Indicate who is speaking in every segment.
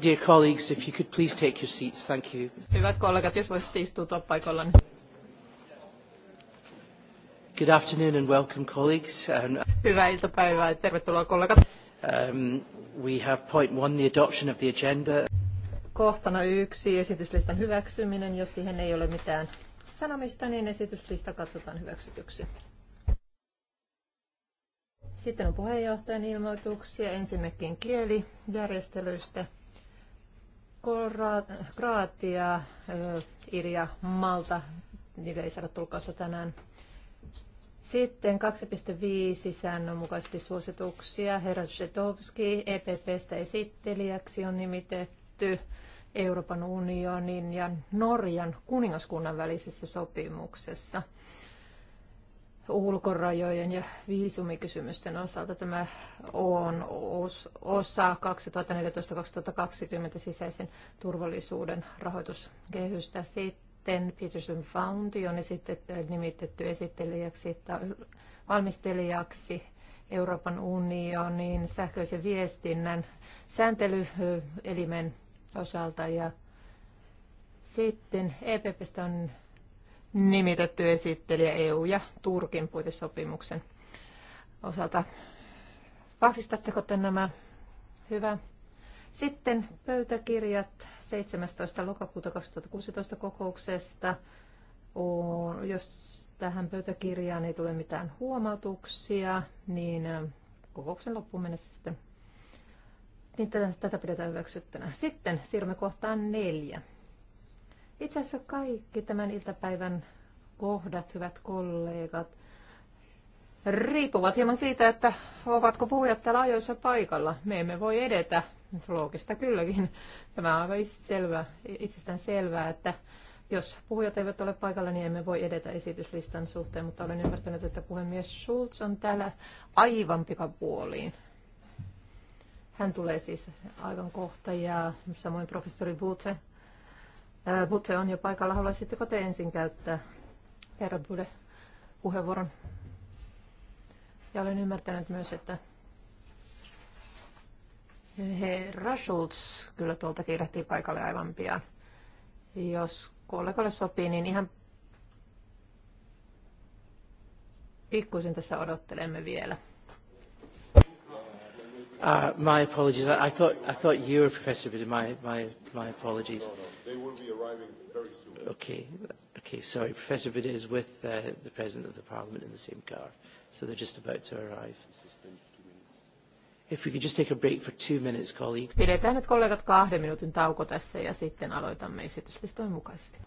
Speaker 1: Dear colleagues, if you could please take your seats. Thank you.
Speaker 2: Hyvät kollegat, jos voisitte istua paikallanne.
Speaker 1: Good afternoon and welcome colleagues. Um, Hyvää iltapäivää ja tervetuloa kollegat. Um, we have point one, the adoption of the agenda. Kohtana yksi, esityslistan
Speaker 2: hyväksyminen. Jos siihen ei ole mitään sanomista, niin esityslista katsotaan hyväksytyksi. Sitten on puheenjohtajan ilmoituksia, ensinnäkin kielijärjestelyistä. Kroatia, Irja, Malta, niille ei saada tulkausta tänään. Sitten 2.5 säännönmukaisesti suosituksia. Herra Zetowski, EPPstä esittelijäksi on nimitetty Euroopan unionin ja Norjan kuningaskunnan välisessä sopimuksessa ulkorajojen ja viisumikysymysten osalta. Tämä on osa 2014-2020 sisäisen turvallisuuden rahoituskehystä. Sitten Peterson Foundation on nimitetty esittelijäksi valmistelijaksi Euroopan unionin sähköisen viestinnän sääntelyelimen osalta ja sitten EPPstä on nimitetty esittelijä EU- ja Turkin puitesopimuksen osalta. Vahvistatteko te nämä? Hyvä. Sitten pöytäkirjat 17. lokakuuta 2016 kokouksesta. Jos tähän pöytäkirjaan ei tule mitään huomautuksia, niin äh, kokouksen loppuun mennessä sitten niin tätä, tätä pidetään hyväksyttynä. Sitten siirrymme kohtaan neljä. Itse asiassa kaikki tämän iltapäivän kohdat, hyvät kollegat, riippuvat hieman siitä, että ovatko puhujat täällä ajoissa paikalla. Me emme voi edetä, loogista kylläkin. Tämä on aivan selvä, itsestään selvää, että jos puhujat eivät ole paikalla, niin emme voi edetä esityslistan suhteen, mutta olen ymmärtänyt, että puhemies Schulz on täällä aivan pikapuoliin. Hän tulee siis aivan kohta ja samoin professori Bute Butse on jo paikalla. Haluaisitteko te ensin käyttää herra Bude puheenvuoron? Ja olen ymmärtänyt myös, että herra Schultz kyllä tuolta kiirehtii paikalle aivan pian. Jos kollegalle sopii, niin ihan pikkuisen tässä odottelemme vielä.
Speaker 1: Uh, my apologies. I, I thought I thought you were Professor Buda. My my my apologies. No, no, no. They will be
Speaker 3: arriving very
Speaker 1: soon. Okay, okay. Sorry, Professor Buda is with uh, the President of the Parliament in the same car, so they're just about to arrive. If we could just take a break for two minutes, colleagues. Pidetään
Speaker 2: nyt kollegat kahden minuutin tauko tässä ja sitten aloitamme esityslistojen mukaisesti.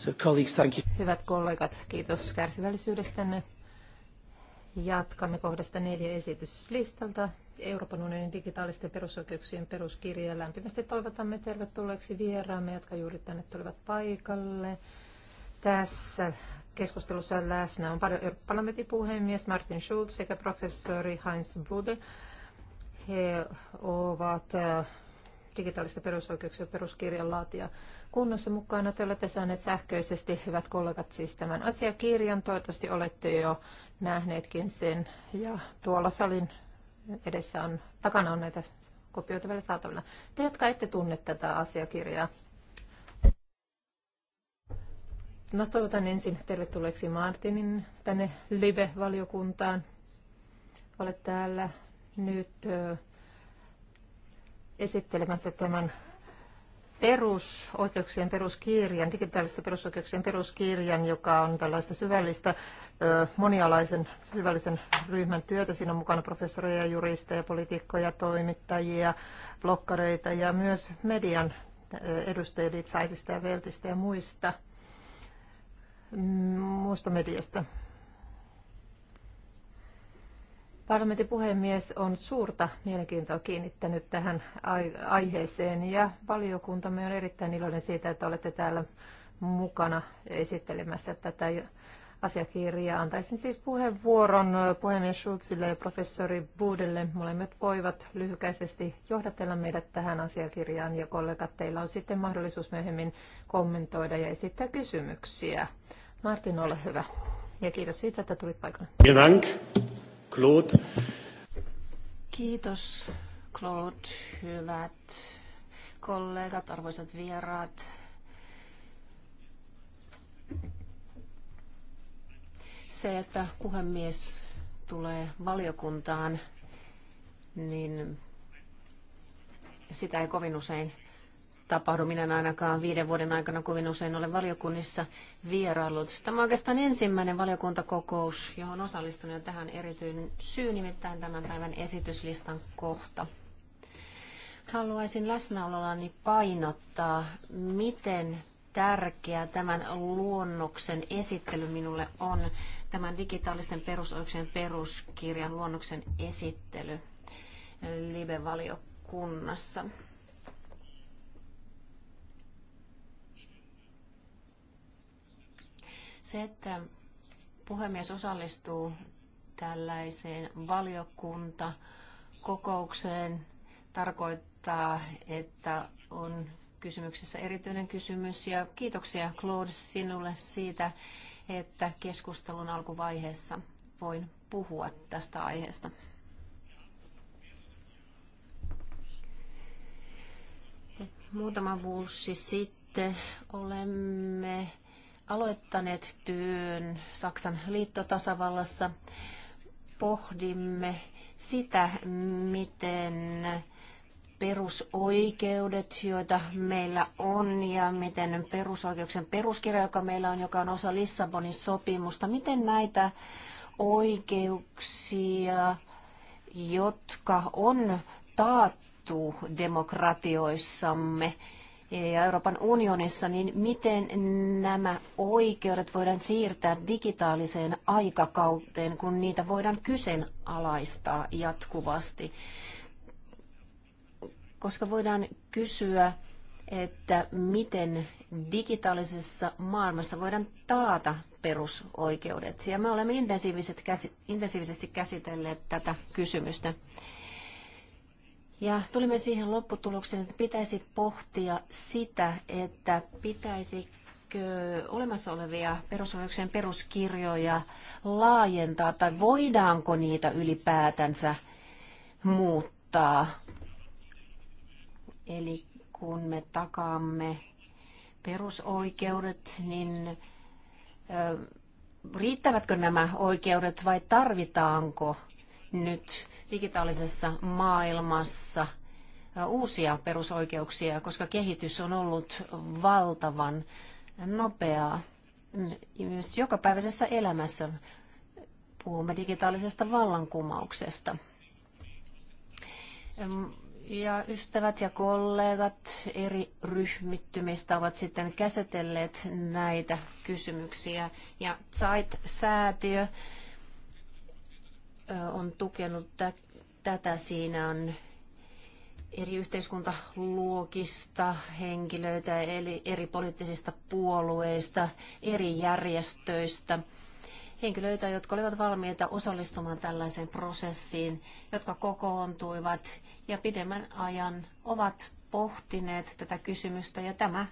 Speaker 1: So colleagues, thank you.
Speaker 2: Hyvät kollegat, kiitos kärsivällisyydestänne. Jatkamme kohdasta neljä esityslistalta. Euroopan unionin digitaalisten perusoikeuksien peruskirja. lämpimästi toivotamme tervetulleeksi vieraamme, jotka juuri tänne tulivat paikalle. Tässä keskustelussa läsnä on parlamentin puhemies Martin Schulz sekä professori Heinz Bude. He ovat äh, digitaalista perusoikeuksia peruskirjan laatia kunnossa mukana. Te olette saaneet sähköisesti, hyvät kollegat, siis tämän asiakirjan. Toivottavasti olette jo nähneetkin sen. Ja tuolla salin edessä on, takana on näitä kopioita vielä saatavilla. Te, jotka ette tunne tätä asiakirjaa, No toivotan ensin tervetulleeksi Martinin tänne Live-valiokuntaan. Olet täällä nyt esittelemässä tämän perusoikeuksien peruskirjan, digitaalisten perusoikeuksien peruskirjan, joka on tällaista syvällistä, monialaisen syvällisen ryhmän työtä. Siinä on mukana professoreja, juristeja, politiikkoja, toimittajia, blokkareita ja myös median edustajia Saitista ja Veltistä ja muista, mm, muusta mediasta. Parlamentin puhemies on suurta mielenkiintoa kiinnittänyt tähän aiheeseen ja valiokuntamme on erittäin iloinen siitä, että olette täällä mukana esittelemässä tätä asiakirjaa. Antaisin siis puheenvuoron puhemies Schulzille ja professori Budelle. Molemmat voivat lyhykäisesti johdatella meidät tähän asiakirjaan ja kollegat, teillä on sitten mahdollisuus myöhemmin kommentoida ja esittää kysymyksiä. Martin, ole hyvä. Ja kiitos siitä, että tulit paikalle.
Speaker 1: Kiitos. Claude.
Speaker 4: Kiitos Claude, hyvät kollegat, arvoisat vieraat. Se, että puhemies tulee valiokuntaan, niin sitä ei kovin usein tapahdu. Minä en ainakaan viiden vuoden aikana kovin usein ole valiokunnissa vierailut. Tämä on oikeastaan ensimmäinen valiokuntakokous, johon osallistun ja tähän erityinen syy nimittäin tämän päivän esityslistan kohta. Haluaisin läsnäolollani painottaa, miten tärkeä tämän luonnoksen esittely minulle on, tämän digitaalisten perusoikeuksien peruskirjan luonnoksen esittely live-valiokunnassa. Se, että puhemies osallistuu tällaiseen valiokuntakokoukseen, tarkoittaa, että on kysymyksessä erityinen kysymys. Ja kiitoksia Claude sinulle siitä, että keskustelun alkuvaiheessa voin puhua tästä aiheesta. Muutama vuosi sitten olemme aloittaneet työn Saksan liittotasavallassa, pohdimme sitä, miten perusoikeudet, joita meillä on ja miten perusoikeuksien peruskirja, joka meillä on, joka on osa Lissabonin sopimusta, miten näitä oikeuksia, jotka on taattu demokratioissamme, ja Euroopan unionissa, niin miten nämä oikeudet voidaan siirtää digitaaliseen aikakauteen, kun niitä voidaan kyseenalaistaa jatkuvasti? Koska voidaan kysyä, että miten digitaalisessa maailmassa voidaan taata perusoikeudet. Ja me olemme intensiivisesti käsitelleet tätä kysymystä. Ja tulimme siihen lopputulokseen, että pitäisi pohtia sitä, että pitäisikö olemassa olevia perusoikeuksien peruskirjoja laajentaa tai voidaanko niitä ylipäätänsä muuttaa. Eli kun me takaamme perusoikeudet, niin riittävätkö nämä oikeudet vai tarvitaanko nyt digitaalisessa maailmassa uusia perusoikeuksia, koska kehitys on ollut valtavan nopeaa myös jokapäiväisessä elämässä. Puhumme digitaalisesta vallankumouksesta. Ja ystävät ja kollegat eri ryhmittymistä ovat sitten käsitelleet näitä kysymyksiä. Ja Zeit-säätiö on tukenut tätä. Siinä on eri yhteiskuntaluokista henkilöitä, eli eri poliittisista puolueista, eri järjestöistä henkilöitä, jotka olivat valmiita osallistumaan tällaiseen prosessiin, jotka kokoontuivat ja pidemmän ajan ovat pohtineet tätä kysymystä ja tämä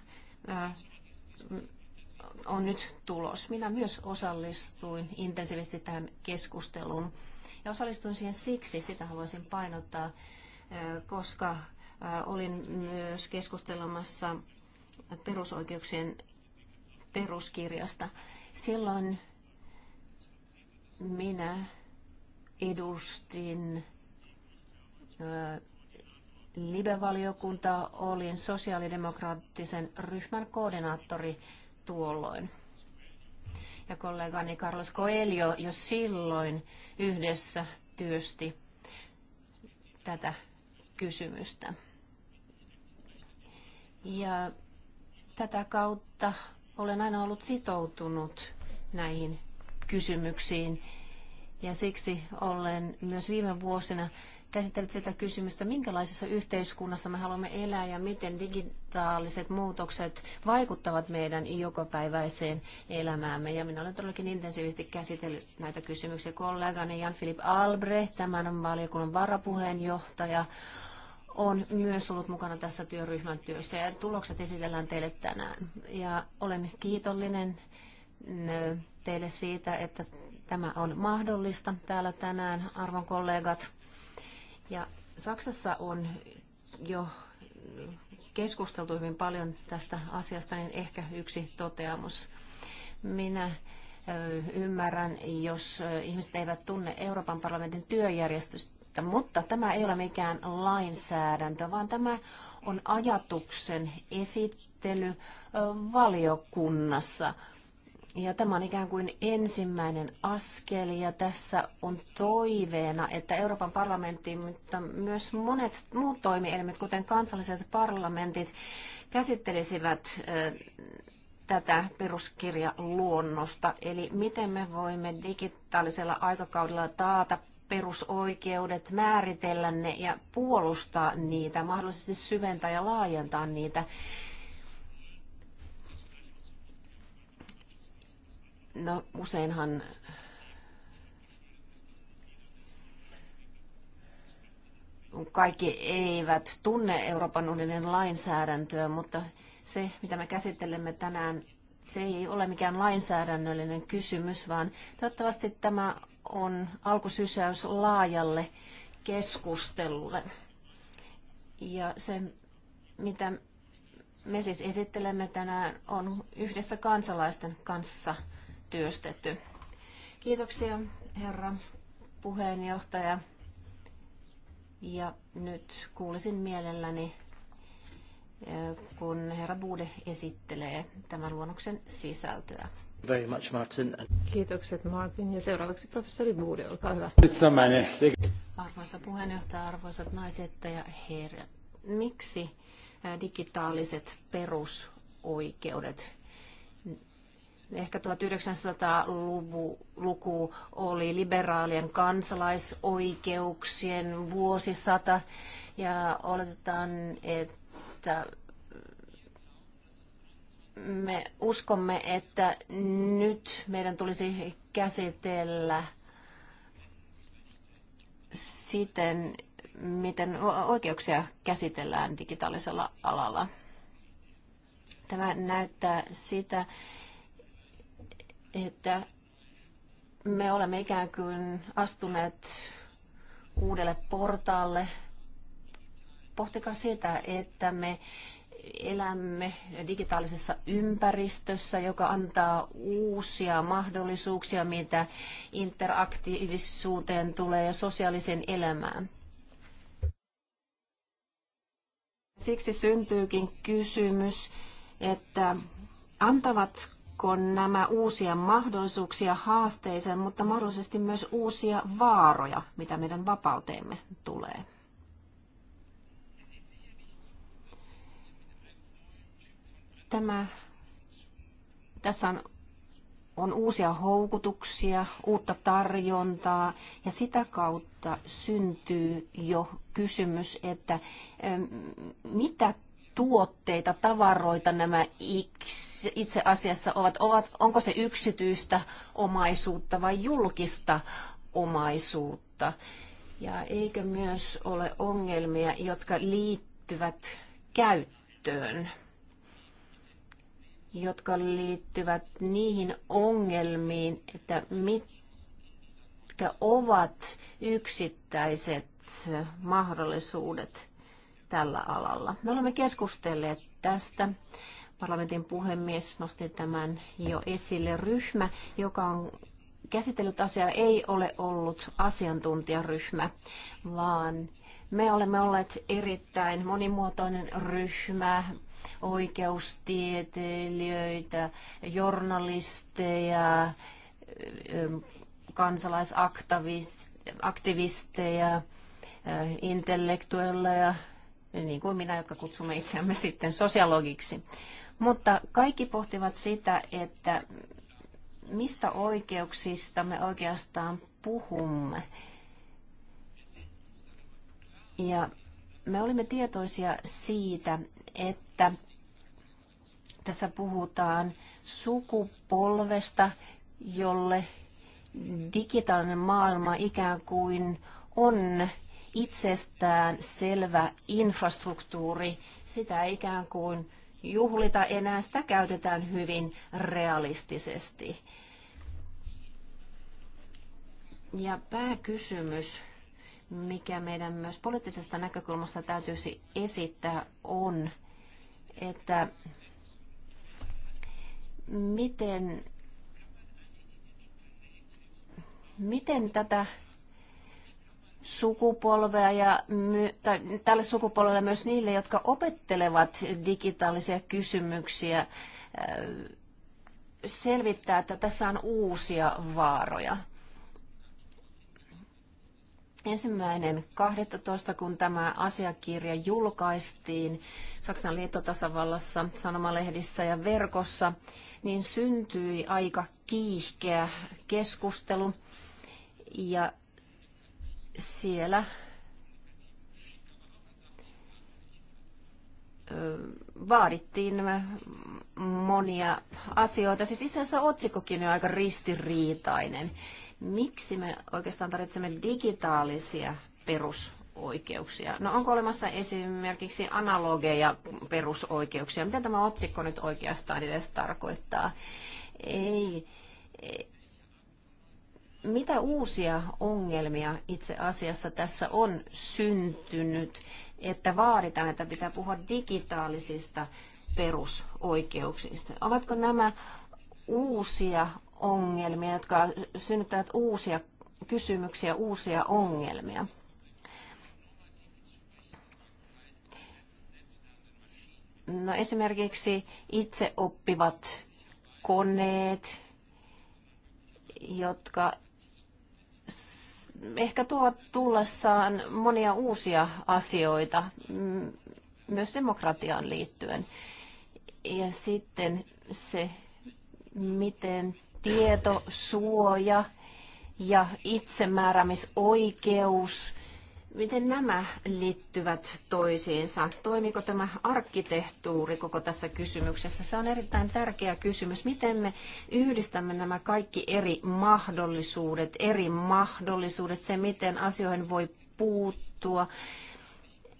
Speaker 4: on nyt tulos. Minä myös osallistuin intensiivisesti tähän keskusteluun ja osallistuin siihen siksi, sitä haluaisin painottaa, koska olin myös keskustelemassa perusoikeuksien peruskirjasta. Silloin minä edustin Live-valiokuntaa, olin sosiaalidemokraattisen ryhmän koordinaattori tuolloin ja kollegani Carlos Coelho jo silloin yhdessä työsti tätä kysymystä. Ja tätä kautta olen aina ollut sitoutunut näihin kysymyksiin ja siksi olen myös viime vuosina käsitellyt sitä kysymystä, minkälaisessa yhteiskunnassa me haluamme elää ja miten digitaaliset muutokset vaikuttavat meidän jokapäiväiseen elämäämme. Ja minä olen todellakin intensiivisesti käsitellyt näitä kysymyksiä. Kollegani Jan-Philip Albrecht, tämän valiokunnan varapuheenjohtaja, on myös ollut mukana tässä työryhmän työssä ja tulokset esitellään teille tänään. Ja olen kiitollinen teille siitä, että tämä on mahdollista täällä tänään, arvon kollegat. Ja Saksassa on jo keskusteltu hyvin paljon tästä asiasta, niin ehkä yksi toteamus. Minä ymmärrän, jos ihmiset eivät tunne Euroopan parlamentin työjärjestystä, mutta tämä ei ole mikään lainsäädäntö, vaan tämä on ajatuksen esittely valiokunnassa. Ja tämä on ikään kuin ensimmäinen askel ja tässä on toiveena, että Euroopan parlamentti, mutta myös monet muut toimielimet, kuten kansalliset parlamentit, käsittelisivät tätä peruskirjaluonnosta, eli miten me voimme digitaalisella aikakaudella taata perusoikeudet, määritellä ne ja puolustaa niitä, mahdollisesti syventää ja laajentaa niitä. No useinhan kaikki eivät tunne Euroopan unionin lainsäädäntöä, mutta se, mitä me käsittelemme tänään, se ei ole mikään lainsäädännöllinen kysymys, vaan toivottavasti tämä on alkusysäys laajalle keskustelulle. Ja se, mitä me siis esittelemme tänään, on yhdessä kansalaisten kanssa – työstetty. Kiitoksia, herra puheenjohtaja. Ja nyt kuulisin mielelläni, eh, kun herra Bude esittelee tämän luonnoksen sisältöä.
Speaker 1: Very much, Martin.
Speaker 4: Kiitokset, Martin. Ja seuraavaksi professori Bude, olkaa hyvä. Arvoisa puheenjohtaja, arvoisat naiset ja herrat, miksi eh, digitaaliset perusoikeudet ehkä 1900-luku oli liberaalien kansalaisoikeuksien vuosisata ja oletetaan, että me uskomme, että nyt meidän tulisi käsitellä siten, miten oikeuksia käsitellään digitaalisella alalla. Tämä näyttää sitä, että me olemme ikään kuin astuneet uudelle portaalle. Pohtikaa sitä, että me elämme digitaalisessa ympäristössä, joka antaa uusia mahdollisuuksia, mitä interaktiivisuuteen tulee ja sosiaaliseen elämään. Siksi syntyykin kysymys, että antavat kolikon nämä uusia mahdollisuuksia haasteeseen, mutta mahdollisesti myös uusia vaaroja, mitä meidän vapauteemme tulee. Tämä, tässä on, on uusia houkutuksia, uutta tarjontaa ja sitä kautta syntyy jo kysymys, että mitä tuotteita, tavaroita nämä itse asiassa ovat, ovat? Onko se yksityistä omaisuutta vai julkista omaisuutta? Ja eikö myös ole ongelmia, jotka liittyvät käyttöön? jotka liittyvät niihin ongelmiin, että mitkä ovat yksittäiset mahdollisuudet tällä alalla. Me olemme keskustelleet tästä. Parlamentin puhemies nosti tämän jo esille. Ryhmä, joka on käsitellyt asiaa, ei ole ollut asiantuntijaryhmä, vaan me olemme olleet erittäin monimuotoinen ryhmä, oikeustieteilijöitä, journalisteja, kansalaisaktivisteja, eh, intellektuelleja, niin, niin kuin minä, jotka kutsumme itseämme sitten sosiologiksi. Mutta kaikki pohtivat sitä, että mistä oikeuksista me oikeastaan puhumme. Ja me olimme tietoisia siitä, että tässä puhutaan sukupolvesta, jolle digitaalinen maailma ikään kuin on itsestään selvä infrastruktuuri. Sitä ikään kuin juhlita enää, sitä käytetään hyvin realistisesti. Ja pääkysymys, mikä meidän myös poliittisesta näkökulmasta täytyisi esittää, on, että miten, miten tätä sukupolvea ja my, tai tälle sukupolvelle myös niille, jotka opettelevat digitaalisia kysymyksiä, äh, selvittää, että tässä on uusia vaaroja. Ensimmäinen 12. kun tämä asiakirja julkaistiin Saksan liittotasavallassa, sanomalehdissä ja verkossa, niin syntyi aika kiihkeä keskustelu. Ja siellä vaadittiin monia asioita. Siis itse asiassa otsikkokin on aika ristiriitainen. Miksi me oikeastaan tarvitsemme digitaalisia perusoikeuksia? No onko olemassa esimerkiksi analogeja perusoikeuksia? Mitä tämä otsikko nyt oikeastaan edes tarkoittaa? Ei, mitä uusia ongelmia itse asiassa tässä on syntynyt, että vaaditaan, että pitää puhua digitaalisista perusoikeuksista? Ovatko nämä uusia ongelmia, jotka synnyttävät uusia kysymyksiä, uusia ongelmia? No esimerkiksi itse oppivat koneet, jotka ehkä tuo tullessaan monia uusia asioita mm, myös demokratiaan liittyen. Ja sitten se, miten tietosuoja ja itsemääräämisoikeus Miten nämä liittyvät toisiinsa? Toimiko tämä arkkitehtuuri koko tässä kysymyksessä? Se on erittäin tärkeä kysymys. Miten me yhdistämme nämä kaikki eri mahdollisuudet, eri mahdollisuudet, se miten asioihin voi puuttua.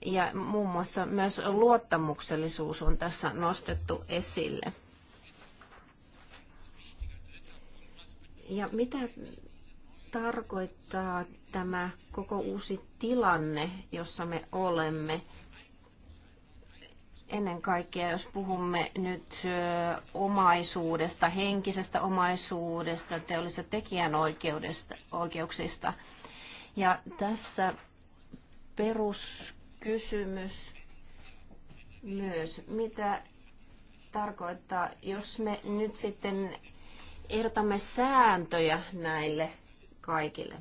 Speaker 4: Ja muun muassa myös luottamuksellisuus on tässä nostettu esille. Ja mitä tarkoittaa tämä koko uusi tilanne, jossa me olemme? Ennen kaikkea, jos puhumme nyt omaisuudesta, henkisestä omaisuudesta, teollisesta tekijänoikeuksista. Ja tässä peruskysymys myös, mitä tarkoittaa, jos me nyt sitten ehdotamme sääntöjä näille kaikille.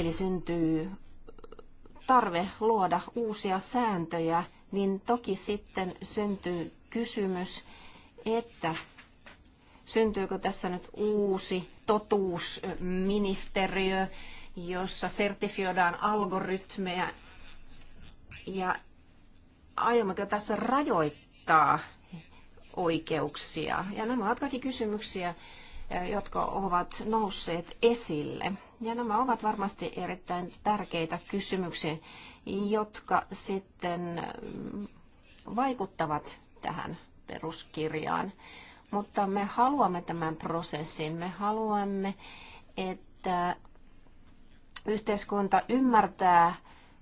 Speaker 4: Eli syntyy tarve luoda uusia sääntöjä, niin toki sitten syntyy kysymys, että syntyykö tässä nyt uusi totuusministeriö, jossa sertifioidaan algoritmeja ja aiommeko tässä rajoittaa ihmisoikeuksia. Ja nämä ovat kaikki kysymyksiä, eh, jotka ovat nousseet esille. Ja nämä ovat varmasti erittäin tärkeitä kysymyksiä, jotka sitten mm, vaikuttavat tähän peruskirjaan. Mutta me haluamme tämän prosessin. Me haluamme, että yhteiskunta ymmärtää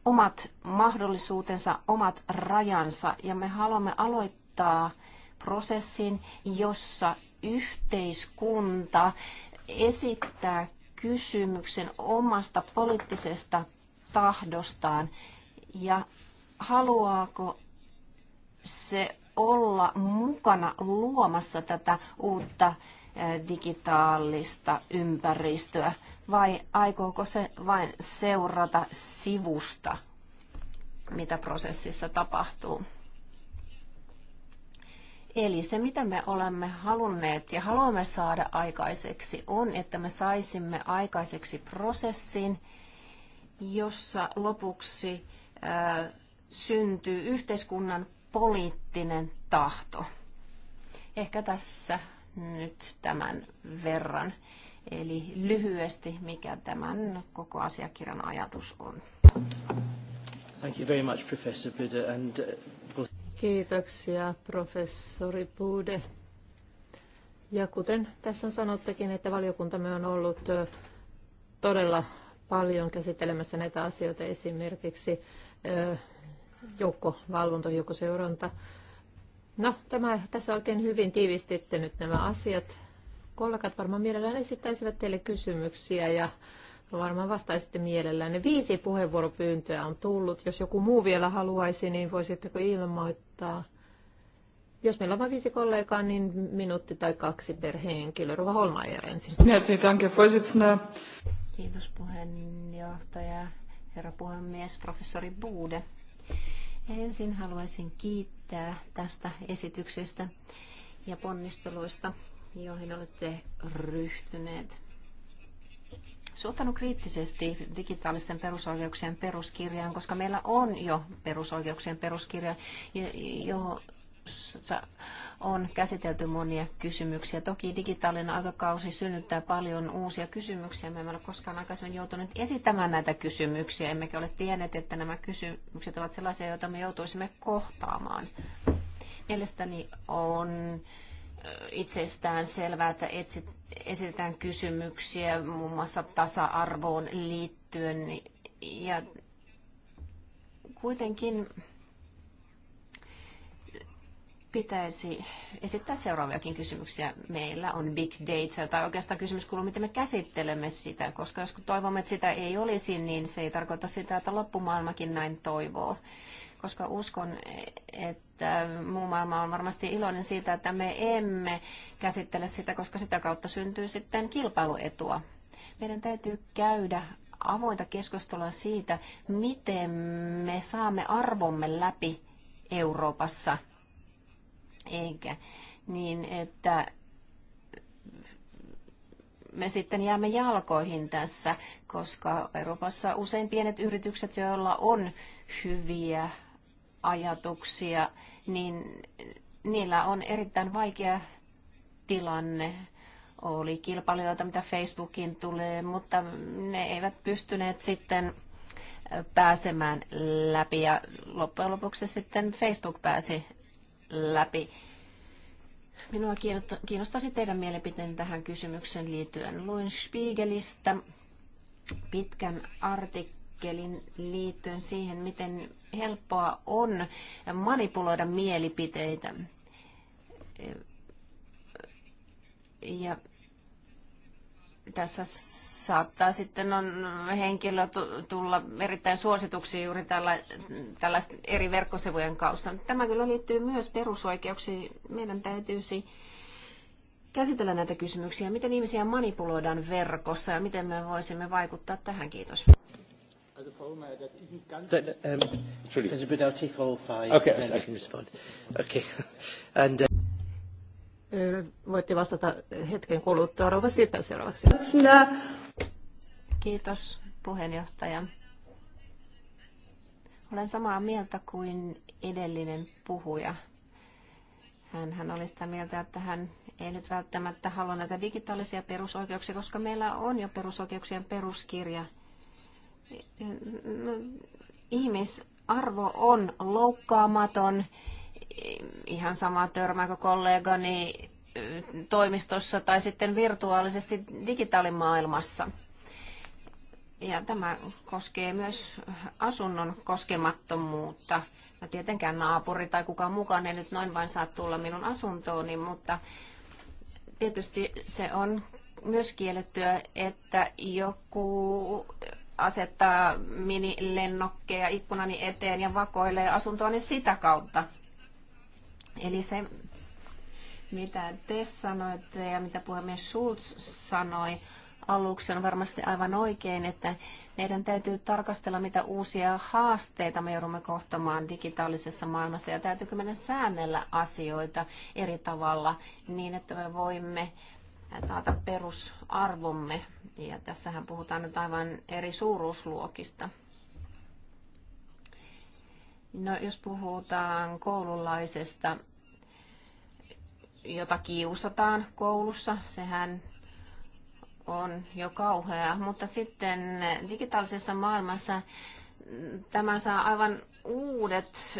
Speaker 4: omat mahdollisuutensa, omat rajansa ja me haluamme aloittaa prosessin, jossa yhteiskunta esittää kysymyksen omasta poliittisesta tahdostaan ja haluaako se olla mukana luomassa tätä uutta digitaalista ympäristöä vai aikooko se vain seurata sivusta, mitä prosessissa tapahtuu? Eli se, mitä me olemme halunneet ja haluamme saada aikaiseksi, on, että me saisimme aikaiseksi prosessin, jossa lopuksi syntyy yhteiskunnan poliittinen tahto. Ehkä tässä nyt tämän verran. Eli lyhyesti, mikä tämän koko asiakirjan ajatus
Speaker 1: on. Thank you very much, Professor Buda, and uh,
Speaker 2: Kiitoksia, professori Puude. Ja kuten tässä sanottekin, että valiokuntamme on ollut todella paljon käsittelemässä näitä asioita, esimerkiksi joukkovalvonta, joukkoseuranta. No, tämä, tässä oikein hyvin tiivistitte nyt nämä asiat. Kollegat varmaan mielellään esittäisivät teille kysymyksiä ja varmaan vastaisitte mielellään. Viisi puheenvuoropyyntöä on tullut. Jos joku muu vielä haluaisi, niin voisitteko ilmoittaa? Jos meillä on vain viisi kollegaa, niin minuutti tai kaksi per henkilö. Ruva Holmaier
Speaker 4: ensin. Kiitos puheenjohtaja, herra puhemies, professori Buude. Ensin haluaisin kiittää tästä esityksestä ja ponnisteluista, joihin olette ryhtyneet suhtaudun kriittisesti digitaalisten perusoikeuksien peruskirjaan, koska meillä on jo perusoikeuksien peruskirja, jo on käsitelty monia kysymyksiä. Toki digitaalinen aikakausi synnyttää paljon uusia kysymyksiä. Me emme ole koskaan aikaisemmin joutuneet esittämään näitä kysymyksiä, emmekä ole tienneet, että nämä kysymykset ovat sellaisia, joita me joutuisimme kohtaamaan. Mielestäni on itsestään selvää, että etsit, esitetään kysymyksiä muun muassa tasa-arvoon liittyen. Ja kuitenkin pitäisi esittää seuraaviakin kysymyksiä. Meillä on big data, tai oikeastaan kysymys kuuluu, miten me käsittelemme sitä, koska jos toivomme, että sitä ei olisi, niin se ei tarkoita sitä, että loppumaailmakin näin toivoo koska uskon, että muu maailma on varmasti iloinen siitä, että me emme käsittele sitä, koska sitä kautta syntyy sitten kilpailuetua. Meidän täytyy käydä avointa keskustelua siitä, miten me saamme arvomme läpi Euroopassa, eikä niin, että me sitten jäämme jalkoihin tässä, koska Euroopassa usein pienet yritykset, joilla on hyviä ajatuksia, niin niillä on erittäin vaikea tilanne. Oli kilpailijoita, mitä Facebookin tulee, mutta ne eivät pystyneet sitten pääsemään läpi ja loppujen lopuksi sitten Facebook pääsi läpi. Minua kiinnostaisi teidän mielipiteen tähän kysymykseen liittyen. Luin Spiegelistä pitkän artikkelin artikkelin liittyen siihen, miten helppoa on manipuloida mielipiteitä. Ja tässä saattaa sitten on henkilö tulla erittäin suosituksi juuri tällä, tällaisten eri verkkosivujen kautta. Tämä kyllä liittyy myös perusoikeuksiin. Meidän täytyisi käsitellä näitä kysymyksiä, miten ihmisiä manipuloidaan verkossa ja miten me voisimme vaikuttaa tähän. Kiitos.
Speaker 1: Also Frau Hohlmeier, das ganz... um, five, okay, then I can respond. Okay. And, uh,
Speaker 2: Voitte vastata hetken kuluttua. Rouva Sipä seuraavaksi.
Speaker 4: Kiitos puheenjohtaja. Olen samaa mieltä kuin edellinen puhuja. Hän, hän oli sitä mieltä, että hän ei nyt välttämättä halua näitä digitaalisia perusoikeuksia, koska meillä on jo perusoikeuksien peruskirja – No, ihmisarvo on loukkaamaton. Ihan sama törmääkö kollegani toimistossa tai sitten virtuaalisesti digitaalimaailmassa. Ja tämä koskee myös asunnon koskemattomuutta. No tietenkään naapuri tai kukaan mukaan ei nyt noin vain saa tulla minun asuntooni, mutta tietysti se on myös kiellettyä, että joku asettaa minilennokkeja ikkunani eteen ja vakoilee asuntoani sitä kautta. Eli se, mitä te sanoitte ja mitä puhemies Schulz sanoi aluksi, on varmasti aivan oikein, että meidän täytyy tarkastella, mitä uusia haasteita me joudumme kohtamaan digitaalisessa maailmassa ja täytyykö meidän säännellä asioita eri tavalla niin, että me voimme taata perusarvomme. Ja tässähän puhutaan nyt aivan eri suuruusluokista. No, jos puhutaan koululaisesta, jota kiusataan koulussa, sehän on jo kauhea. Mutta sitten digitaalisessa maailmassa tämä saa aivan uudet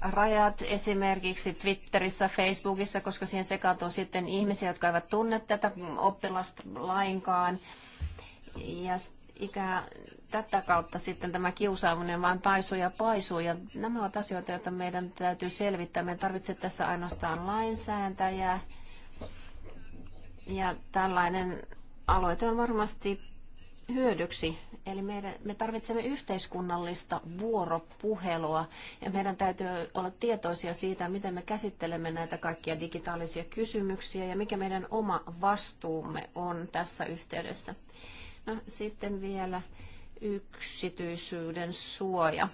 Speaker 4: rajat esimerkiksi Twitterissä, Facebookissa, koska siihen sekaantuu sitten ihmisiä, jotka eivät tunne tätä oppilasta lainkaan. Ja ikä, tätä kautta sitten tämä kiusaaminen vain paisuu ja paisuu. Ja nämä ovat asioita, joita meidän täytyy selvittää. Me tarvitsemme tässä ainoastaan lainsääntäjä. Ja tällainen aloite on varmasti hyödyksi. Eli meidän, me tarvitsemme yhteiskunnallista vuoropuhelua ja meidän täytyy olla tietoisia siitä, miten me käsittelemme näitä kaikkia digitaalisia kysymyksiä ja mikä meidän oma vastuumme on tässä yhteydessä. No sitten vielä yksityisyyden suoja.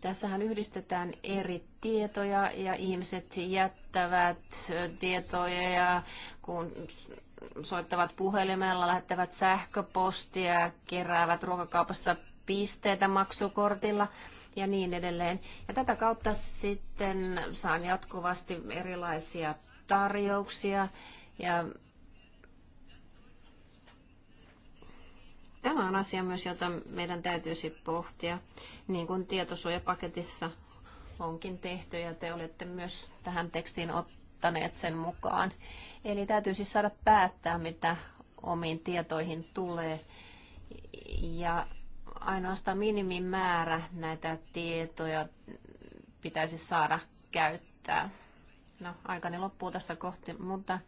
Speaker 4: Tässähän yhdistetään eri tietoja ja ihmiset jättävät tietoja ja kun soittavat puhelimella, lähettävät sähköpostia, keräävät ruokakaupassa pisteitä maksukortilla ja niin edelleen. Ja tätä kautta sitten saan jatkuvasti erilaisia tarjouksia ja Tämä on asia myös, jota meidän täytyisi pohtia, niin kuin tietosuojapaketissa onkin tehty, ja te olette myös tähän tekstiin ottaneet ottaneet sen mukaan. Eli täytyy siis saada päättää, mitä omiin tietoihin tulee. Ja ainoastaan minimimäärä näitä tietoja pitäisi saada käyttää. No, aikani loppuu tässä kohti, mutta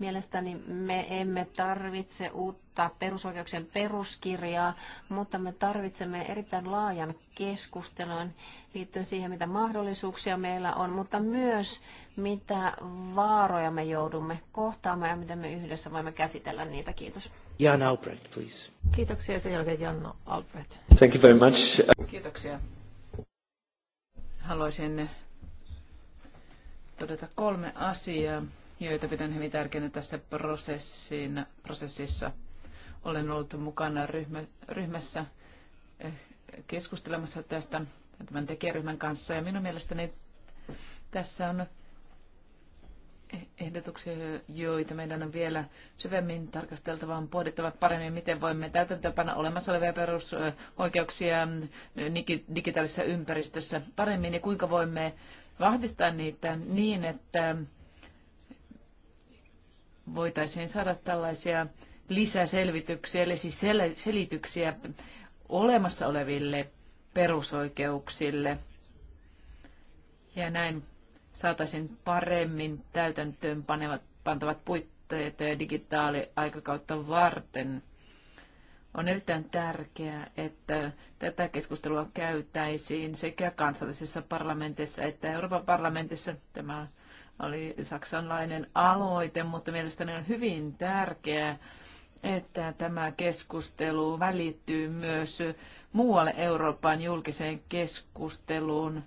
Speaker 4: Mielestäni me emme tarvitse uutta perusoikeuksien peruskirjaa, mutta me tarvitsemme erittäin laajan keskustelun liittyen siihen, mitä mahdollisuuksia meillä on, mutta myös mitä vaaroja me joudumme kohtaamaan ja miten me yhdessä voimme käsitellä niitä. Kiitos.
Speaker 1: Jan Albrecht, please.
Speaker 3: Kiitoksia sen jälkeen Janno Albrecht.
Speaker 1: Thank you very much.
Speaker 3: Kiitoksia. Haluaisin todeta kolme asiaa joita pidän hyvin tärkeänä tässä prosessin, prosessissa. Olen ollut mukana ryhmä, ryhmässä eh, keskustelemassa tästä tämän tekijäryhmän kanssa ja minun mielestäni tässä on ehdotuksia, joita meidän on vielä syvemmin tarkasteltava, on pohdittava paremmin, miten voimme täytäntöönpanna olemassa olevia perusoikeuksia eh, digitaalisessa ympäristössä paremmin ja kuinka voimme vahvistaa niitä niin, että voitaisiin saada tällaisia lisäselvityksiä, eli siis sel- selityksiä olemassa oleville perusoikeuksille. Ja näin saataisiin paremmin täytäntöön panevat, pantavat puitteet digitaaliaikakautta varten. On erittäin tärkeää, että tätä keskustelua käytäisiin sekä kansallisessa parlamentissa että Euroopan parlamentissa. Tämä oli saksanlainen aloite, mutta mielestäni on hyvin tärkeää, että tämä keskustelu välittyy myös muualle Euroopan julkiseen keskusteluun.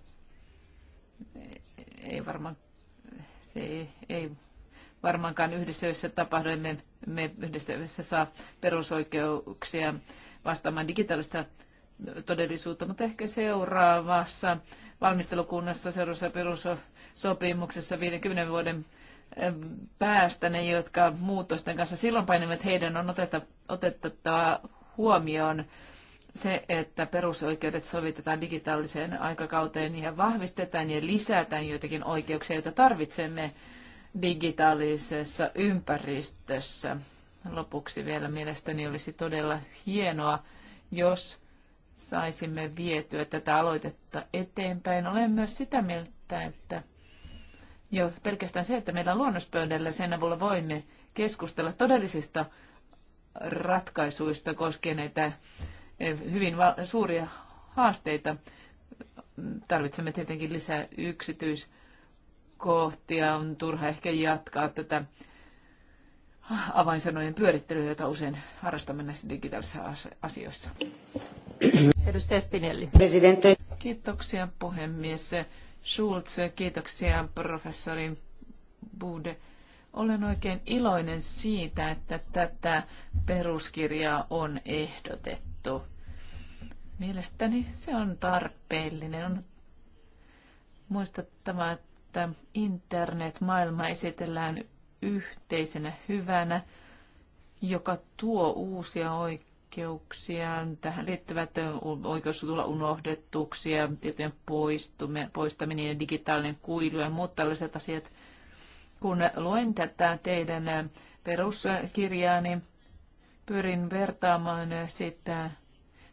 Speaker 3: Ei varmaan, se ei, ei varmaankaan yhdessä yössä tapahdu, me, me yhdessä yössä saa perusoikeuksia vastaamaan digitaalista todellisuutta, mutta ehkä seuraavassa valmistelukunnassa seuraavassa perus- sopimuksessa 50 vuoden eh, päästä ne, jotka muutosten kanssa silloin painivat, heidän on otettava huomioon se, että perusoikeudet sovitetaan digitaaliseen aikakauteen ja vahvistetaan ja lisätään joitakin oikeuksia, joita tarvitsemme digitaalisessa ympäristössä. Lopuksi vielä mielestäni olisi todella hienoa, jos saisimme vietyä tätä aloitetta eteenpäin. Olen myös sitä mieltä, että jo pelkästään se, että meillä on luonnospöydällä, sen avulla voimme keskustella todellisista ratkaisuista koskien näitä eh, hyvin suuria haasteita. Tarvitsemme tietenkin lisää yksityiskohtia. On turha ehkä jatkaa tätä avainsanojen pyörittelyä, jota usein harrastamme näissä digitaalisissa asioissa. Edustaja Spinelli. Presidente. Kiitoksia puhemies. Schulz, kiitoksia professori Bude. Olen oikein iloinen siitä, että tätä peruskirjaa on ehdotettu. Mielestäni se on tarpeellinen. On muistettava, että internetmaailma esitellään yhteisenä hyvänä, joka tuo uusia oikeuksia oikeuksiaan. Tähän liittyvät oikeus tulla unohdetuksi ja tietojen poistaminen ja digitaalinen kuilu ja muut tällaiset asiat. Kun luen tätä teidän peruskirjaa, niin pyrin vertaamaan sitä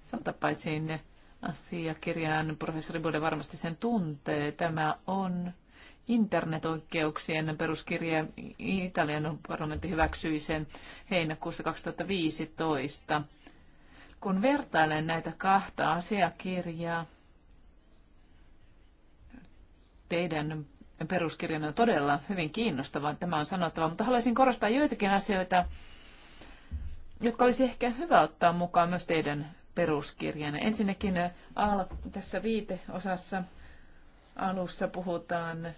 Speaker 3: samantapaisiin asiakirjaan. Professori Bode varmasti sen tuntee. Tämä on internetoikeuksien peruskirja. Italian parlamentti hyväksyi sen heinäkuussa 2015. Kun vertailen näitä kahta asiakirjaa, teidän peruskirjanne on todella hyvin kiinnostava, tämä on sanottava, mutta haluaisin korostaa joitakin asioita, jotka olisi ehkä hyvä ottaa mukaan myös teidän peruskirjanne. Ensinnäkin tässä viiteosassa alussa puhutaan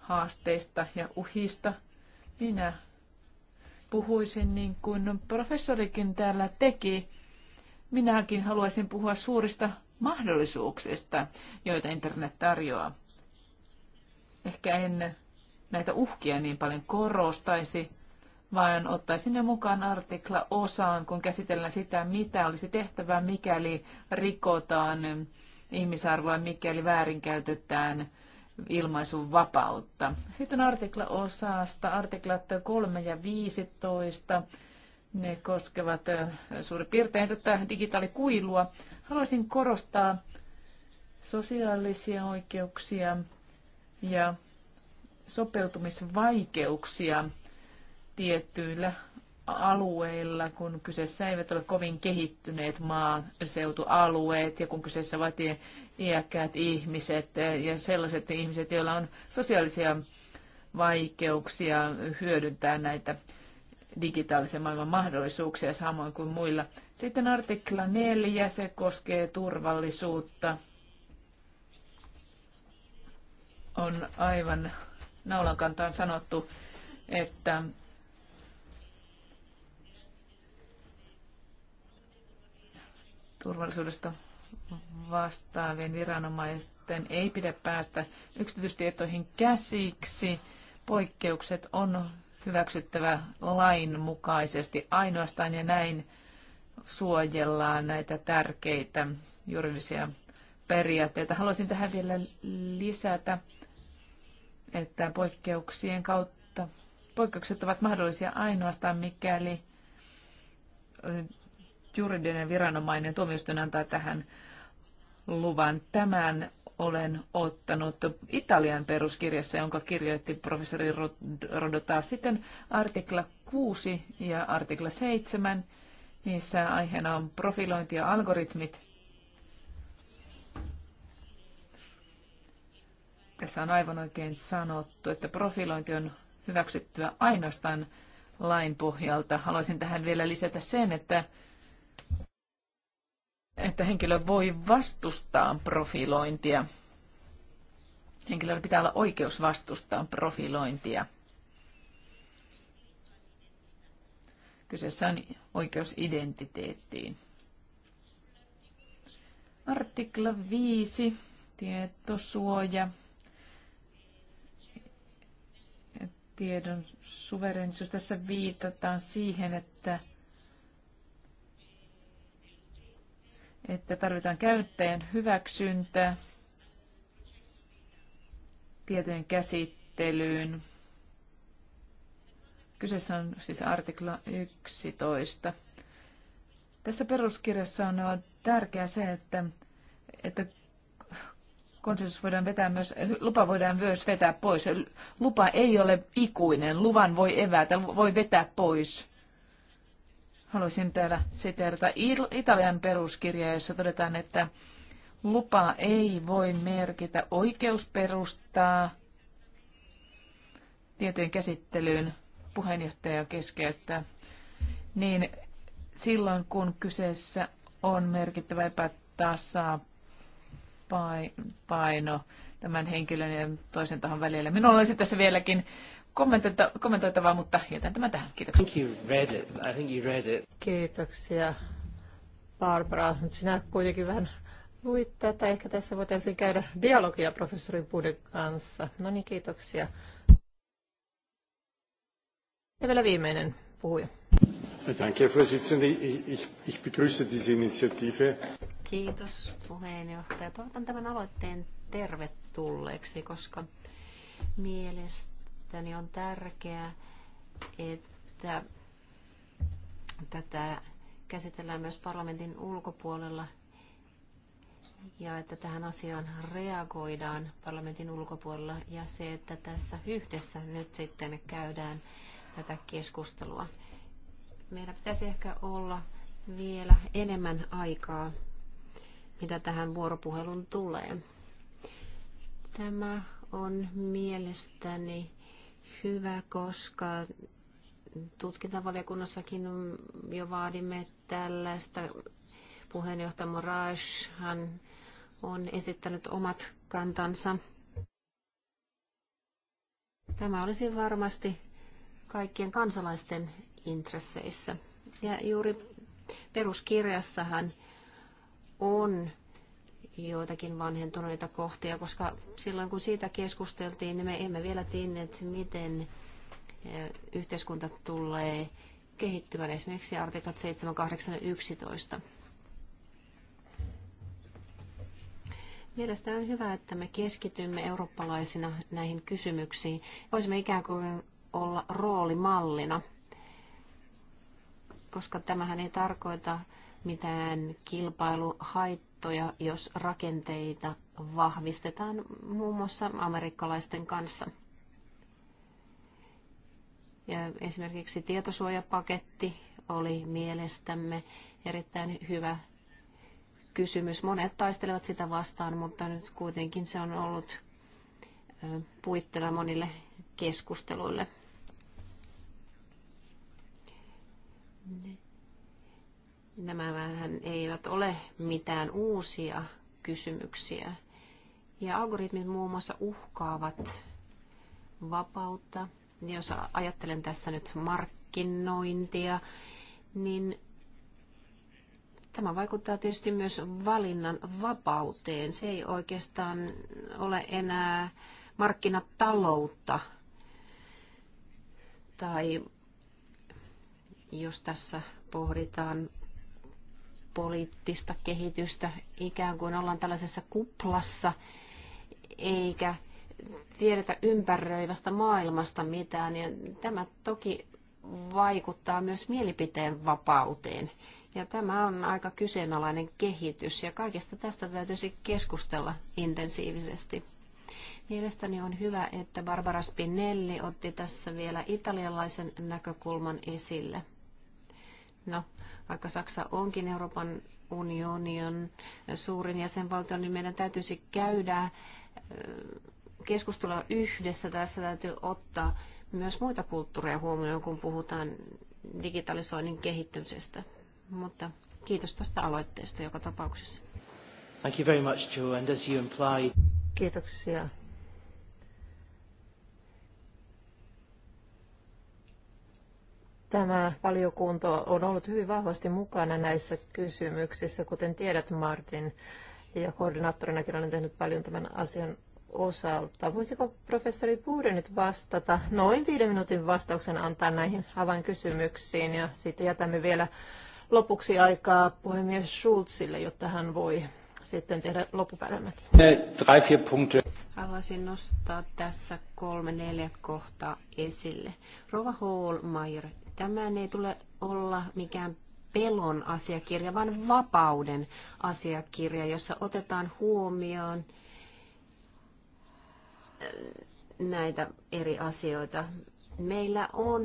Speaker 3: haasteista ja uhista. Minä puhuisin niin kuin professorikin täällä teki Minäkin haluaisin puhua suurista mahdollisuuksista, joita internet tarjoaa. Ehkä en näitä uhkia niin paljon korostaisi, vaan ottaisin ne mukaan artikla osaan, kun käsitellään sitä, mitä olisi tehtävä, mikäli rikotaan ihmisarvoa, mikäli väärinkäytetään ilmaisun vapautta. Sitten artikla osasta, artiklat 3 ja 15 ne koskevat suurin piirtein tätä digitaalikuilua. Haluaisin korostaa sosiaalisia oikeuksia ja sopeutumisvaikeuksia tiettyillä alueilla, kun kyseessä eivät ole kovin kehittyneet maaseutualueet ja kun kyseessä ovat iäkkäät ihmiset ja sellaiset ihmiset, joilla on sosiaalisia vaikeuksia hyödyntää näitä digitaalisen maailman mahdollisuuksia samoin kuin muilla. Sitten artikla 4, se koskee turvallisuutta. On aivan naulan kantaan sanottu, että turvallisuudesta vastaavien viranomaisten ei pidä päästä yksityistietoihin käsiksi. Poikkeukset on hyväksyttävä lain mukaisesti ainoastaan ja näin suojellaan näitä tärkeitä juridisia periaatteita. Haluaisin tähän vielä lisätä, että poikkeuksien kautta poikkeukset ovat mahdollisia ainoastaan, mikäli juridinen viranomainen tuomioistuin antaa tähän luvan. Tämän olen ottanut Italian peruskirjassa, jonka kirjoitti professori Rodota. Sitten artikla 6 ja artikla 7, missä aiheena on profilointi ja algoritmit. Tässä on aivan oikein sanottu, että profilointi on hyväksyttyä ainoastaan lain pohjalta. Haluaisin tähän vielä lisätä sen, että että henkilö voi vastustaa profilointia. Henkilöllä pitää olla oikeus vastustaa profilointia. Kyseessä on oikeus identiteettiin. Artikla 5, tietosuoja. Tiedon suverenisuus. Tässä viitataan siihen, että että tarvitaan käyttäjän hyväksyntä tietojen käsittelyyn. Kyseessä on siis artikla 11. Tässä peruskirjassa on tärkeää se, että, että konsensus voidaan vetää myös, lupa voidaan myös vetää pois. Lupa ei ole ikuinen, luvan voi evätä, voi vetää pois. Haluaisin täällä siteerata Italian peruskirjaa, jossa todetaan, että lupa ei voi merkitä oikeusperustaa tietojen käsittelyyn puheenjohtaja keskeyttää, niin silloin kun kyseessä on merkittävä paino tämän henkilön ja toisen tahon välillä. Minulla olisi tässä vieläkin kommentoitavaa, mutta jätän tämä tähän.
Speaker 1: Kiitoksia. Thank you read it. I think you read it. Kiitoksia.
Speaker 2: Barbara, nyt sinä kuitenkin vähän luit tätä. Ehkä tässä voitaisiin käydä dialogia professori Buden kanssa. No niin, kiitoksia.
Speaker 4: Ja vielä viimeinen puhuja.
Speaker 1: Danke, Vorsitzende. Ich, ich begrüße diese Initiative.
Speaker 4: Kiitos puheenjohtaja. Toivotan tämän aloitteen tervetulleeksi, koska mielestäni mielestäni on tärkeää, että tätä käsitellään myös parlamentin ulkopuolella ja että tähän asiaan reagoidaan parlamentin ulkopuolella ja se, että tässä yhdessä nyt sitten käydään tätä keskustelua. Meillä pitäisi ehkä olla vielä enemmän aikaa, mitä tähän vuoropuhelun tulee. Tämä on mielestäni hyvä, koska tutkintavaliokunnassakin jo vaadimme tällaista. Puheenjohtaja Moraes, hän on esittänyt omat kantansa. Tämä olisi varmasti kaikkien kansalaisten intresseissä. Ja juuri peruskirjassahan on joitakin vanhentuneita kohtia, koska silloin kun siitä keskusteltiin, niin me emme vielä tienneet, miten eh, yhteiskunta tulee kehittymään, esimerkiksi artiklat 7, 8 ja 11. Mielestäni on hyvä, että me keskitymme eurooppalaisina näihin kysymyksiin. Voisimme ikään kuin olla roolimallina, koska tämähän ei tarkoita mitään kilpailuhaittaa voittoja, jos rakenteita vahvistetaan muun muassa amerikkalaisten kanssa. Ja esimerkiksi tietosuojapaketti oli mielestämme erittäin hyvä kysymys. Monet taistelevat sitä vastaan, mutta nyt kuitenkin se on ollut puitteena monille keskusteluille. Nämä vähän eivät ole mitään uusia kysymyksiä. Ja algoritmit muun muassa uhkaavat vapautta. Jos ajattelen tässä nyt markkinointia, niin tämä vaikuttaa tietysti myös valinnan vapauteen. Se ei oikeastaan ole enää markkinataloutta. Tai jos tässä pohditaan poliittista kehitystä. Ikään kuin ollaan tällaisessa kuplassa, eikä tiedetä ympäröivästä maailmasta mitään. Ja tämä toki vaikuttaa myös mielipiteen vapauteen. Ja tämä on aika kyseenalainen kehitys ja kaikesta tästä täytyisi keskustella intensiivisesti. Mielestäni on hyvä, että Barbara Spinelli otti tässä vielä italialaisen näkökulman esille. No, vaikka Saksa onkin Euroopan unionin suurin jäsenvaltio, niin meidän täytyisi käydä keskustelua yhdessä. Tässä täytyy ottaa myös muita kulttuureja huomioon, kun puhutaan digitalisoinnin kehittymisestä. Mutta kiitos tästä aloitteesta joka tapauksessa.
Speaker 1: Thank you very much, Joe. And as you implied...
Speaker 4: Kiitoksia.
Speaker 2: Tämä valiokunta on ollut hyvin vahvasti mukana näissä kysymyksissä, kuten tiedät Martin, ja koordinaattorinakin olen tehnyt paljon tämän asian osalta. Voisiko professori Puuri nyt vastata, noin viiden minuutin vastauksen antaa näihin avainkysymyksiin, ja sitten jätämme vielä lopuksi aikaa
Speaker 4: puhemies Schulzille, jotta hän voi sitten tehdä loppupäätelmät. Haluaisin nostaa tässä kolme neljä kohtaa esille. Rova Mayer Tämän ei tule olla mikään pelon asiakirja, vaan vapauden asiakirja, jossa otetaan huomioon äh, näitä eri asioita. Meillä on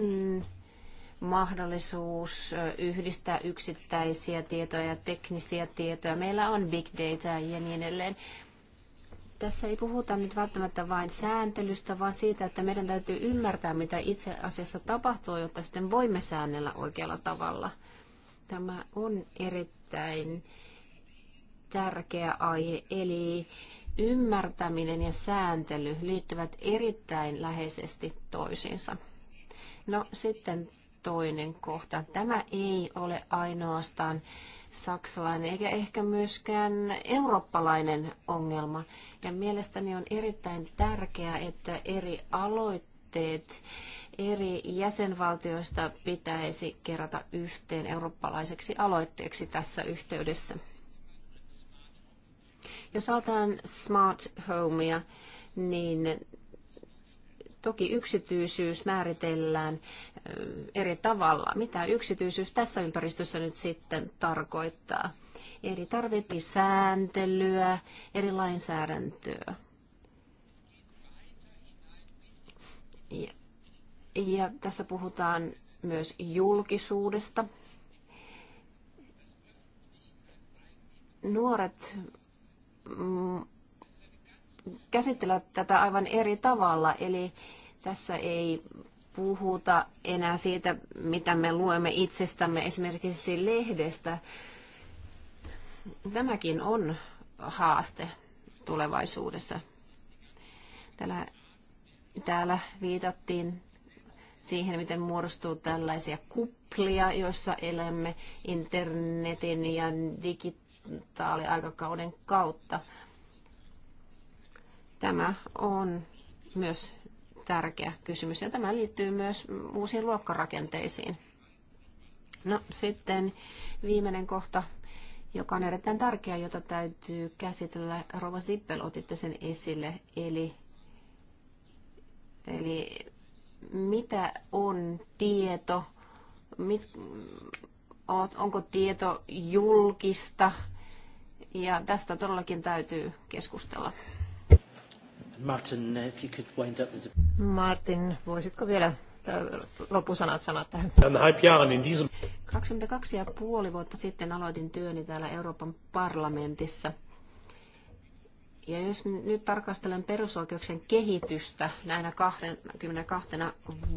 Speaker 4: mahdollisuus äh, yhdistää yksittäisiä tietoja ja teknisiä tietoja. Meillä on big data ja niin edelleen, tässä ei puhuta nyt välttämättä vain sääntelystä, vaan siitä, että meidän täytyy ymmärtää, mitä itse asiassa tapahtuu, jotta sitten voimme säännellä oikealla tavalla. Tämä on erittäin tärkeä aihe, eli ymmärtäminen ja sääntely liittyvät erittäin läheisesti toisiinsa. No sitten toinen kohta. Tämä ei ole ainoastaan saksalainen eikä ehkä myöskään eurooppalainen ongelma. Ja mielestäni on erittäin tärkeää, että eri aloitteet eri jäsenvaltioista pitäisi kerätä yhteen eurooppalaiseksi aloitteeksi tässä yhteydessä. Jos aletaan smart homea, niin Toki yksityisyys määritellään eri tavalla. Mitä yksityisyys tässä ympäristössä nyt sitten tarkoittaa? Eli tarvittiin sääntelyä, eri lainsäädäntöä. Ja, ja tässä puhutaan myös julkisuudesta. Nuoret mm, käsitellä tätä aivan eri tavalla. Eli tässä ei puhuta enää siitä, mitä me luemme itsestämme esimerkiksi lehdestä. Tämäkin on haaste tulevaisuudessa. Täällä, täällä viitattiin siihen, miten muodostuu tällaisia kuplia, joissa elämme internetin ja digitaaliaikakauden kautta. Tämä on myös tärkeä kysymys ja tämä liittyy myös uusiin luokkarakenteisiin. No sitten viimeinen kohta, joka on erittäin tärkeä, jota täytyy käsitellä. Rova Zippel, otitte sen esille, eli, eli mitä on tieto, mit, onko tieto julkista, ja tästä todellakin täytyy keskustella.
Speaker 1: Martin, if you could wind up the...
Speaker 4: Martin, voisitko vielä äh, loppusanat sanoa tähän? 22 ja puoli vuotta sitten aloitin työni täällä Euroopan parlamentissa. Ja jos nyt tarkastelen perusoikeuksien kehitystä näinä 22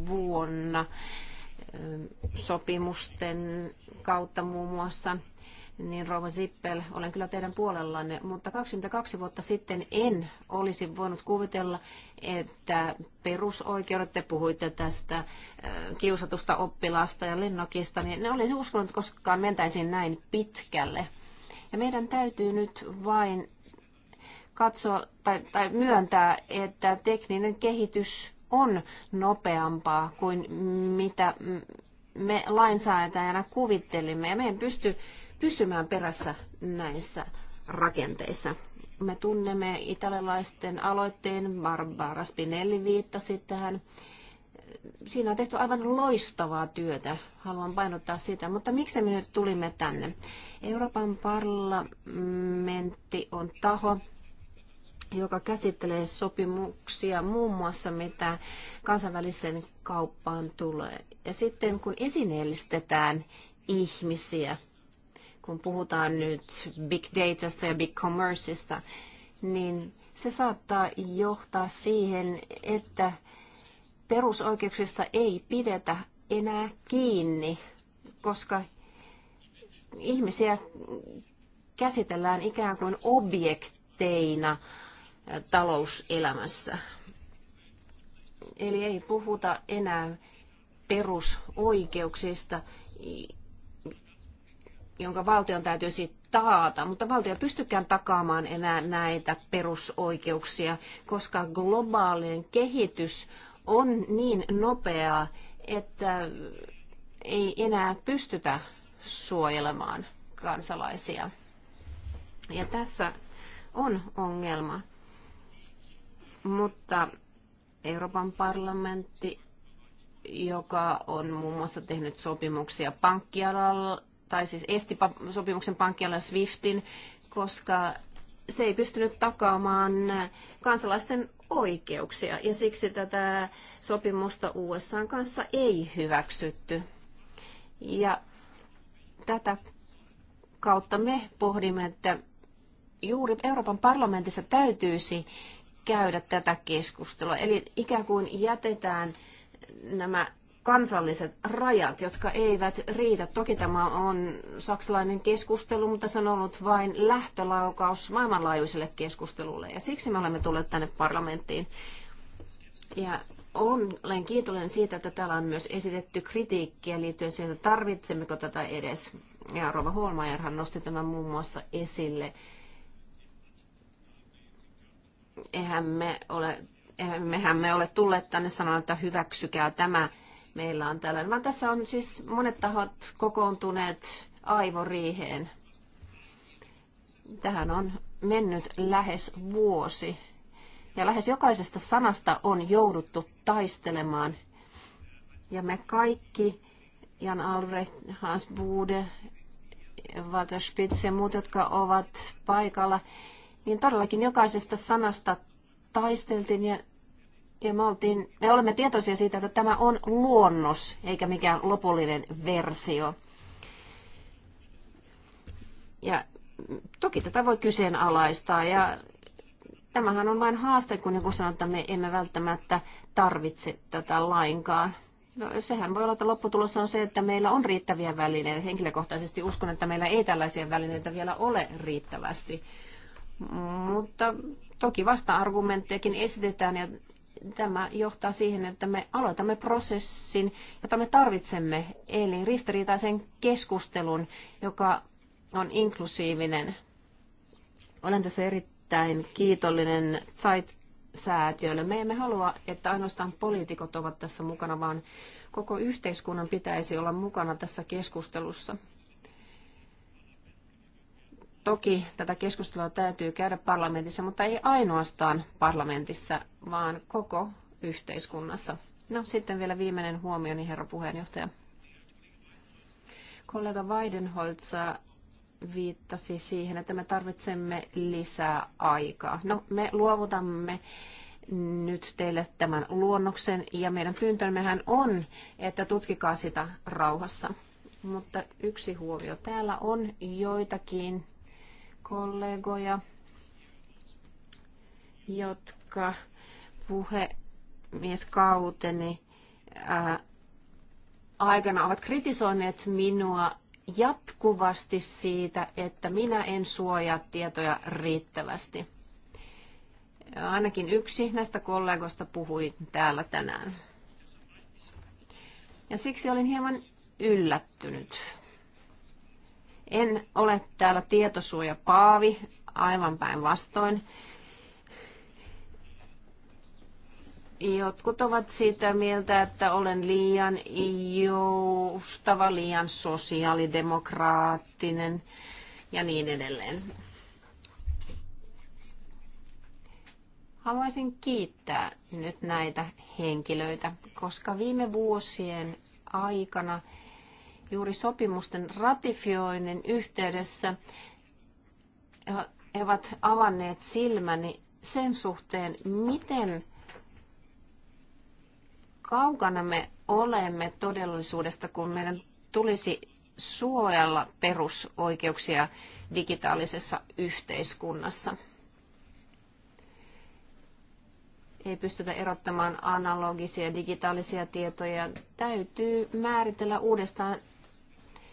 Speaker 4: vuonna sopimusten kautta muun muassa, niin rouva Zippel, olen kyllä teidän puolellanne, mutta 22 vuotta sitten en olisi voinut kuvitella, että perusoikeudet, te puhuitte tästä äh, kiusatusta oppilasta ja lennokista, niin ne olisi uskonut, että koskaan mentäisiin näin pitkälle. Ja meidän täytyy nyt vain katsoa tai, tai myöntää, että tekninen kehitys on nopeampaa kuin mitä me lainsäätäjänä kuvittelimme. Ja me en pysty pysymään perässä näissä rakenteissa. Me tunnemme italialaisten aloitteen, Barbara Spinelli viittasi tähän. Siinä on tehty aivan loistavaa työtä, haluan painottaa sitä, mutta miksi me nyt tulimme tänne? Euroopan parlamentti on taho, joka käsittelee sopimuksia muun muassa mitä kansainväliseen kauppaan tulee. Ja sitten kun esineellistetään ihmisiä, kun puhutaan nyt big datasta ja big commerceista, niin se saattaa johtaa siihen, että perusoikeuksista ei pidetä enää kiinni, koska ihmisiä käsitellään ikään kuin objekteina talouselämässä. Eli ei puhuta enää perusoikeuksista, jonka valtion täytyisi taata, mutta valtio pystykään takaamaan enää näitä perusoikeuksia, koska globaalinen kehitys on niin nopeaa, että ei enää pystytä suojelemaan kansalaisia. Ja tässä on ongelma. Mutta Euroopan parlamentti, joka on muun muassa tehnyt sopimuksia pankkialalla, tai siis esti sopimuksen pankkialan SWIFTin, koska se ei pystynyt takaamaan kansalaisten oikeuksia ja siksi tätä sopimusta USA kanssa ei hyväksytty. Ja tätä kautta me pohdimme, että juuri Euroopan parlamentissa täytyisi käydä tätä keskustelua. Eli ikään kuin jätetään nämä kansalliset rajat, jotka eivät riitä. Toki tämä on saksalainen keskustelu, mutta se on ollut vain lähtölaukaus maailmanlaajuiselle keskustelulle. Ja siksi me olemme tulleet tänne parlamenttiin. Ja olen kiitollinen siitä, että täällä on myös esitetty kritiikkiä liittyen siihen, että tarvitsemmeko tätä edes. Ja Rova Holmajerhan nosti tämän muun muassa esille. Eihän me ole, eihän mehän me ole tulleet tänne sanomaan, että hyväksykää tämä meillä on tällainen, vaan tässä on siis monet tahot kokoontuneet aivoriiheen. Tähän on mennyt lähes vuosi. Ja lähes jokaisesta sanasta on jouduttu taistelemaan. Ja me kaikki, Jan Albrecht, Hans Bude, Walter Spitz ja muut, jotka ovat paikalla, niin todellakin jokaisesta sanasta taisteltiin ja ja me, oltiin, me olemme tietoisia siitä, että tämä on luonnos eikä mikään lopullinen versio. Ja toki tätä voi kyseenalaistaa ja tämähän on vain haaste, kun joku sanoo, että me emme välttämättä tarvitse tätä lainkaan. No, sehän voi olla, että lopputulos on se, että meillä on riittäviä välineitä. Henkilökohtaisesti uskon, että meillä ei tällaisia välineitä vielä ole riittävästi. Mutta toki vasta-argumenttejakin esitetään ja tämä johtaa siihen, että me aloitamme prosessin, jota me tarvitsemme, eli ristiriitaisen keskustelun, joka on inklusiivinen. Olen tässä erittäin kiitollinen Zeit-säätiölle. Me emme halua, että ainoastaan poliitikot ovat tässä mukana, vaan koko yhteiskunnan pitäisi olla mukana tässä keskustelussa. Toki tätä keskustelua täytyy käydä parlamentissa, mutta ei ainoastaan parlamentissa, vaan koko yhteiskunnassa. No sitten vielä viimeinen huomio, niin herra puheenjohtaja. Kollega Weidenholz viittasi siihen, että me tarvitsemme lisää aikaa. No, me luovutamme nyt teille tämän luonnoksen ja meidän pyyntömmehän on, että tutkikaa sitä rauhassa. Mutta yksi huomio. Täällä on joitakin kollegoja, jotka puhemieskauteni ää, aikana ovat kritisoineet minua jatkuvasti siitä, että minä en suojaa tietoja riittävästi. Ainakin yksi näistä kollegoista puhui täällä tänään. Ja siksi olin hieman yllättynyt. En ole täällä tietosuojapaavi, aivan päinvastoin. Jotkut ovat sitä mieltä, että olen liian joustava, liian sosiaalidemokraattinen ja niin edelleen. Haluaisin kiittää nyt näitä henkilöitä, koska viime vuosien aikana – juuri sopimusten ratifioinnin yhteydessä he ovat avanneet silmäni sen suhteen, miten kaukana me olemme todellisuudesta, kun meidän tulisi suojella perusoikeuksia digitaalisessa yhteiskunnassa. Ei pystytä erottamaan analogisia ja digitaalisia tietoja. Täytyy määritellä uudestaan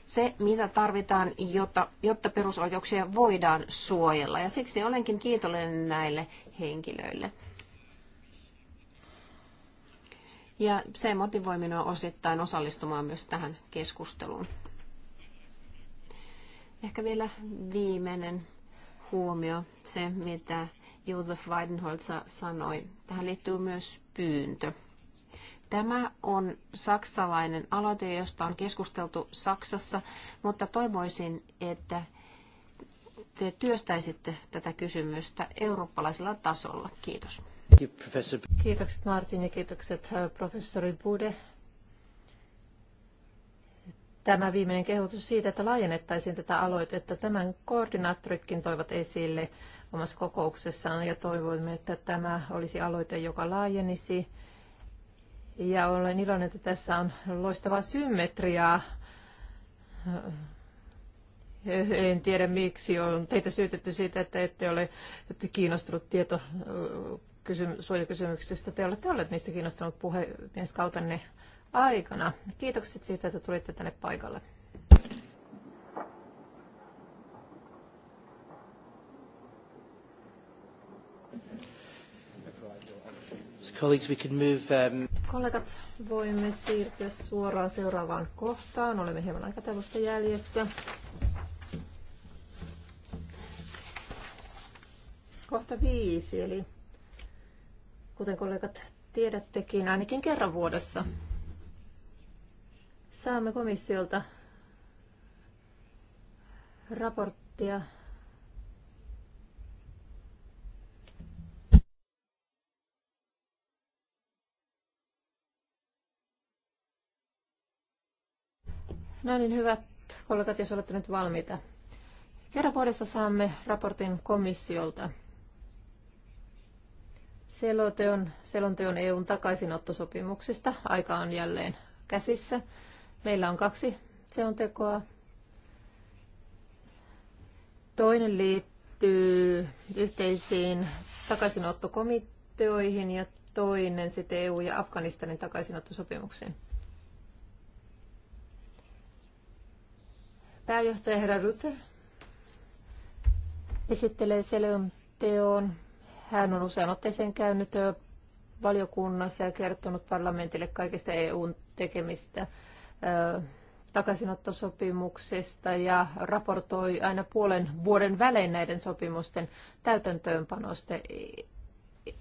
Speaker 4: se, mitä tarvitaan, jotta, jotta perusoikeuksia voidaan suojella. Ja siksi olenkin kiitollinen näille henkilöille. Ja se motivoi minua osittain osallistumaan myös tähän keskusteluun. Ehkä vielä viimeinen huomio, se mitä Josef Weidenholzer sanoi. Tähän liittyy myös pyyntö. Tämä on saksalainen aloite, josta on keskusteltu Saksassa, mutta toivoisin, että te työstäisitte tätä kysymystä eurooppalaisella tasolla.
Speaker 1: Kiitos. Kiitokset
Speaker 2: Martin ja kiitokset äh, professori Bude. Tämä viimeinen kehotus siitä, että laajennettaisiin tätä aloitetta, tämän koordinaattoritkin toivat esille omassa kokouksessaan ja toivoimme, että tämä olisi aloite, joka laajenisi ja olen iloinen, että tässä on loistavaa symmetriaa. En tiedä miksi on teitä syytetty siitä, että ette ole kiinnostunut tieto suojakysymyksistä. Te olette olleet niistä kiinnostunut puhemieskautenne aikana. Kiitokset siitä, että tulitte tänne paikalle.
Speaker 1: Colleagues, we can move, um...
Speaker 2: Kollegat, voimme siirtyä suoraan seuraavaan kohtaan. Olemme hieman aikataulusta jäljessä. Kohta viisi, eli kuten kollegat tiedättekin, ainakin kerran vuodessa saamme komissiolta raporttia No niin, hyvät kollegat, jos olette nyt valmiita. Kerran vuodessa saamme raportin komissiolta selonteon, selonteon EUn takaisinottosopimuksista. Aika on jälleen käsissä. Meillä on kaksi selontekoa. Toinen liittyy yhteisiin takaisinottokomiteoihin ja toinen sitten EU- ja Afganistanin takaisinottosopimuksiin. Pääjohtaja herra Rute esittelee selonteon. Hän on usein otteeseen käynyt valiokunnassa ja kertonut parlamentille kaikista EUn tekemistä takaisinottosopimuksesta ja raportoi aina puolen vuoden välein näiden sopimusten täytäntöönpanosta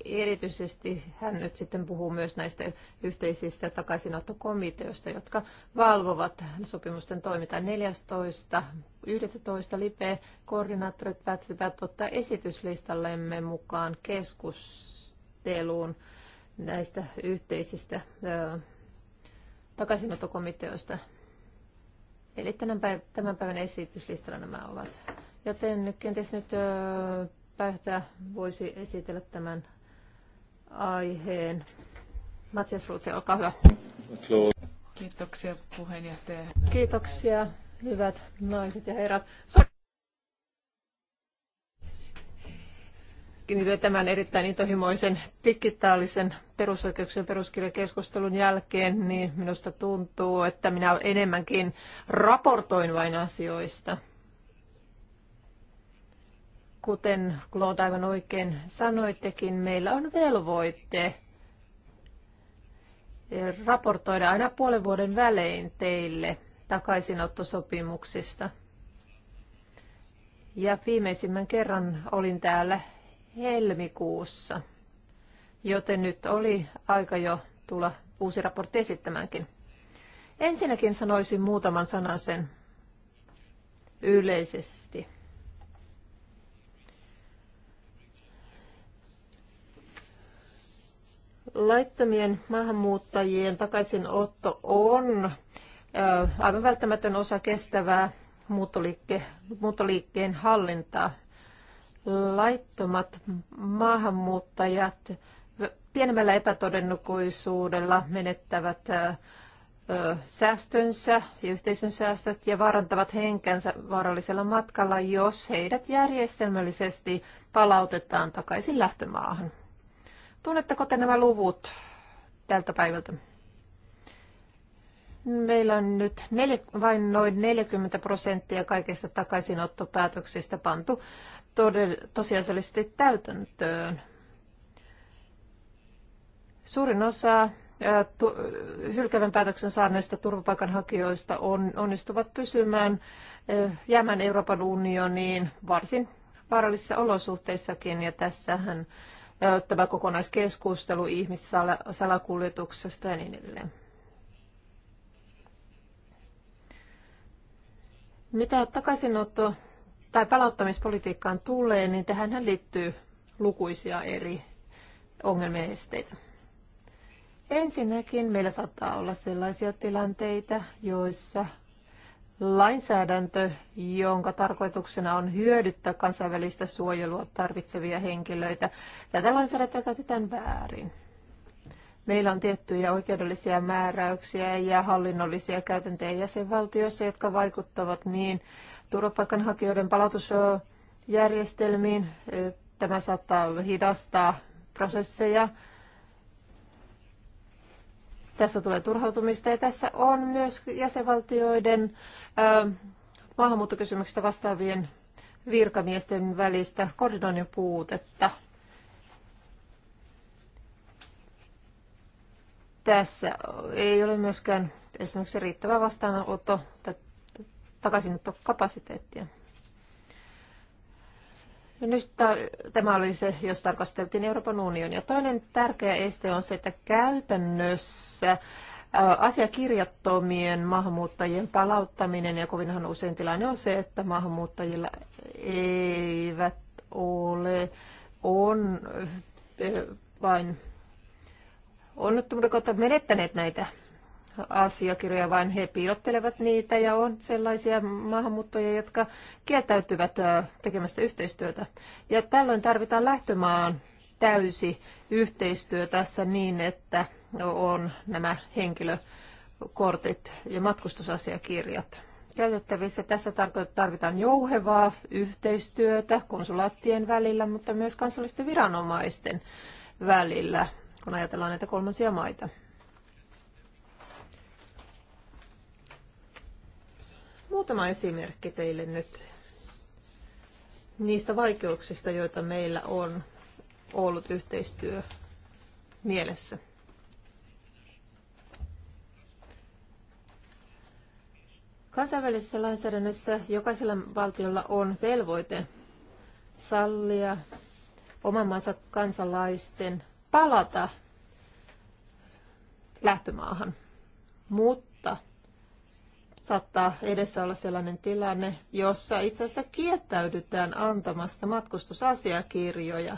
Speaker 2: erityisesti hän nyt sitten puhuu myös näistä yhteisistä takaisinottokomiteoista, jotka valvovat sopimusten toimintaa 14. 11. lipe koordinaattorit päättävät ottaa esityslistallemme mukaan keskusteluun näistä yhteisistä ö, takaisinottokomiteoista. Eli tämän, päivän, tämän päivän esityslistalla nämä ovat. Joten nyt kenties nyt ö, pääjohtaja voisi esitellä tämän aiheen. Matias Ruute, olkaa hyvä.
Speaker 3: Kiitoksia puheenjohtaja.
Speaker 2: Kiitoksia, hyvät naiset ja herrat.
Speaker 3: tämän erittäin intohimoisen
Speaker 2: digitaalisen perusoikeuksien peruskirjakeskustelun jälkeen, niin minusta tuntuu, että minä enemmänkin raportoin vain asioista kuten Claude aivan oikein sanoittekin, meillä on velvoite raportoida aina puolen vuoden välein teille takaisinottosopimuksista. Ja viimeisimmän kerran olin täällä helmikuussa, joten nyt oli aika jo tulla uusi raportti esittämäänkin. Ensinnäkin sanoisin muutaman sanan sen yleisesti. Laittomien maahanmuuttajien takaisinotto on aivan välttämätön osa kestävää muuttoliikke, muuttoliikkeen hallintaa. Laittomat maahanmuuttajat pienemmällä epätodennäköisyydellä menettävät säästönsä ja yhteisön säästöt ja vaarantavat henkensä vaarallisella matkalla, jos heidät järjestelmällisesti palautetaan takaisin lähtömaahan. Tunnetteko te nämä luvut tältä päivältä? Meillä on nyt neljä, vain noin 40 prosenttia kaikista takaisinottopäätöksistä pantu todell, tosiasiallisesti täytäntöön. Suurin osa ää, tu, hylkävän päätöksen saaneista turvapaikanhakijoista on, onnistuvat pysymään ää, jäämään Euroopan unioniin varsin vaarallisissa olosuhteissakin ja tässähän tämä kokonaiskeskustelu ihmissalakuljetuksesta ja niin edelleen. Mitä takaisinotto- tai palauttamispolitiikkaan tulee, niin tähän liittyy lukuisia eri ongelmia ja esteitä. Ensinnäkin meillä saattaa olla sellaisia tilanteita, joissa lainsäädäntö, jonka tarkoituksena on hyödyttää kansainvälistä suojelua tarvitsevia henkilöitä. Tätä lainsäädäntöä käytetään väärin. Meillä on tiettyjä oikeudellisia määräyksiä ja hallinnollisia käytäntöjä jäsenvaltioissa, jotka vaikuttavat niin turvapaikanhakijoiden palautusjärjestelmiin. Tämä saattaa hidastaa prosesseja tässä tulee turhautumista ja tässä on myös jäsenvaltioiden maahanmuuttokysymyksistä vastaavien virkamiesten välistä koordinoinnin puutetta. Tässä ei ole myöskään esimerkiksi riittävää vastaanotto tai takaisinottokapasiteettia. Nyt tämä oli se, jos tarkasteltiin Euroopan unionia. Toinen tärkeä este on se, että käytännössä asiakirjattomien maahanmuuttajien palauttaminen, ja kovinhan usein tilanne on se, että maahanmuuttajilla eivät ole, on vain onnettomuuden kautta menettäneet näitä asiakirjoja, vaan he piilottelevat niitä ja on sellaisia maahanmuuttajia, jotka kieltäytyvät tekemästä yhteistyötä. Ja tällöin tarvitaan lähtömaan täysi yhteistyö tässä niin, että on nämä henkilökortit ja matkustusasiakirjat käytettävissä. Tässä tarvitaan jouhevaa yhteistyötä konsulaattien välillä, mutta myös kansallisten viranomaisten välillä, kun ajatellaan näitä kolmansia maita. Muutama esimerkki teille nyt niistä vaikeuksista, joita meillä on ollut yhteistyö mielessä. Kansainvälisessä lainsäädännössä jokaisella valtiolla on velvoite sallia oman maansa kansalaisten palata lähtömaahan. Muut saattaa edessä olla sellainen tilanne, jossa itse asiassa kieltäydytään antamasta matkustusasiakirjoja.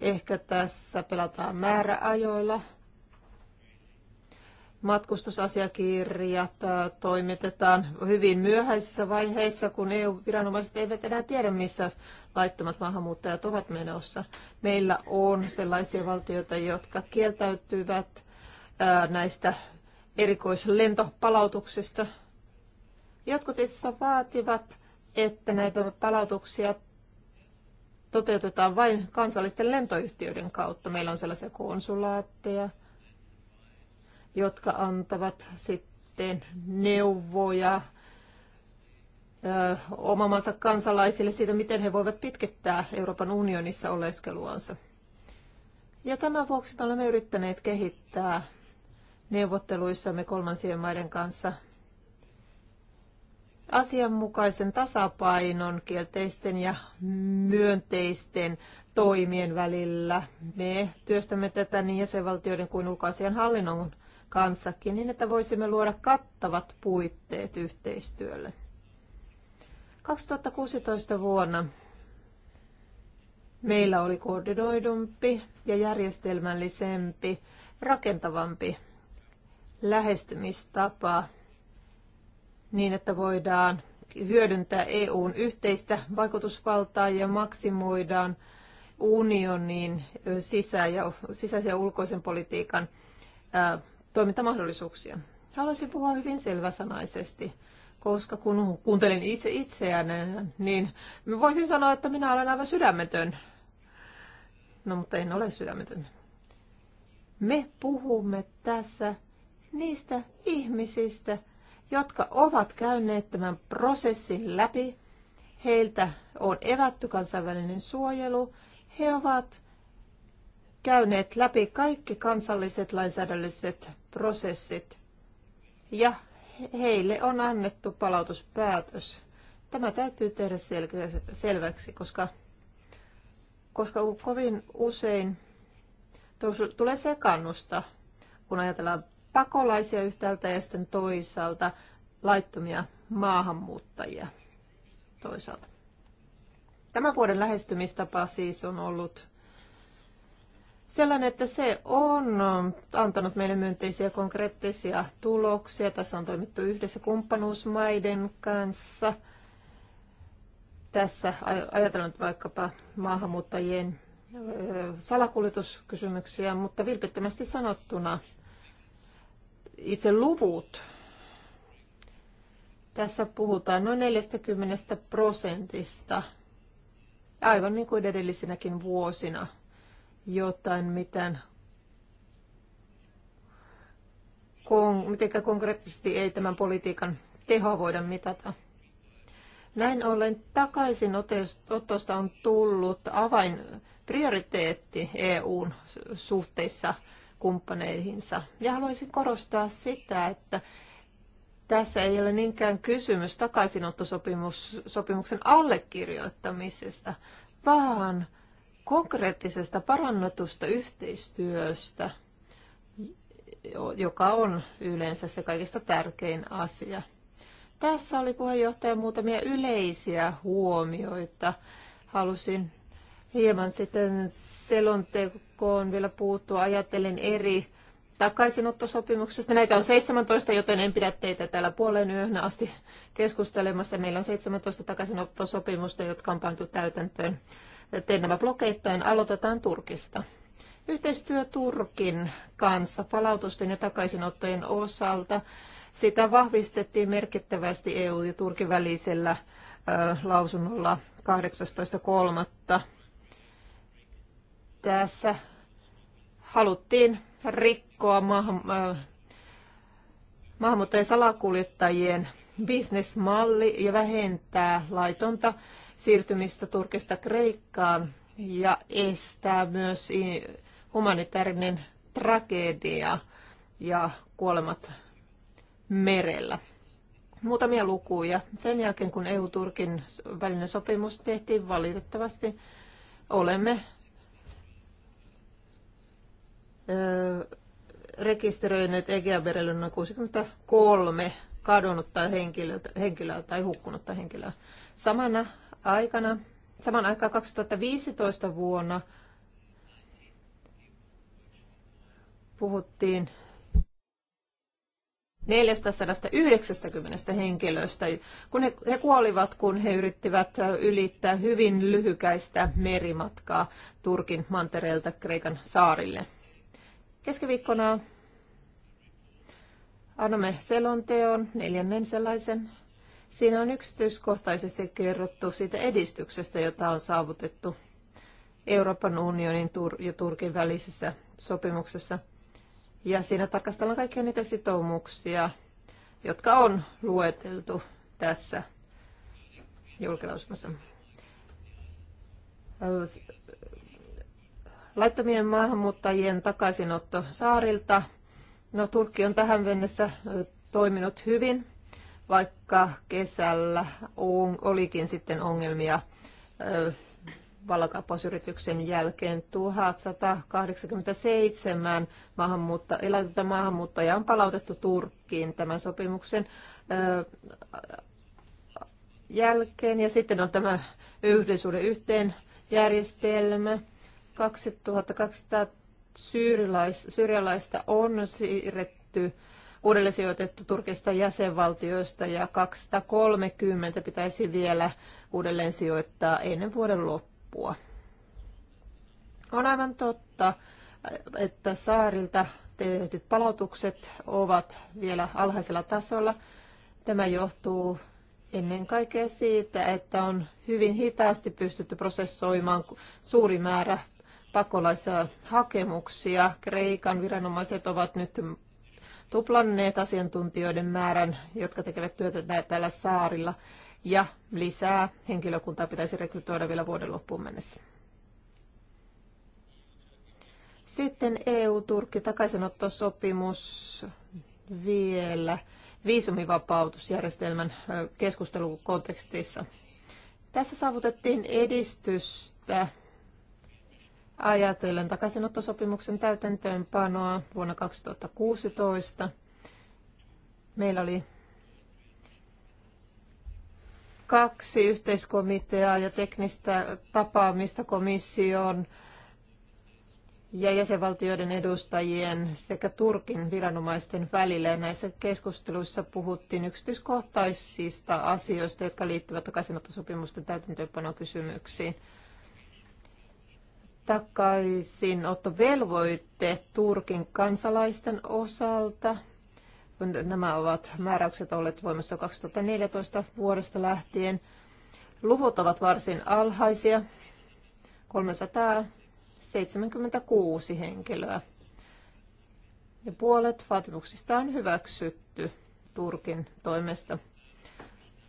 Speaker 2: Ehkä tässä pelataan määräajoilla. Matkustusasiakirjat toimitetaan hyvin myöhäisissä vaiheissa, kun EU-viranomaiset eivät enää tiedä, missä laittomat maahanmuuttajat ovat menossa. Meillä on sellaisia valtioita, jotka kieltäytyvät näistä erikoislentopalautuksista. Jotkut itse vaativat, että näitä palautuksia toteutetaan vain kansallisten lentoyhtiöiden kautta. Meillä on sellaisia konsulaatteja, jotka antavat sitten neuvoja omamansa kansalaisille siitä, miten he voivat pitkittää Euroopan unionissa oleskeluansa. Ja tämän vuoksi me olemme yrittäneet kehittää neuvotteluissamme kolmansien maiden kanssa asianmukaisen tasapainon kielteisten ja myönteisten toimien välillä. Me työstämme tätä niin jäsenvaltioiden kuin ulkoasian hallinnon kanssakin niin, että voisimme luoda kattavat puitteet yhteistyölle. 2016 vuonna meillä oli koordinoidumpi ja järjestelmällisempi, rakentavampi lähestymistapa niin, että voidaan hyödyntää EUn yhteistä vaikutusvaltaa ja maksimoidaan unionin sisä- ja, sisäisen ja ulkoisen politiikan ää, toimintamahdollisuuksia. Haluaisin puhua hyvin selväsanaisesti, koska kun kuuntelin itse itseään, niin voisin sanoa, että minä olen aivan sydämetön. No, mutta en ole sydämetön. Me puhumme tässä niistä ihmisistä, jotka ovat käyneet tämän prosessin läpi. Heiltä on evätty kansainvälinen suojelu. He ovat käyneet läpi kaikki kansalliset lainsäädännölliset prosessit ja heille on annettu palautuspäätös. Tämä täytyy tehdä sel- selväksi, koska, koska kovin usein tulee sekannusta, kun ajatellaan pakolaisia yhtäältä ja sitten toisaalta laittomia maahanmuuttajia toisaalta. Tämän vuoden lähestymistapa siis on ollut sellainen, että se on antanut meille myönteisiä konkreettisia tuloksia. Tässä on toimittu yhdessä kumppanuusmaiden kanssa. Tässä ajatellaan vaikkapa maahanmuuttajien salakuljetuskysymyksiä, mutta vilpittömästi sanottuna itse luvut. Tässä puhutaan noin 40 prosentista, aivan niin kuin edellisinäkin vuosina, jotain mitään kon, mitenkään konkreettisesti ei tämän politiikan tehoa voida mitata. Näin ollen takaisin otosta on tullut avain prioriteetti EUn suhteissa – kumppaneihinsa. Ja haluaisin korostaa sitä, että tässä ei ole niinkään kysymys takaisinottosopimuksen allekirjoittamisesta, vaan konkreettisesta parannetusta yhteistyöstä, joka on yleensä se kaikista tärkein asia. Tässä oli puheenjohtaja muutamia yleisiä huomioita. Halusin hieman sitten selontekoon vielä puuttua. Ajattelen eri takaisinottosopimuksesta. Näitä on 17, joten en pidä teitä täällä puolen yöhön asti keskustelemassa. Meillä on 17 takaisinottosopimusta, jotka on pantu täytäntöön. Teen nämä blokeittain. Aloitetaan Turkista. Yhteistyö Turkin kanssa palautusten ja takaisinottojen osalta. Sitä vahvistettiin merkittävästi EU ja Turkin välisellä lausunnolla tässä haluttiin rikkoa maahan, äh, maahanmuuttajien salakuljettajien bisnesmalli ja vähentää laitonta siirtymistä Turkista Kreikkaan ja estää myös humanitaarinen tragedia ja kuolemat merellä. Muutamia lukuja. Sen jälkeen kun EU-Turkin välinen sopimus tehtiin, valitettavasti olemme rekisteröineet Egeamerelle noin 63 kadonnutta henkilöä, henkilöä tai hukkunutta henkilöä. Samana aikana, saman aikaan 2015 vuonna puhuttiin 490 henkilöstä, kun he, he kuolivat, kun he yrittivät ylittää hyvin lyhykäistä merimatkaa Turkin mantereelta Kreikan saarille. Keskiviikkona annamme selonteon, neljännen sellaisen. Siinä on yksityiskohtaisesti kerrottu siitä edistyksestä, jota on saavutettu Euroopan unionin ja Turkin välisessä sopimuksessa. Ja siinä tarkastellaan kaikkia niitä sitoumuksia, jotka on lueteltu tässä julkilausumassa laittomien maahanmuuttajien takaisinotto saarilta. No Turkki on tähän mennessä toiminut hyvin, vaikka kesällä on, olikin sitten ongelmia vallankaapausyrityksen jälkeen 1187 maahanmuutta, eläintä maahanmuuttajaa on palautettu Turkkiin tämän sopimuksen jälkeen. Ja sitten on tämä yhdensuuden yhteen järjestelmä. 2200 syyrialaista, syyrialaista on siirretty uudelleen sijoitettu Turkista jäsenvaltioista ja 230 pitäisi vielä uudelleen sijoittaa ennen vuoden loppua. On aivan totta, että saarilta tehdyt palautukset ovat vielä alhaisella tasolla. Tämä johtuu ennen kaikkea siitä, että on hyvin hitaasti pystytty prosessoimaan suuri määrä pakolaisia hakemuksia. Kreikan viranomaiset ovat nyt tuplanneet asiantuntijoiden määrän, jotka tekevät työtä täällä saarilla, ja lisää henkilökuntaa pitäisi rekrytoida vielä vuoden loppuun mennessä. Sitten EU-Turkki takaisinottosopimus vielä viisumivapautusjärjestelmän keskustelukontekstissa. Tässä saavutettiin edistystä ajatellen takaisinottosopimuksen täytäntöönpanoa vuonna 2016. Meillä oli kaksi yhteiskomiteaa ja teknistä tapaamista komission ja jäsenvaltioiden edustajien sekä Turkin viranomaisten välillä. Näissä keskusteluissa puhuttiin yksityiskohtaisista asioista, jotka liittyvät takaisinottosopimusten täytäntöönpanokysymyksiin. kysymyksiin takaisinottovelvoite Turkin kansalaisten osalta. Nämä ovat määräykset olleet voimassa 2014 vuodesta lähtien. Luvut ovat varsin alhaisia, 376 henkilöä. Ja puolet vaatimuksista on hyväksytty Turkin toimesta.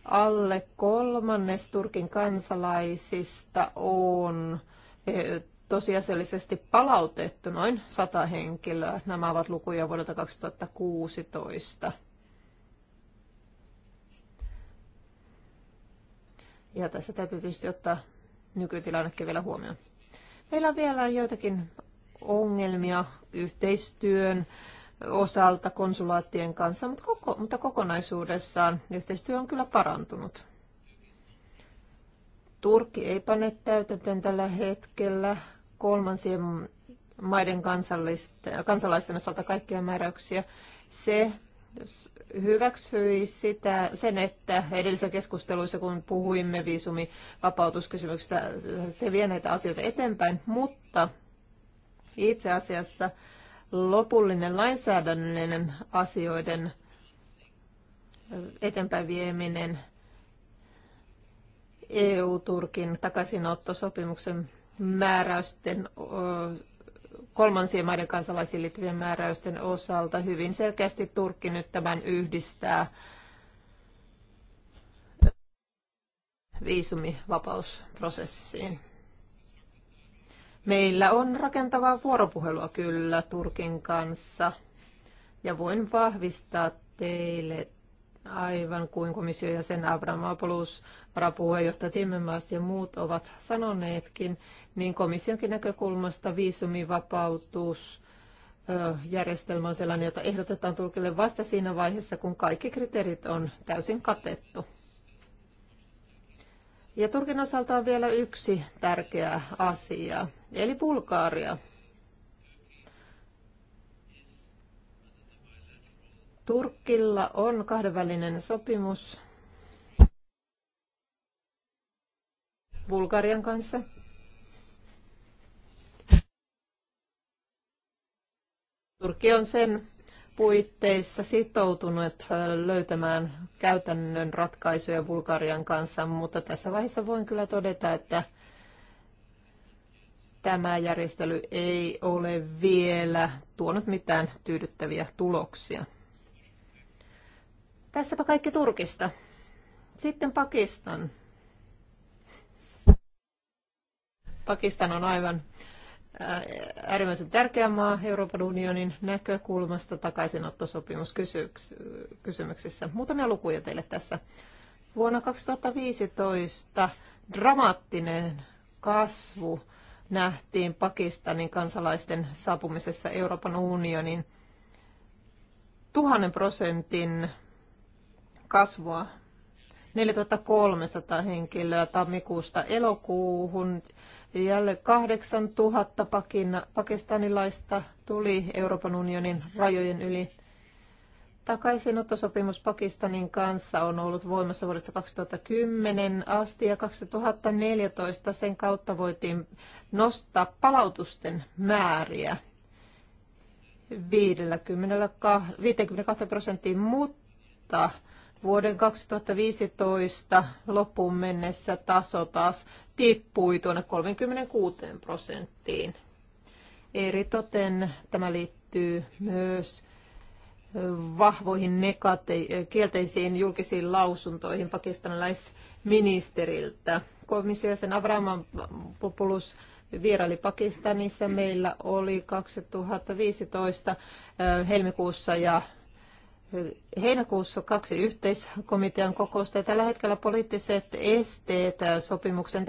Speaker 2: Alle kolmannes Turkin kansalaisista on eh, tosiasiallisesti palautettu noin 100 henkilöä. Nämä ovat lukuja vuodelta 2016. Ja tässä täytyy tietysti ottaa nykytilannekin vielä huomioon. Meillä on vielä joitakin ongelmia yhteistyön osalta konsulaattien kanssa, mutta, koko, mutta kokonaisuudessaan yhteistyö on kyllä parantunut. Turkki ei pane täytäntöön tällä hetkellä kolmansien maiden kansalaisten osalta kaikkia määräyksiä. Se hyväksyi sitä, sen, että edellisissä keskusteluissa, kun puhuimme viisumivapautuskysymyksistä, se vie näitä asioita eteenpäin, mutta itse asiassa lopullinen lainsäädännöllinen asioiden eteenpäin vieminen EU-Turkin takaisinottosopimuksen määräysten, kolmansien maiden kansalaisiin liittyvien määräysten osalta. Hyvin selkeästi Turkki nyt tämän yhdistää viisumivapausprosessiin. Meillä on rakentavaa vuoropuhelua kyllä Turkin kanssa ja voin vahvistaa teille, aivan kuin komissio ja sen Abramopoulos, varapuheenjohtaja Timmermans ja muut ovat sanoneetkin, niin komissionkin näkökulmasta viisumivapautus järjestelmä on sellainen, jota ehdotetaan Turkille vasta siinä vaiheessa, kun kaikki kriteerit on täysin katettu. Ja Turkin osalta on vielä yksi tärkeä asia, eli Bulgaaria. Turkilla on kahdenvälinen sopimus Bulgarian kanssa. Turkki on sen puitteissa sitoutunut äh, löytämään käytännön ratkaisuja Bulgarian kanssa, mutta tässä vaiheessa voin kyllä todeta, että tämä järjestely ei ole vielä tuonut mitään tyydyttäviä tuloksia. Tässäpä kaikki Turkista. Sitten Pakistan. Pakistan on aivan äh, äärimmäisen tärkeä maa Euroopan unionin näkökulmasta takaisinottosopimuskysymyksissä. Muutamia lukuja teille tässä. Vuonna 2015 dramaattinen kasvu nähtiin Pakistanin kansalaisten saapumisessa Euroopan unionin tuhannen prosentin kasvua. 4300 henkilöä tammikuusta elokuuhun. Jälleen 8000 pakistanilaista tuli Euroopan unionin rajojen yli. Takaisinottosopimus Pakistanin kanssa on ollut voimassa vuodesta 2010 asti ja 2014 sen kautta voitiin nostaa palautusten määriä 52 prosenttiin, mutta vuoden 2015 loppuun mennessä taso taas tippui tuonne 36 prosenttiin. Eritoten tämä liittyy myös vahvoihin negate- kielteisiin julkisiin lausuntoihin pakistanilaisministeriltä. Komissiojäsen Avraman Populus vieraili Pakistanissa. Meillä oli 2015 helmikuussa ja heinäkuussa kaksi yhteiskomitean kokousta ja tällä hetkellä poliittiset esteet sopimuksen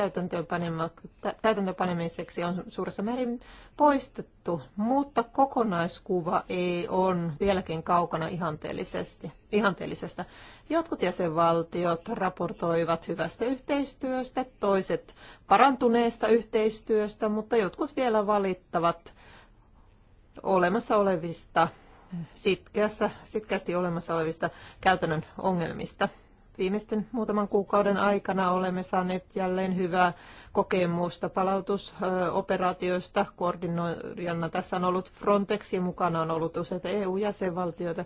Speaker 2: täytäntöönpanemiseksi on suuressa määrin poistettu, mutta kokonaiskuva ei ole vieläkin kaukana ihanteellisesti, ihanteellisesta. Jotkut jäsenvaltiot raportoivat hyvästä yhteistyöstä, toiset parantuneesta yhteistyöstä, mutta jotkut vielä valittavat olemassa olevista sitkeässä, sitkeästi olemassa olevista käytännön ongelmista. Viimeisten muutaman kuukauden aikana olemme saaneet jälleen hyvää kokemusta palautusoperaatioista. Koordinoijana tässä on ollut Frontex ja mukana on ollut useita EU-jäsenvaltioita.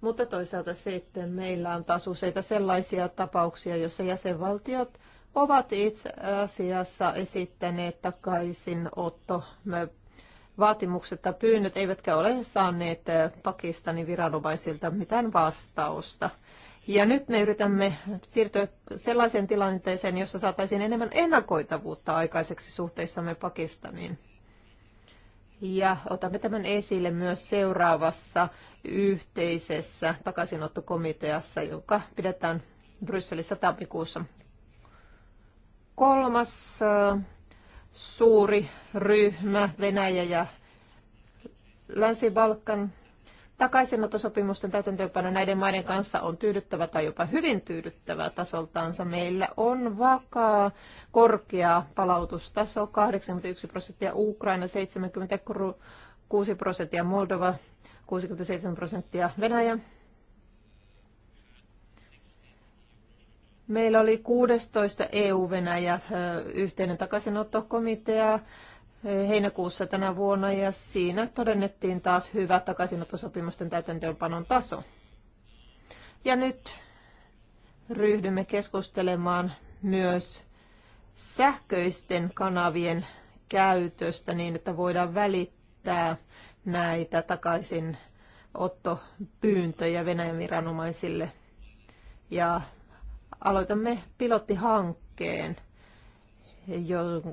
Speaker 2: Mutta toisaalta sitten meillä on taas useita sellaisia tapauksia, joissa jäsenvaltiot ovat itse asiassa esittäneet takaisin otto vaatimuksetta pyynnöt eivätkä ole saaneet äh, Pakistanin viranomaisilta mitään vastausta. Ja nyt me yritämme siirtyä sellaiseen tilanteeseen, jossa saataisiin enemmän ennakoitavuutta aikaiseksi suhteissamme Pakistaniin. Ja otamme tämän esille myös seuraavassa yhteisessä takaisinottokomiteassa, joka pidetään Brysselissä tammikuussa. Kolmas äh, suuri ryhmä, Venäjä ja Länsi-Balkan. Takaisinottosopimusten täytäntöönpano näiden maiden kanssa on tyydyttävä tai jopa hyvin tyydyttävä tasoltaansa. Meillä on vakaa korkea palautustaso, 81 prosenttia Ukraina, 76 prosenttia Moldova, 67 prosenttia Venäjä. Meillä oli 16 EU-Venäjä yhteinen takaisinottokomitea heinäkuussa tänä vuonna ja siinä todennettiin taas hyvä takaisinottosopimusten täytäntöönpanon taso. Ja nyt ryhdymme keskustelemaan myös sähköisten kanavien käytöstä niin, että voidaan välittää näitä takaisinottopyyntöjä Venäjän viranomaisille. Ja aloitamme pilottihankkeen,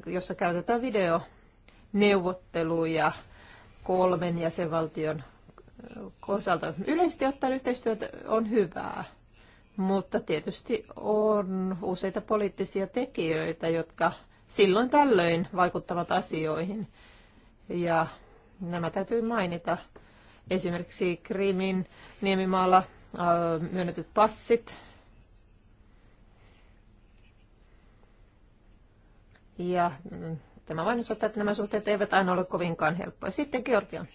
Speaker 2: jossa käytetään videoneuvotteluja kolmen jäsenvaltion osalta. Yleisesti ottaen yhteistyö on hyvää, mutta tietysti on useita poliittisia tekijöitä, jotka silloin tällöin vaikuttavat asioihin. Ja nämä täytyy mainita. Esimerkiksi Krimin niemimaalla myönnetyt passit Ja mm, tämä vain osoittaa, että nämä suhteet eivät aina ole kovinkaan helppoja. Sitten Georgian.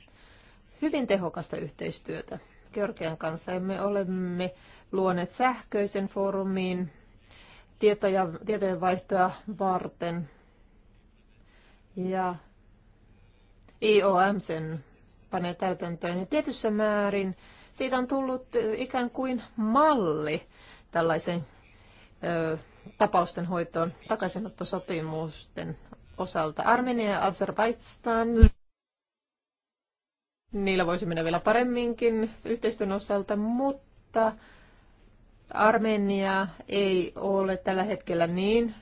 Speaker 2: Hyvin tehokasta yhteistyötä Georgian kanssa. Me olemme luoneet sähköisen foorumiin tietoja, tietojen vaihtoa varten. Ja IOM sen panee täytäntöön. Ja tietyssä määrin siitä on tullut ikään kuin malli tällaisen ö, tapausten hoitoon takaisinottosopimusten osalta. Armenia ja Azerbaidstan. Niillä voisi mennä vielä paremminkin yhteistyön osalta, mutta Armenia ei ole tällä hetkellä niin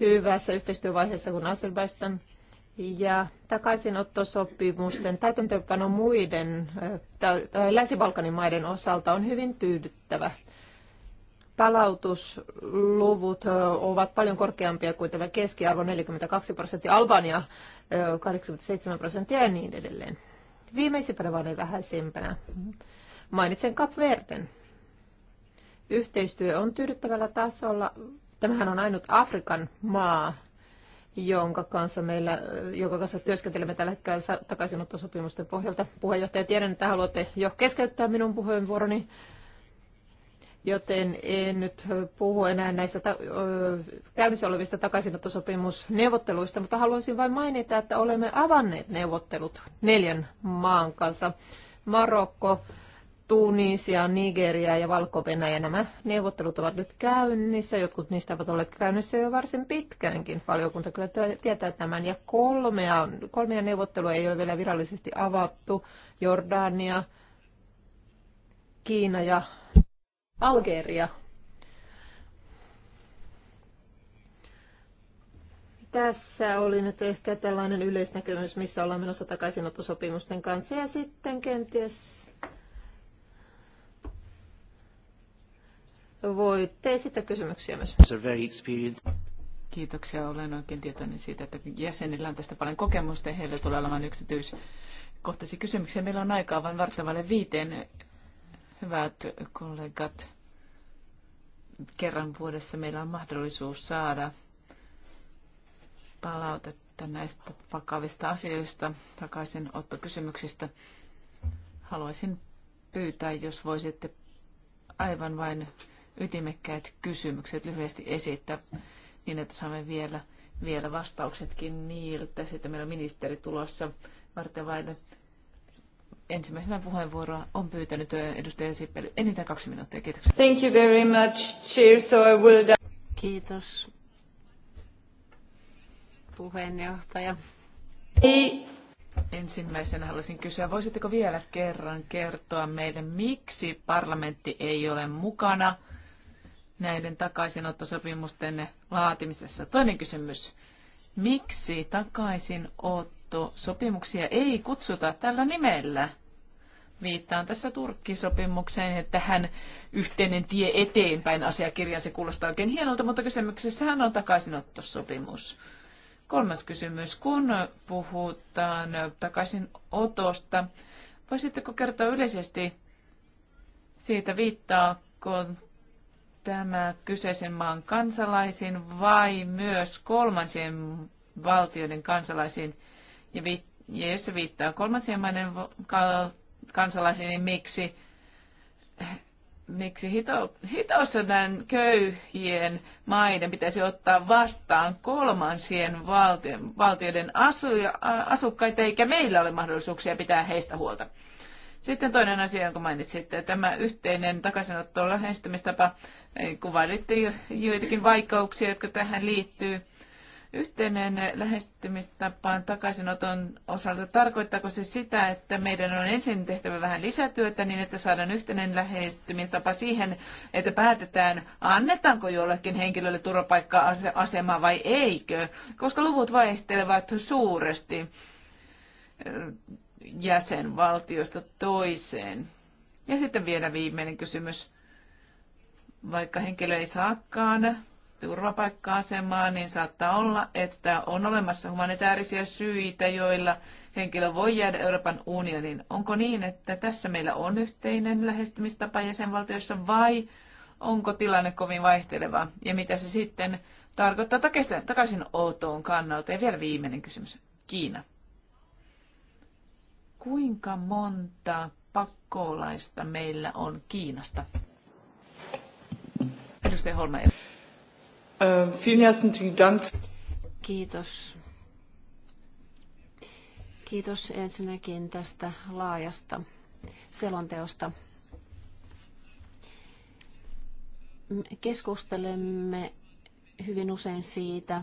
Speaker 2: hyvässä yhteistyövaiheessa kuin Azerbaidstan. Ja takaisinottosopimusten täytäntöönpano muiden Länsi-Balkanin maiden osalta on hyvin tyydyttävä palautusluvut ovat paljon korkeampia kuin tämä keskiarvo 42 prosenttia, Albania 87 prosenttia ja niin edelleen. Viimeisimpänä vaan ei vähäisimpänä. Mainitsen Kapverden. Yhteistyö on tyydyttävällä tasolla. Tämähän on ainut Afrikan maa, jonka kanssa, meillä, jonka kanssa työskentelemme tällä hetkellä takaisinottosopimusten pohjalta. Puheenjohtaja, tiedän, että haluatte jo keskeyttää minun puheenvuoroni joten en nyt puhu enää näistä ta- käynnissä olevista takaisinottosopimusneuvotteluista, mutta haluaisin vain mainita, että olemme avanneet neuvottelut neljän maan kanssa. Marokko, Tunisia, Nigeria ja valko -Venäjä. Nämä neuvottelut ovat nyt käynnissä. Jotkut niistä ovat olleet käynnissä jo varsin pitkäänkin. Valiokunta kyllä tietää tämän. Ja kolmea, kolmea neuvottelua ei ole vielä virallisesti avattu. Jordania, Kiina ja Algeria. Tässä oli nyt ehkä tällainen yleisnäkemys, missä ollaan menossa takaisinottosopimusten kanssa ja sitten kenties
Speaker 3: voitte esittää kysymyksiä myös. Kiitoksia. Olen oikein tietoinen siitä, että jäsenillä on tästä paljon kokemusta ja heillä tulee olemaan yksityiskohtaisia kysymyksiä. Meillä on aikaa vain varttavalle viiteen. Hyvät kollegat, kerran vuodessa meillä on mahdollisuus saada palautetta näistä vakavista asioista, takaisin ottokysymyksistä. Haluaisin pyytää, jos voisitte aivan vain ytimekkäät kysymykset lyhyesti esittää, niin että saamme vielä, vielä vastauksetkin niiltä. Sitten meillä on ministeri tulossa varten vaille ensimmäisenä puheenvuoroa on pyytänyt edustaja Sippeli. Enintään kaksi minuuttia. Kiitoksia. Thank you very much. Chair, so I will... Kiitos puheenjohtaja. Ei. Ensimmäisenä haluaisin kysyä, voisitteko vielä kerran kertoa meille, miksi parlamentti ei ole mukana näiden takaisinottosopimusten laatimisessa? Toinen kysymys, miksi takaisinotto Sopimuksia ei kutsuta tällä nimellä. Viittaan tässä Turkki-sopimukseen, että hän yhteinen tie eteenpäin asiakirjaan, se kuulostaa oikein hienolta, mutta kysymyksessähän on takaisinottosopimus. Kolmas kysymys, kun puhutaan takaisinotosta, voisitteko kertoa yleisesti siitä viittaako tämä kyseisen maan kansalaisiin vai myös kolmansien valtioiden kansalaisiin? ja, vi, ja jos se viittaa kolmansien maiden kansalaisiin, niin miksi, miksi hito, hitosodan köyhien maiden pitäisi ottaa vastaan kolmansien valtion, valtioiden asuja, asukkaita, eikä meillä ole mahdollisuuksia pitää heistä huolta. Sitten toinen asia, jonka mainitsitte, tämä yhteinen takaisinotto lähestymistapa. Kuvailitte jo, joitakin vaikeuksia, jotka tähän liittyy. Yhteinen lähestymistapaan takaisinoton osalta, tarkoittaako se sitä, että meidän on ensin tehtävä vähän lisätyötä niin, että saadaan yhteinen lähestymistapa siihen, että päätetään, annetaanko jollekin henkilölle turvapaikka-asema vai eikö, koska luvut vaihtelevat suuresti eh, jäsenvaltiosta toiseen. Ja sitten vielä viimeinen kysymys. Vaikka henkilö ei saakaan turvapaikka-asemaa, niin saattaa olla, että on olemassa humanitaarisia syitä, joilla henkilö voi jäädä Euroopan unioniin. Onko niin, että tässä meillä on yhteinen lähestymistapa jäsenvaltioissa vai onko tilanne kovin vaihteleva ja mitä se sitten tarkoittaa takaisin Otoon kannalta? Ja vielä viimeinen kysymys. Kiina. Kuinka monta pakkolaista meillä on Kiinasta? Edustaja Holmaja. Äh, vielen herzlichen Dank. Kiitos.
Speaker 4: Kiitos ensinnäkin tästä laajasta selonteosta. Keskustelemme hyvin usein siitä,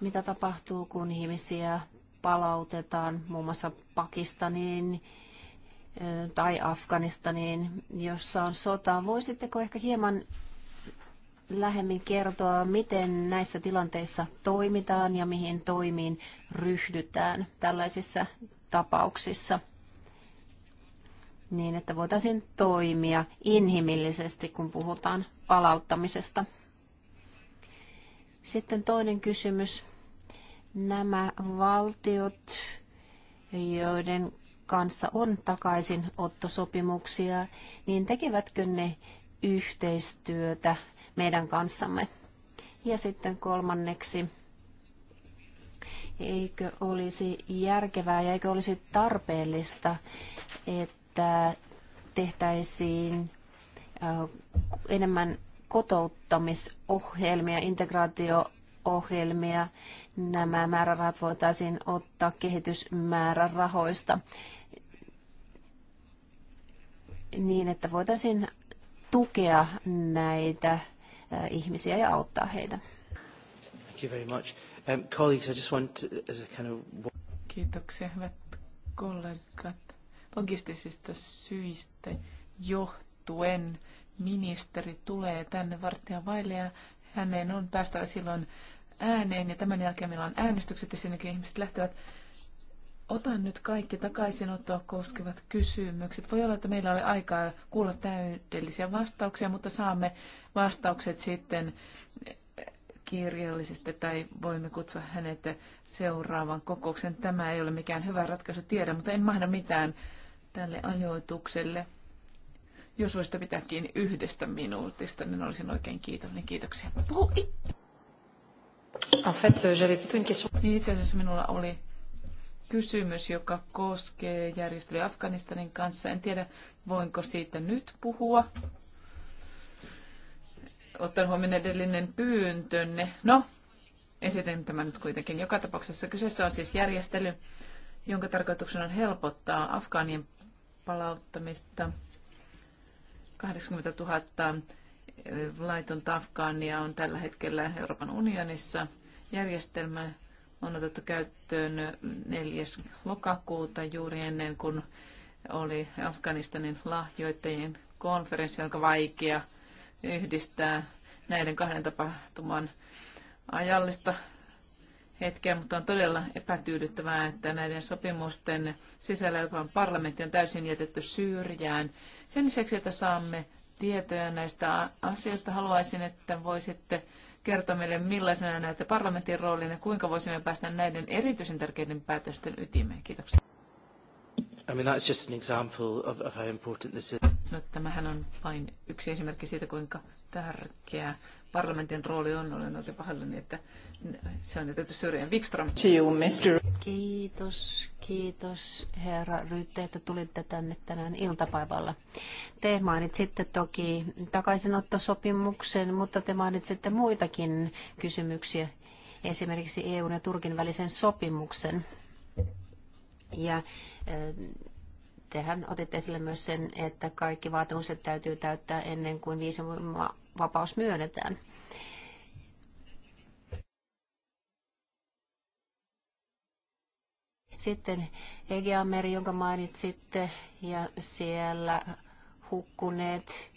Speaker 4: mitä tapahtuu, kun ihmisiä palautetaan muun muassa Pakistaniin äh, tai Afganistaniin, jossa on sota. Voisitteko ehkä hieman lähemmin kertoa, miten näissä tilanteissa toimitaan ja mihin toimiin ryhdytään tällaisissa tapauksissa niin, että voitaisiin toimia inhimillisesti, kun puhutaan palauttamisesta. Sitten toinen kysymys. Nämä valtiot, joiden kanssa on takaisinottosopimuksia, niin tekevätkö ne yhteistyötä meidän kanssamme. Ja sitten kolmanneksi, eikö olisi järkevää ja eikö olisi tarpeellista, että tehtäisiin enemmän kotouttamisohjelmia, integraatio-ohjelmia. Nämä määrärahat voitaisiin ottaa kehitysmäärärahoista niin, että voitaisiin tukea näitä ihmisiä ja auttaa
Speaker 3: heitä. Kiitoksia, hyvät kollegat. Logistisista syistä johtuen ministeri tulee tänne varttia vaille ja hänen on päästävä silloin ääneen ja tämän jälkeen meillä on äänestykset ja sinnekin ihmiset lähtevät Otan nyt kaikki takaisinottoa koskevat kysymykset. Voi olla, että meillä oli aikaa kuulla täydellisiä vastauksia, mutta saamme vastaukset sitten kirjallisesti tai voimme kutsua hänet seuraavan kokouksen. Tämä ei ole mikään hyvä ratkaisu tiedä, mutta en mahda mitään tälle ajoitukselle. Jos voisit pitää kiinni yhdestä minuutista, niin olisin oikein kiitollinen. Kiitoksia. Puhu itse. En fait, j'avais plutôt une question. Niin, itse asiassa minulla oli kysymys, joka koskee järjestelyä Afganistanin kanssa. En tiedä, voinko siitä nyt puhua. Otan huomioon edellinen pyyntönne. No, esitän tämän nyt kuitenkin. Joka tapauksessa kyseessä on siis järjestely, jonka tarkoituksena on helpottaa Afgaanien palauttamista. 80 000 eh, laitonta Afgaania on tällä hetkellä Euroopan unionissa järjestelmä, on otettu käyttöön 4. lokakuuta juuri ennen kuin oli Afganistanin lahjoittajien konferenssi, jonka vaikea yhdistää näiden kahden tapahtuman ajallista hetkeä, mutta on todella epätyydyttävää, että näiden sopimusten sisällä Euroopan parlamentti on täysin jätetty syrjään. Sen lisäksi, että saamme tietoja näistä asioista, haluaisin, että voisitte kertoa meille, millaisena näette parlamentin roolin ja kuinka voisimme päästä näiden erityisen tärkeiden päätösten
Speaker 1: ytimeen? Kiitoksia. I mean, that's just an example of, of how important this is.
Speaker 3: No, tämähän on vain yksi esimerkki siitä, kuinka tärkeä parlamentin rooli on. Olen oikein pahallani, että se on jätetty syrjään. Wikström. Kiitos,
Speaker 4: kiitos herra Rytte, että tulitte tänne tänään iltapäivällä. Te mainitsitte toki takaisinottosopimuksen, mutta te mainitsitte muitakin kysymyksiä, esimerkiksi EUn ja Turkin välisen sopimuksen ja tehän otitte esille myös sen, että kaikki vaatimukset täytyy täyttää ennen kuin vapaus myönnetään. Sitten meri, jonka mainitsitte, ja siellä hukkuneet.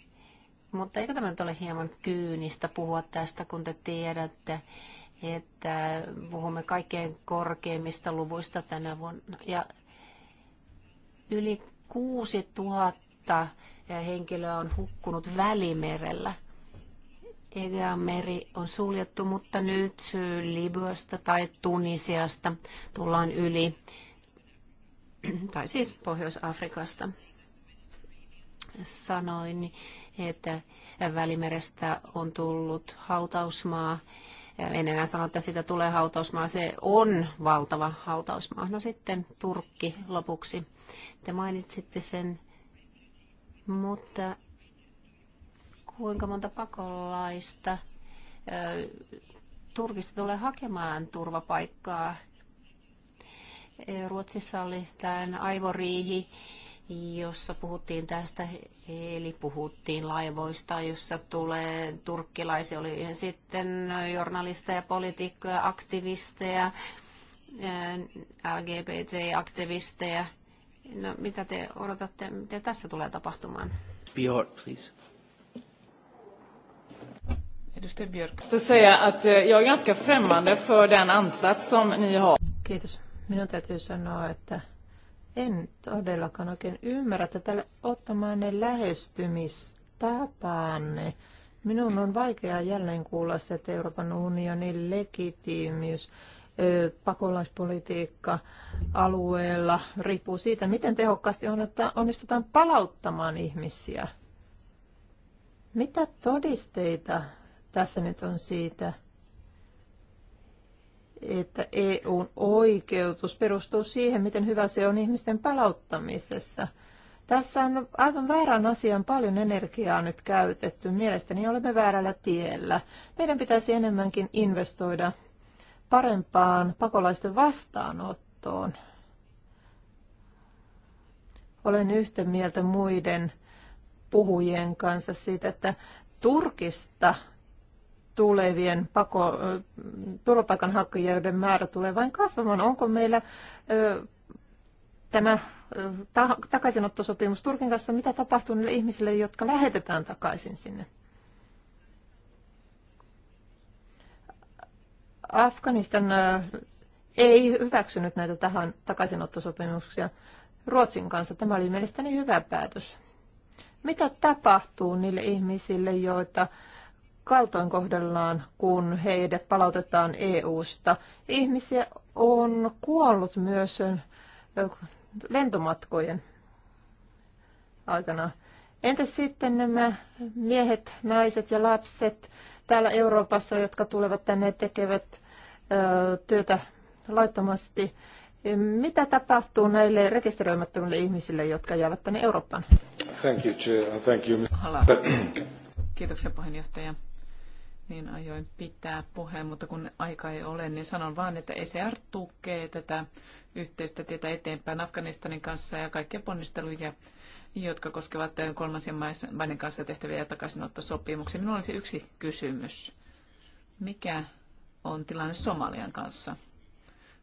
Speaker 4: Mutta eikö tämä nyt ole hieman kyynistä puhua tästä, kun te tiedätte, että puhumme kaikkein korkeimmista luvuista tänä vuonna. Ja yli 6000 henkilöä on hukkunut Välimerellä. Egean meri on suljettu, mutta nyt Libyasta tai Tunisiasta tullaan yli, tai siis Pohjois-Afrikasta. Sanoin, että Välimerestä on tullut hautausmaa en enää sano, että siitä tulee hautausmaa. Se on valtava hautausmaa. No sitten Turkki lopuksi. Te mainitsitte sen, mutta kuinka monta pakolaista Turkista tulee hakemaan turvapaikkaa? Ruotsissa oli tämä aivoriihi jossa puhuttiin tästä, eli puhuttiin laivoista, jossa tulee turkkilaisia, oli sitten journalisteja, poliitikkoja, aktivisteja, LGBT-aktivisteja. No, mitä te odotatte, mitä tässä tulee tapahtumaan?
Speaker 1: Björk, please.
Speaker 3: Edustaja Björk. Jag säga att eh, jag är ganska främmande för den ansats som ni har. Kiitos. Minun täytyy
Speaker 2: sanoa, että en todellakaan oikein ymmärrä tätä ottamaanne lähestymistapaanne. Minun on vaikea jälleen kuulla se, että Euroopan unionin legitiimiys pakolaispolitiikka alueella riippuu siitä, miten tehokkaasti onnistutaan palauttamaan ihmisiä. Mitä todisteita tässä nyt on siitä, että EUn oikeutus perustuu siihen, miten hyvä se on ihmisten palauttamisessa. Tässä on aivan väärän asian paljon energiaa nyt käytetty. Mielestäni olemme väärällä tiellä. Meidän pitäisi enemmänkin investoida parempaan pakolaisten vastaanottoon. Olen yhtä mieltä muiden puhujien kanssa siitä, että Turkista tulevien pako, turvapaikanhakijoiden määrä tulee vain kasvamaan. Onko meillä ö, tämä ta, takaisinottosopimus Turkin kanssa, mitä tapahtuu niille ihmisille, jotka lähetetään takaisin sinne? Afganistan ö, ei hyväksynyt näitä tahan, takaisinottosopimuksia Ruotsin kanssa. Tämä oli mielestäni hyvä päätös. Mitä tapahtuu niille ihmisille, joita kohdellaan, kun heidät palautetaan EU-sta. Ihmisiä on kuollut myös lentomatkojen aikana. Entä sitten nämä miehet, naiset ja lapset täällä Euroopassa, jotka tulevat tänne tekevät työtä laittomasti? Mitä tapahtuu näille rekisteröimättömille ihmisille, jotka jäävät tänne Eurooppaan?
Speaker 3: Thank you, Chair. Thank you. Kiitoksia puheenjohtaja niin ajoin pitää puheen, mutta kun aika ei ole, niin sanon vaan, että ECR tukee tätä yhteistä tietä eteenpäin Afganistanin kanssa ja kaikkia ponnisteluja, jotka koskevat kolmansien maiden kanssa tehtäviä takaisinottosopimuksia. Minulla olisi yksi kysymys. Mikä on tilanne Somalian kanssa?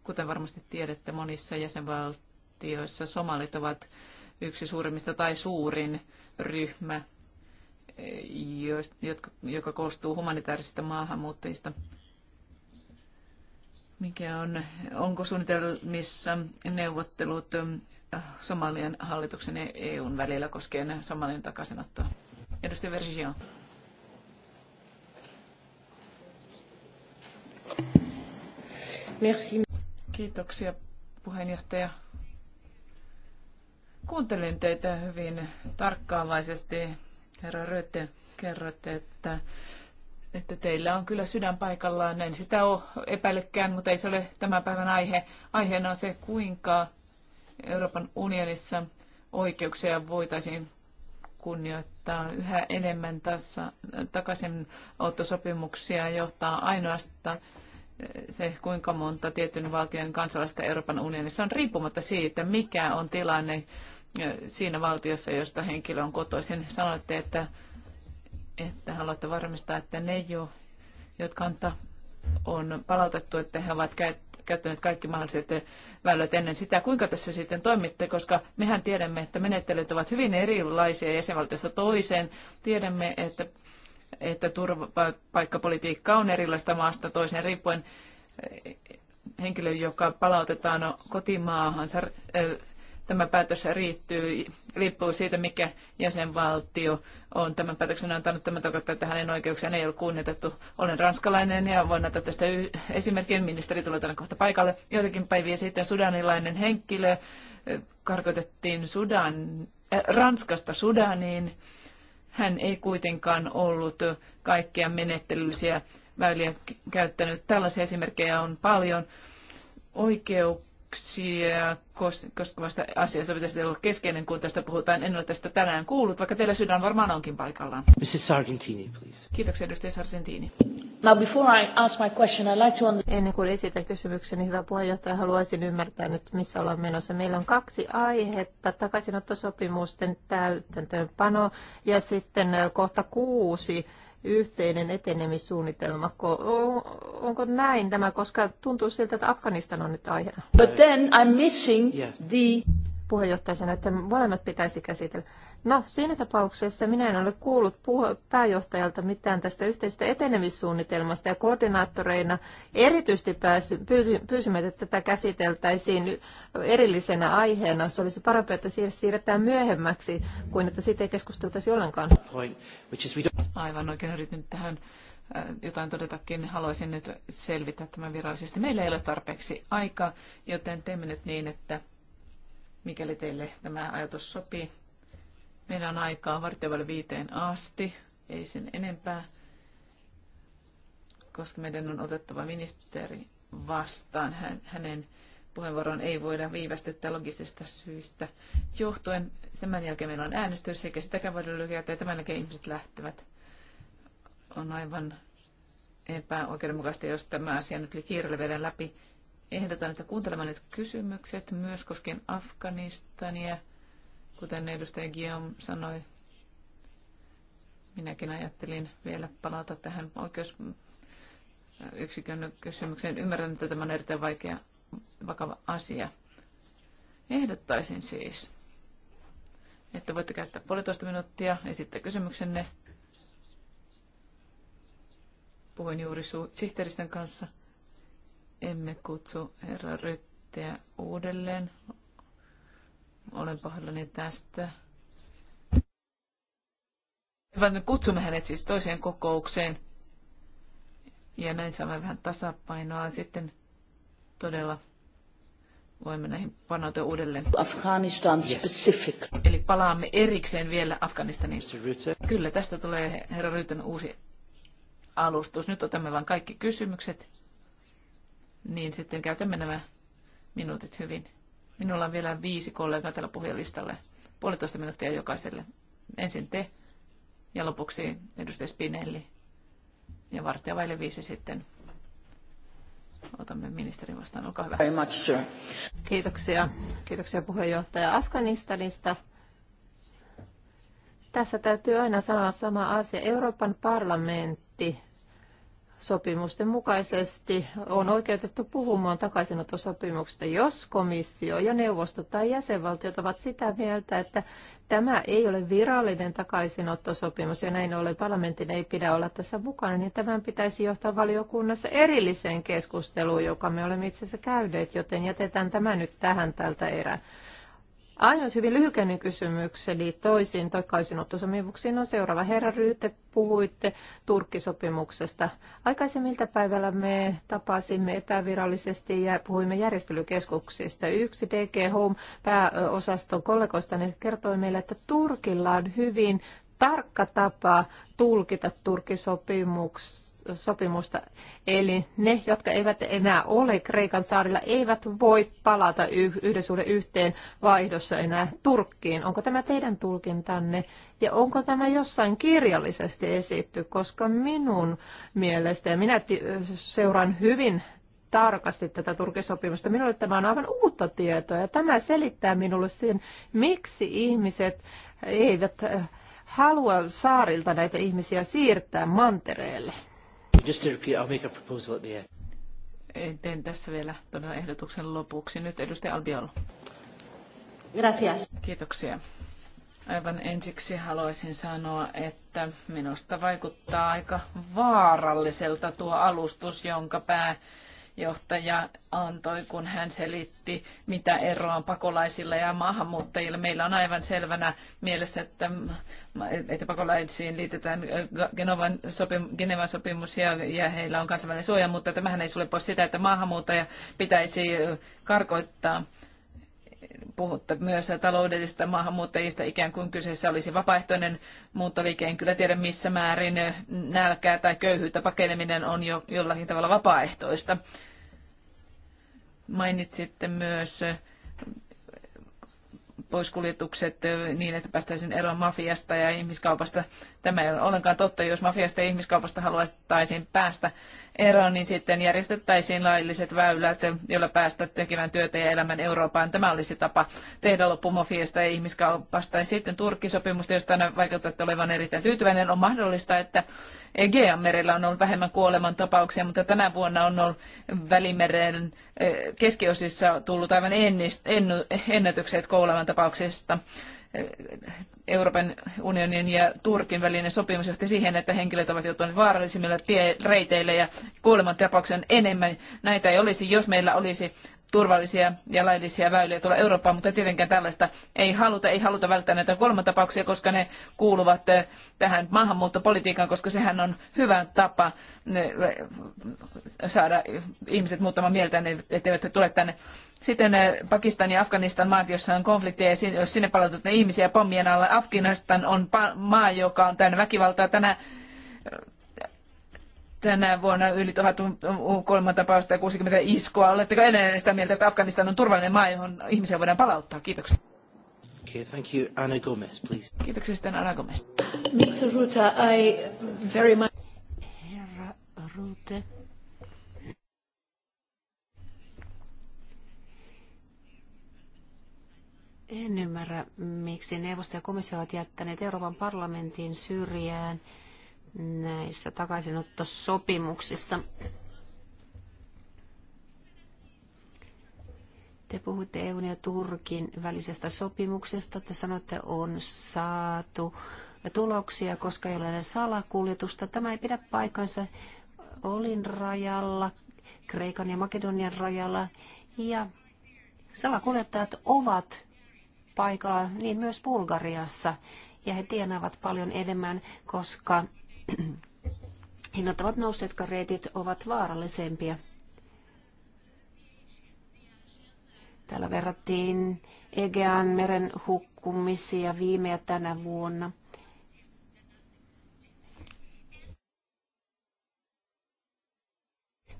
Speaker 3: Kuten varmasti tiedätte, monissa jäsenvaltioissa somalit ovat yksi suurimmista tai suurin ryhmä jotka, joka koostuu humanitaarisista maahanmuuttajista. Mikä on, onko suunnitelmissa neuvottelut äh, Somalian hallituksen ja EUn välillä koskien Somalian takaisinottoa? Edustaja Versio. Merci. Kiitoksia puheenjohtaja. Kuuntelin teitä hyvin tarkkaavaisesti Herra Röte, kerrotte, että, että teillä on kyllä sydän paikallaan. En sitä ole epäillekään, mutta ei se ole tämän päivän aihe. Aiheena on se, kuinka Euroopan unionissa oikeuksia voitaisiin kunnioittaa yhä enemmän tässä takaisin ottosopimuksia johtaa ainoastaan se, kuinka monta tietyn valtion kansalaista Euroopan unionissa on, riippumatta siitä, mikä on tilanne siinä valtiossa, josta henkilö on kotoisin. Sanoitte, että, että haluatte varmistaa, että ne, jo, jotka on, on palautettu, että he ovat käyttäneet kaikki mahdolliset väylät ennen sitä. Kuinka tässä sitten toimitte, koska mehän tiedämme, että menettelyt ovat hyvin erilaisia jäsenvaltiosta toiseen. Tiedämme, että, että turvapaikkapolitiikka on erilaista maasta toiseen riippuen eh, henkilö, joka palautetaan kotimaahansa eh, tämä päätös riittyy, riippuu siitä, mikä jäsenvaltio on tämän päätöksen antanut. Tämä tarkoittaa, että hänen oikeuksiaan ei ole kunnioitettu. Olen ranskalainen ja voin antaa tästä esimerkin. Ministeri tulee tänne kohta paikalle. Joitakin päiviä sitten sudanilainen henkilö karkotettiin Sudan, äh, Ranskasta Sudaniin. Hän ei kuitenkaan ollut kaikkia menettelyllisiä väyliä käyttänyt. Tällaisia esimerkkejä on paljon. Oikeu kysymyksiä koskevasta asiasta pitäisi olla keskeinen, kun tästä puhutaan. En ole tästä tänään kuullut, vaikka teillä sydän varmaan onkin paikallaan.
Speaker 1: Mrs. Sargentini, please.
Speaker 3: Kiitoksia, edustaja Sargentini. Now before I
Speaker 2: ask my question, I'd like to... Ennen kuin esitän kysymykseni, hyvä puheenjohtaja, haluaisin ymmärtää nyt, missä ollaan menossa. Meillä on kaksi aihetta, takaisinottosopimusten täytäntöönpano ja sitten kohta kuusi yhteinen etenemissuunnitelma. Onko näin tämä, koska tuntuu siltä, että Afganistan on nyt aiheena. But then I'm missing the... Puheenjohtaja sanoi, että molemmat pitäisi käsitellä. No, siinä tapauksessa minä en ole kuullut pääjohtajalta mitään tästä yhteisestä etenemissuunnitelmasta ja koordinaattoreina erityisesti pääsi, pyysimme, että tätä käsiteltäisiin erillisenä aiheena. Se olisi parempi, että siirretään myöhemmäksi kuin että siitä ei keskusteltaisi
Speaker 3: ollenkaan. Aivan oikein yritin tähän äh, jotain todetakin, haluaisin nyt selvittää tämän virallisesti. Meillä ei ole tarpeeksi aikaa, joten teemme nyt niin, että mikäli teille tämä ajatus sopii, Meillä on aikaa vartiovalle viiteen asti, ei sen enempää, koska meidän on otettava ministeri vastaan. Hän, hänen puheenvuoron ei voida viivästyttää logistista syistä johtuen. Tämän jälkeen meillä on äänestys, eikä sitäkään voida lykätä, ja tämän jälkeen ihmiset lähtevät. On aivan epäoikeudenmukaista, jos tämä asia nyt kiireellä vielä läpi. Ehdotan, että kuuntelemaan nyt kysymykset myös koskien Afganistania – Kuten edustaja Guillaume sanoi, minäkin ajattelin vielä palata tähän oikeusyksikön kysymykseen. Ymmärrän, että tämä on erittäin vaikea, vakava asia. Ehdottaisin siis, että voitte käyttää puolitoista minuuttia, esittää kysymyksenne. Puhuin juuri sihteeristön kanssa. Emme kutsu herra Ryttiä uudelleen olen pahoillani tästä. Me kutsumme hänet siis toiseen kokoukseen. Ja näin saamme vähän tasapainoa sitten todella voimme näihin panoita uudelleen. Afghanistan specific. Yes. Eli palaamme erikseen vielä Afganistaniin. Kyllä, tästä tulee herra Ryytön uusi alustus. Nyt otamme vain kaikki kysymykset, niin sitten käytämme nämä minuutit hyvin. Minulla on vielä viisi kollegaa tällä puhujalistalle. Puolitoista minuuttia jokaiselle. Ensin te ja lopuksi edustaja Spinelli. Ja vartija vaille viisi sitten. Otamme ministerin vastaan. Olkaa hyvä. Very much, sir. Kiitoksia.
Speaker 2: Kiitoksia puheenjohtaja Afganistanista. Tässä täytyy aina sanoa sama asia. Euroopan parlamentti sopimusten mukaisesti on oikeutettu puhumaan takaisinottosopimuksesta, jos komissio ja neuvosto tai jäsenvaltiot ovat sitä mieltä, että tämä ei ole virallinen takaisinottosopimus ja näin ollen parlamentin ei pidä olla tässä mukana, niin tämän pitäisi johtaa valiokunnassa erilliseen keskusteluun, joka me olemme itse asiassa käyneet, joten jätetään tämä nyt tähän tältä erää. Ainut hyvin lyhykäinen kysymys, eli toisiin takaisinottosopimuksiin on seuraava. Herra Ryyte, puhuitte Turkkisopimuksesta. Aikaisemmilta päivällä me tapasimme epävirallisesti ja puhuimme järjestelykeskuksista. Yksi DG Home pääosaston kollegoista kertoi meille, että Turkilla on hyvin tarkka tapa tulkita turkisopimuksia sopimusta. Eli ne, jotka eivät enää ole Kreikan saarilla, eivät voi palata yhden suhde yhteen vaihdossa enää Turkkiin. Onko tämä teidän tulkintanne ja onko tämä jossain kirjallisesti esitty? Koska minun mielestä, ja minä seuran hyvin tarkasti tätä Turkisopimusta. Minulle tämä on aivan uutta tietoa ja tämä selittää minulle sen, miksi ihmiset eivät eh,
Speaker 3: halua saarilta näitä ihmisiä siirtää mantereelle.
Speaker 1: Just to repeat, I'll make a proposal at the end.
Speaker 3: Eh, teen tässä vielä todella ehdotuksen lopuksi. Nyt edustaja Albiol. Gracias. Kiitoksia. Aivan ensiksi haluaisin sanoa, että minusta vaikuttaa aika vaaralliselta tuo alustus, jonka pää johtaja antoi, kun hän selitti, mitä eroa on pakolaisilla ja maahanmuuttajilla. Meillä on aivan selvänä mielessä, että, että pakolaisiin liitetään Genovan sopim, Genevan sopimus ja, ja heillä on kansainvälinen suoja, mutta tämähän ei sulle pois sitä, että maahanmuuttaja pitäisi karkoittaa puhutte myös taloudellista maahanmuuttajista, ikään kuin kyseessä olisi vapaaehtoinen muuttoliike. En kyllä tiedä missä määrin nälkää tai köyhyyttä pakeneminen on jo, jollakin tavalla vapaaehtoista. Mainitsitte myös poiskuljetukset niin, että päästäisiin eroon mafiasta ja ihmiskaupasta. Tämä ei ole ollenkaan totta, jos mafiasta ja ihmiskaupasta haluaisiin päästä eroon, niin sitten järjestettäisiin lailliset väylät, joilla päästä tekemään työtä ja elämän Eurooppaan. Tämä olisi tapa tehdä loppu mofiasta ja ihmiskaupasta. Ja sitten Turkki-sopimusta, josta vaikutatte olevan erittäin tyytyväinen, on mahdollista, että Egean merellä on ollut vähemmän kuoleman tapauksia, mutta tänä vuonna on ollut Välimeren eh, keskiosissa tullut aivan ennätykset kuoleman tapauksista. Euroopan unionin ja Turkin välinen sopimus johti siihen, että henkilöt ovat joutuneet vaarallisimmille tie- reiteille ja kuolemantapauksia on enemmän. Näitä ei olisi, jos meillä olisi turvallisia ja laillisia väyliä tulla Eurooppaan, mutta tietenkään tällaista ei haluta. Ei haluta välttää näitä kuolemantapauksia, koska ne kuuluvat eh, tähän maahanmuuttopolitiikkaan, koska sehän on hyvä tapa eh, saada ihmiset muuttamaan mieltä, etteivät tule tänne. Sitten eh, Pakistan ja Afganistan maat, joissa on konflikteja, ja jos sinne palautetaan ihmisiä pommien alla. Afganistan on maa, joka on täynnä väkivaltaa. Tänä tänä vuonna yli 1000 tapausta ja 60 iskoa. Oletteko edelleen sitä mieltä, että Afganistan on turvallinen maa, johon ihmisiä voidaan palauttaa? Kiitoksia.
Speaker 1: Okay, thank you. Anna Gomez, please. Kiitoksia sitten Anna Gomez.
Speaker 3: Mr. Ruta, I very much... Herra Rute.
Speaker 4: En ymmärrä, miksi neuvosto ja komissio ovat jättäneet Euroopan parlamentin syrjään – näissä takaisinottosopimuksissa. Te puhutte EUn ja Turkin välisestä sopimuksesta. Te sanotte, on saatu tuloksia, koska ei ole enää salakuljetusta. Tämä ei pidä paikkansa. Olin rajalla, Kreikan ja Makedonian rajalla, ja salakuljettajat ovat paikalla, niin myös Bulgariassa, ja he tienaavat paljon enemmän, koska hinnat ovat nousseet, kun reitit ovat vaarallisempia. Täällä verrattiin Egean meren hukkumisia viime ja tänä vuonna.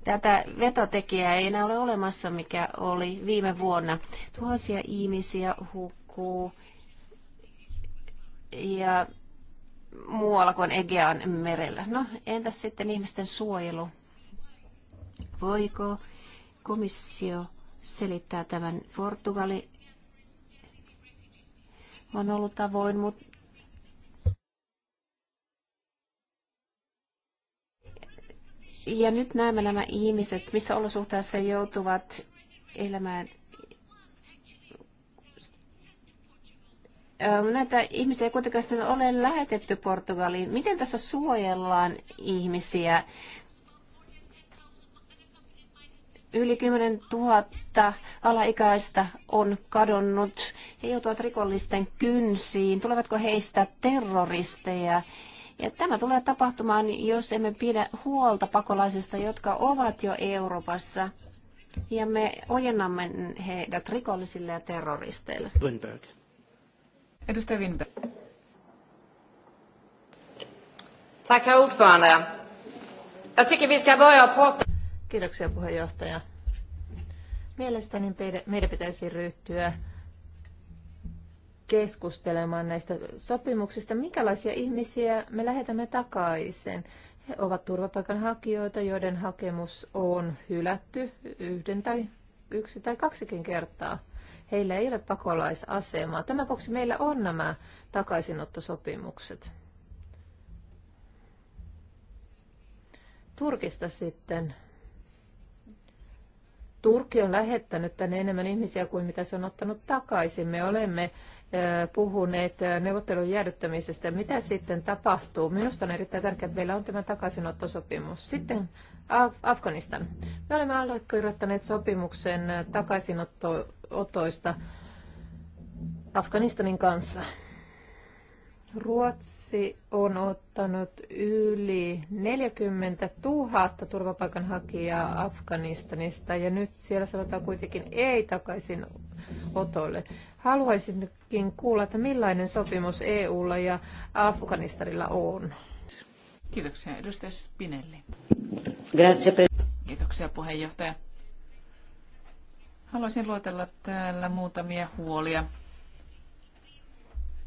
Speaker 4: Tätä vetotekijää ei enää ole olemassa, mikä oli viime vuonna. Tuhansia ihmisiä hukkuu ja muualla kuin Egean merellä. No, entäs sitten ihmisten suojelu? Voiko komissio selittää tämän? Portugali on ollut tavoin, mutta Ja nyt näemme nämä ihmiset, missä olosuhteissa joutuvat elämään näitä ihmisiä ei kuitenkaan ole lähetetty Portugaliin. Miten tässä suojellaan ihmisiä? Yli 10 000 alaikäistä on kadonnut. He joutuvat rikollisten kynsiin. Tulevatko heistä terroristeja? Ja tämä tulee tapahtumaan, jos emme pidä huolta pakolaisista, jotka ovat jo Euroopassa. Ja me ojennamme heidät rikollisille ja
Speaker 3: terroristeille. Lindberg. Edustaja Winberg. Tack, herr ordförande.
Speaker 2: Jag tycker vi ska börja prata... Kiitoksia, puheenjohtaja. Mielestäni meidän pitäisi ryhtyä keskustelemaan näistä sopimuksista, minkälaisia ihmisiä me lähetämme takaisin. He ovat turvapaikanhakijoita, joiden hakemus on hylätty yhden tai yksi tai kaksikin kertaa. Heillä ei ole pakolaisasemaa. Tämän vuoksi meillä on nämä takaisinottosopimukset. Turkista sitten. Turkki on lähettänyt tänne enemmän ihmisiä kuin mitä se on ottanut takaisin. Me olemme puhuneet neuvottelun jäädyttämisestä. Mitä sitten tapahtuu? Minusta on erittäin tärkeää, että meillä on tämä takaisinottosopimus. Sitten Afganistan. Me olemme allekirjoittaneet sopimuksen takaisinotto otoista Afganistanin kanssa. Ruotsi on ottanut yli 40 000 turvapaikanhakijaa Afganistanista ja nyt siellä sanotaan kuitenkin ei takaisin otolle. Haluaisinkin kuulla, että millainen sopimus EUlla ja Afganistanilla
Speaker 3: on. Kiitoksia edustaja Spinelli. Grazie. Kiitoksia puheenjohtaja. Haluaisin luotella täällä muutamia huolia.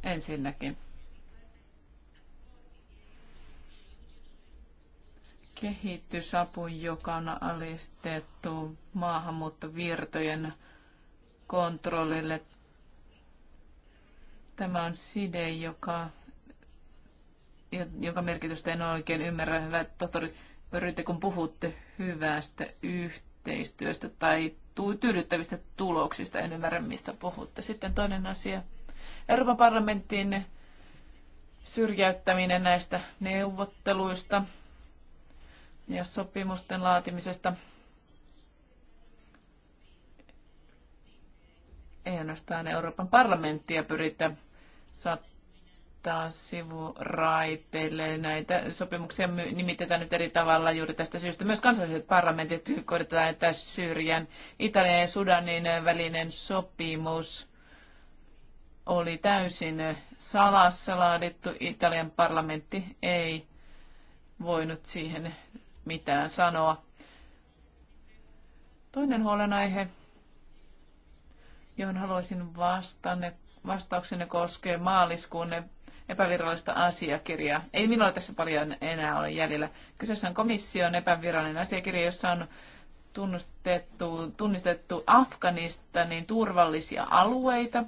Speaker 3: Ensinnäkin. kehitysapu, joka on alistettu maahanmuuttovirtojen kontrollille. Tämä on side, joka, jonka merkitystä en oikein ymmärrä. Hyvä tohtori, kun puhutte hyvästä yhteistyöstä tai tyydyttävistä tuloksista. En ymmärrä, mistä puhutte. Sitten toinen asia. Euroopan parlamentin syrjäyttäminen näistä neuvotteluista ja sopimusten laatimisesta. Ei ainoastaan Euroopan parlamenttia pyritä saattaa laittaa sivuraiteille. Näitä sopimuksia nimitetään nyt eri tavalla juuri tästä syystä. Myös kansalliset parlamentit koitetaan, että Syyrian, Italian ja Sudanin välinen sopimus oli täysin salassa laadittu. Italian parlamentti ei voinut siihen mitään sanoa. Toinen huolenaihe, johon haluaisin vastanne vastauksenne koskee maaliskuun epävirallista asiakirjaa. Ei minulla tässä paljon enää ole jäljellä. Kyseessä on komission epävirallinen asiakirja, jossa on tunnustettu, tunnistettu Afganistanin turvallisia alueita.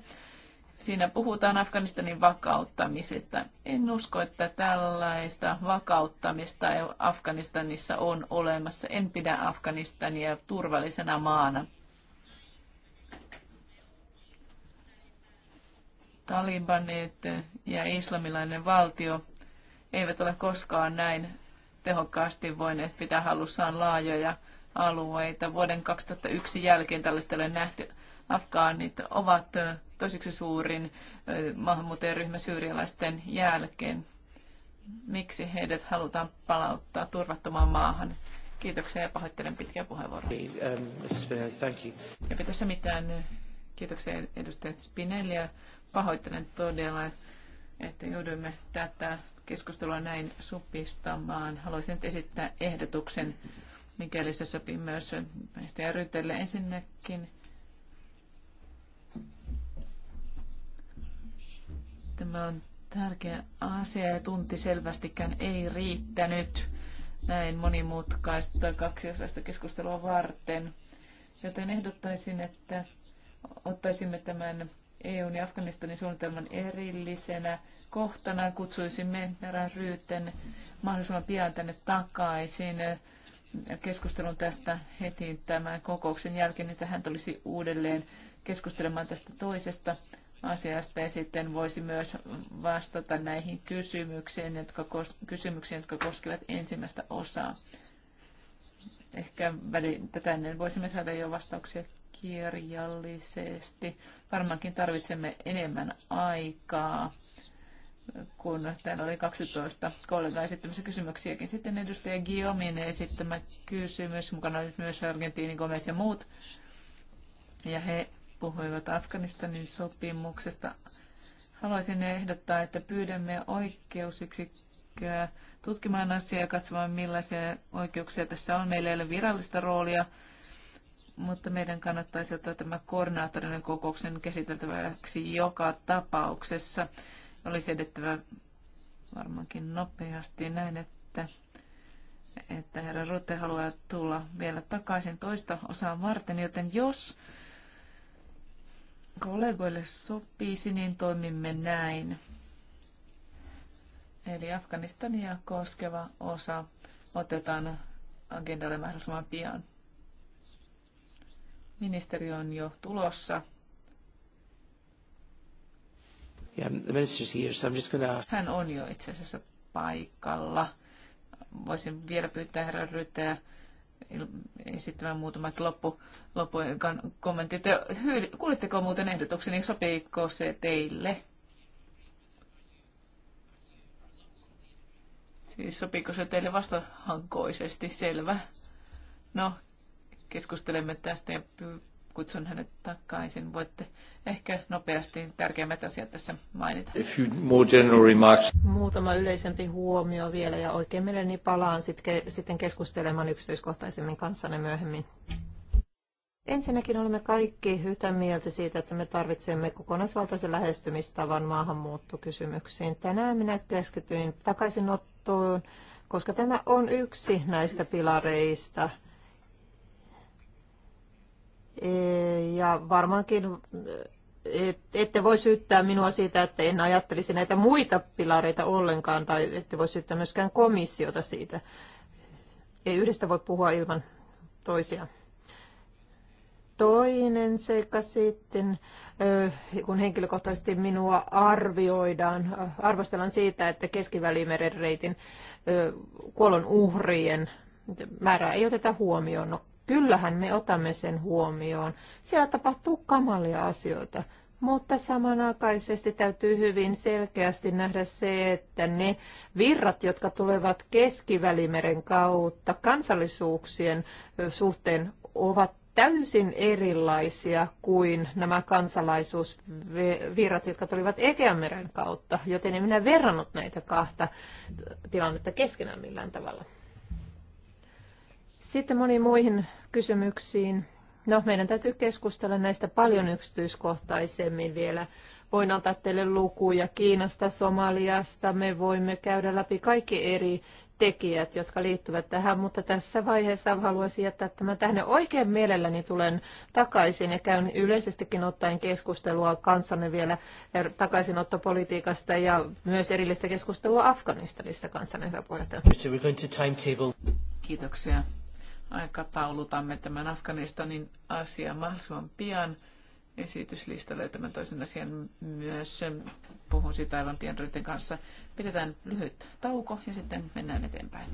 Speaker 3: Siinä puhutaan Afganistanin vakauttamisesta. En usko, että tällaista vakauttamista Afganistanissa on olemassa. En pidä Afganistania turvallisena maana. Talibanit ja islamilainen valtio eivät ole koskaan näin tehokkaasti voineet pitää halussaan laajoja alueita. Vuoden 2001 jälkeen tällaista ei ole nähty. Afgaanit ovat toiseksi suurin maahanmuuttajaryhmä syyrialaisten jälkeen. Miksi heidät halutaan palauttaa turvattomaan maahan? Kiitoksia ja pahoittelen pitkää puheenvuoroa. Ja um, pitäisi mitään. Kiitoksia edustaja Spinelli ja pahoittelen todella, että joudumme tätä keskustelua näin supistamaan. Haluaisin nyt esittää ehdotuksen, mikäli se sopii myös Pehtiä Rytelle ensinnäkin. Tämä on tärkeä asia ja tunti selvästikään ei riittänyt näin monimutkaista kaksiosaista keskustelua varten. Joten ehdottaisin, että ottaisimme tämän EUn ja Afganistanin suunnitelman erillisenä kohtana. Kutsuisimme Meran Ryyten mahdollisimman pian tänne takaisin keskustelun tästä heti tämän kokouksen jälkeen, että hän tulisi uudelleen keskustelemaan tästä toisesta asiasta ja sitten voisi myös vastata näihin kysymyksiin, jotka, kos- kysymyksiin, jotka koskevat ensimmäistä osaa. Ehkä väli- tätä ennen voisimme saada jo vastauksia kirjallisesti. Varmaankin tarvitsemme enemmän aikaa, kun täällä oli 12 kollegaa esittämässä kysymyksiäkin. Sitten edustaja Giomin esittämä kysymys, mukana oli myös Argentiini Gomez ja muut. Ja he puhuivat Afganistanin sopimuksesta. Haluaisin ehdottaa, että pyydämme oikeusyksikköä tutkimaan asiaa ja katsomaan, millaisia oikeuksia tässä on. Meillä ei ole virallista roolia mutta meidän kannattaisi ottaa tämä koordinaattorinen kokouksen käsiteltäväksi joka tapauksessa. Olisi edettävä varmaankin nopeasti näin, että, että herra Rutte haluaa tulla vielä takaisin toista osaa varten, joten jos kollegoille sopisi, niin toimimme näin. Eli Afganistania koskeva osa otetaan agendalle mahdollisimman pian. Ministeri on jo tulossa. Hän on jo itse asiassa paikalla. Voisin vielä pyytää herra Rytää esittämään muutamat loppu, loppukommentit. Kuulitteko muuten ehdotukseni, sopiiko se teille? Siis sopiiko se teille vastahankoisesti? Selvä. No, keskustelemme tästä ja kutsun hänet takaisin. Voitte ehkä nopeasti tärkeimmät asiat tässä mainita. Muutama
Speaker 2: yleisempi huomio vielä ja oikein mielelläni palaan sitten keskustelemaan yksityiskohtaisemmin kanssanne myöhemmin. Ensinnäkin olemme kaikki yhtä mieltä siitä, että me tarvitsemme kokonaisvaltaisen lähestymistavan maahanmuuttokysymyksiin. Tänään minä keskityin takaisinottoon, koska tämä on yksi näistä pilareista – Eh, ja varmaankin eh, ette voi syyttää minua siitä, että en ajattelisi näitä muita pilareita ollenkaan, tai ette voi syyttää myöskään komissiota siitä. Ei yhdestä voi puhua ilman toisia. Toinen seikka sitten, eh, kun henkilökohtaisesti minua arvioidaan, arvostellaan siitä, että keskivälimeren reitin kuollon uhrien määrää ei oteta huomioon. No, Kyllähän me otamme sen huomioon. Siellä tapahtuu kamalia asioita, mutta samanaikaisesti täytyy hyvin selkeästi nähdä se, että ne virrat, jotka tulevat keskivälimeren kautta kansallisuuksien suhteen, ovat täysin erilaisia kuin nämä kansalaisuusvirrat, jotka tulivat Egeanmeren kautta, joten en minä verrannut näitä kahta tilannetta keskenään millään tavalla. Sitten moniin muihin kysymyksiin. No, meidän täytyy keskustella näistä paljon yksityiskohtaisemmin vielä. Voin antaa teille lukuja Kiinasta, Somaliasta. Me voimme käydä läpi kaikki eri tekijät, jotka liittyvät tähän, mutta tässä vaiheessa haluaisin jättää tämän tähän. Oikein mielelläni tulen takaisin ja käyn yleisestikin ottaen keskustelua kanssanne vielä er, takaisinottopolitiikasta ja myös erillistä keskustelua
Speaker 3: Afganistanista kanssanne, hyvä
Speaker 1: Kiitoksia
Speaker 3: aikataulutamme tämän Afganistanin asian mahdollisimman pian esityslistalle tämän toisen asian myös. Puhun siitä aivan pienryhten kanssa. Pidetään lyhyt tauko ja sitten mennään eteenpäin.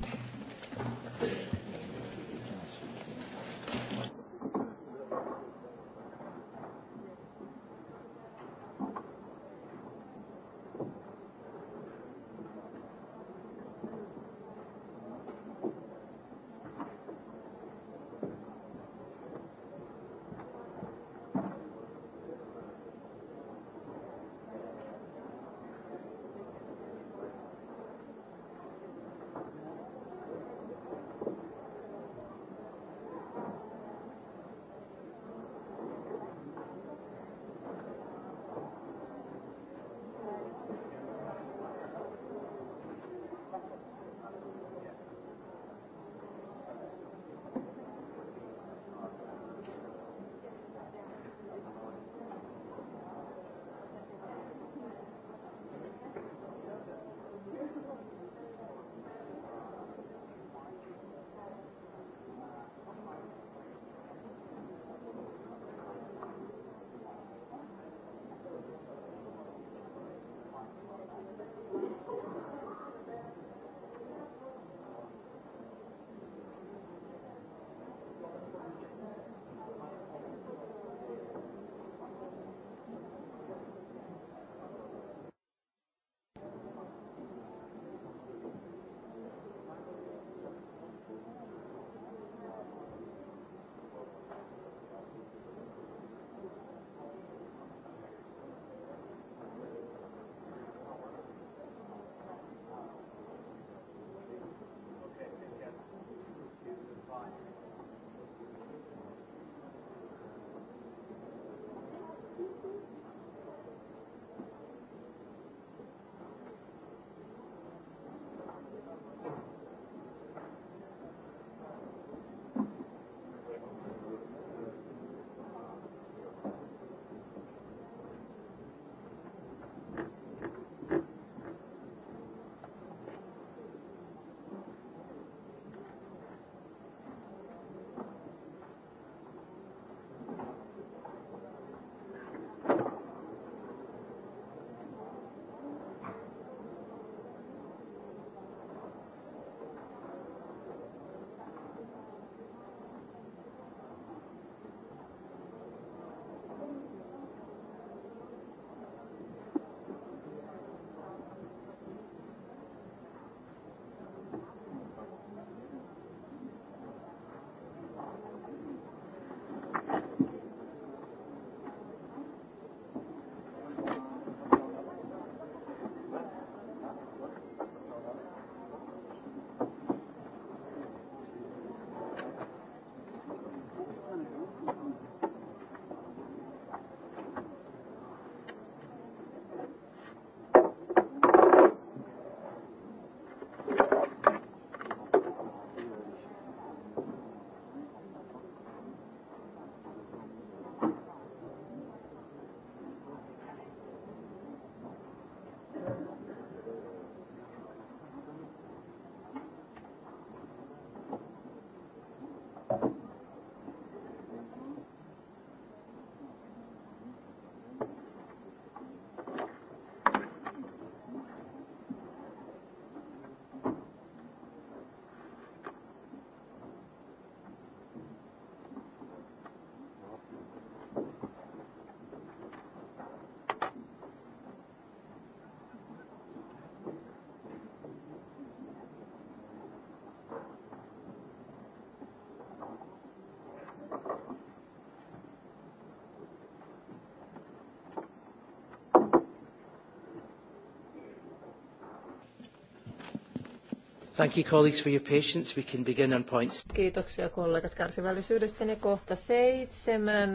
Speaker 1: Thank you colleagues for your patience. We can begin on points.
Speaker 2: Kiitoksia kollegat kärsivällisyydestä. Ne kohta seitsemän.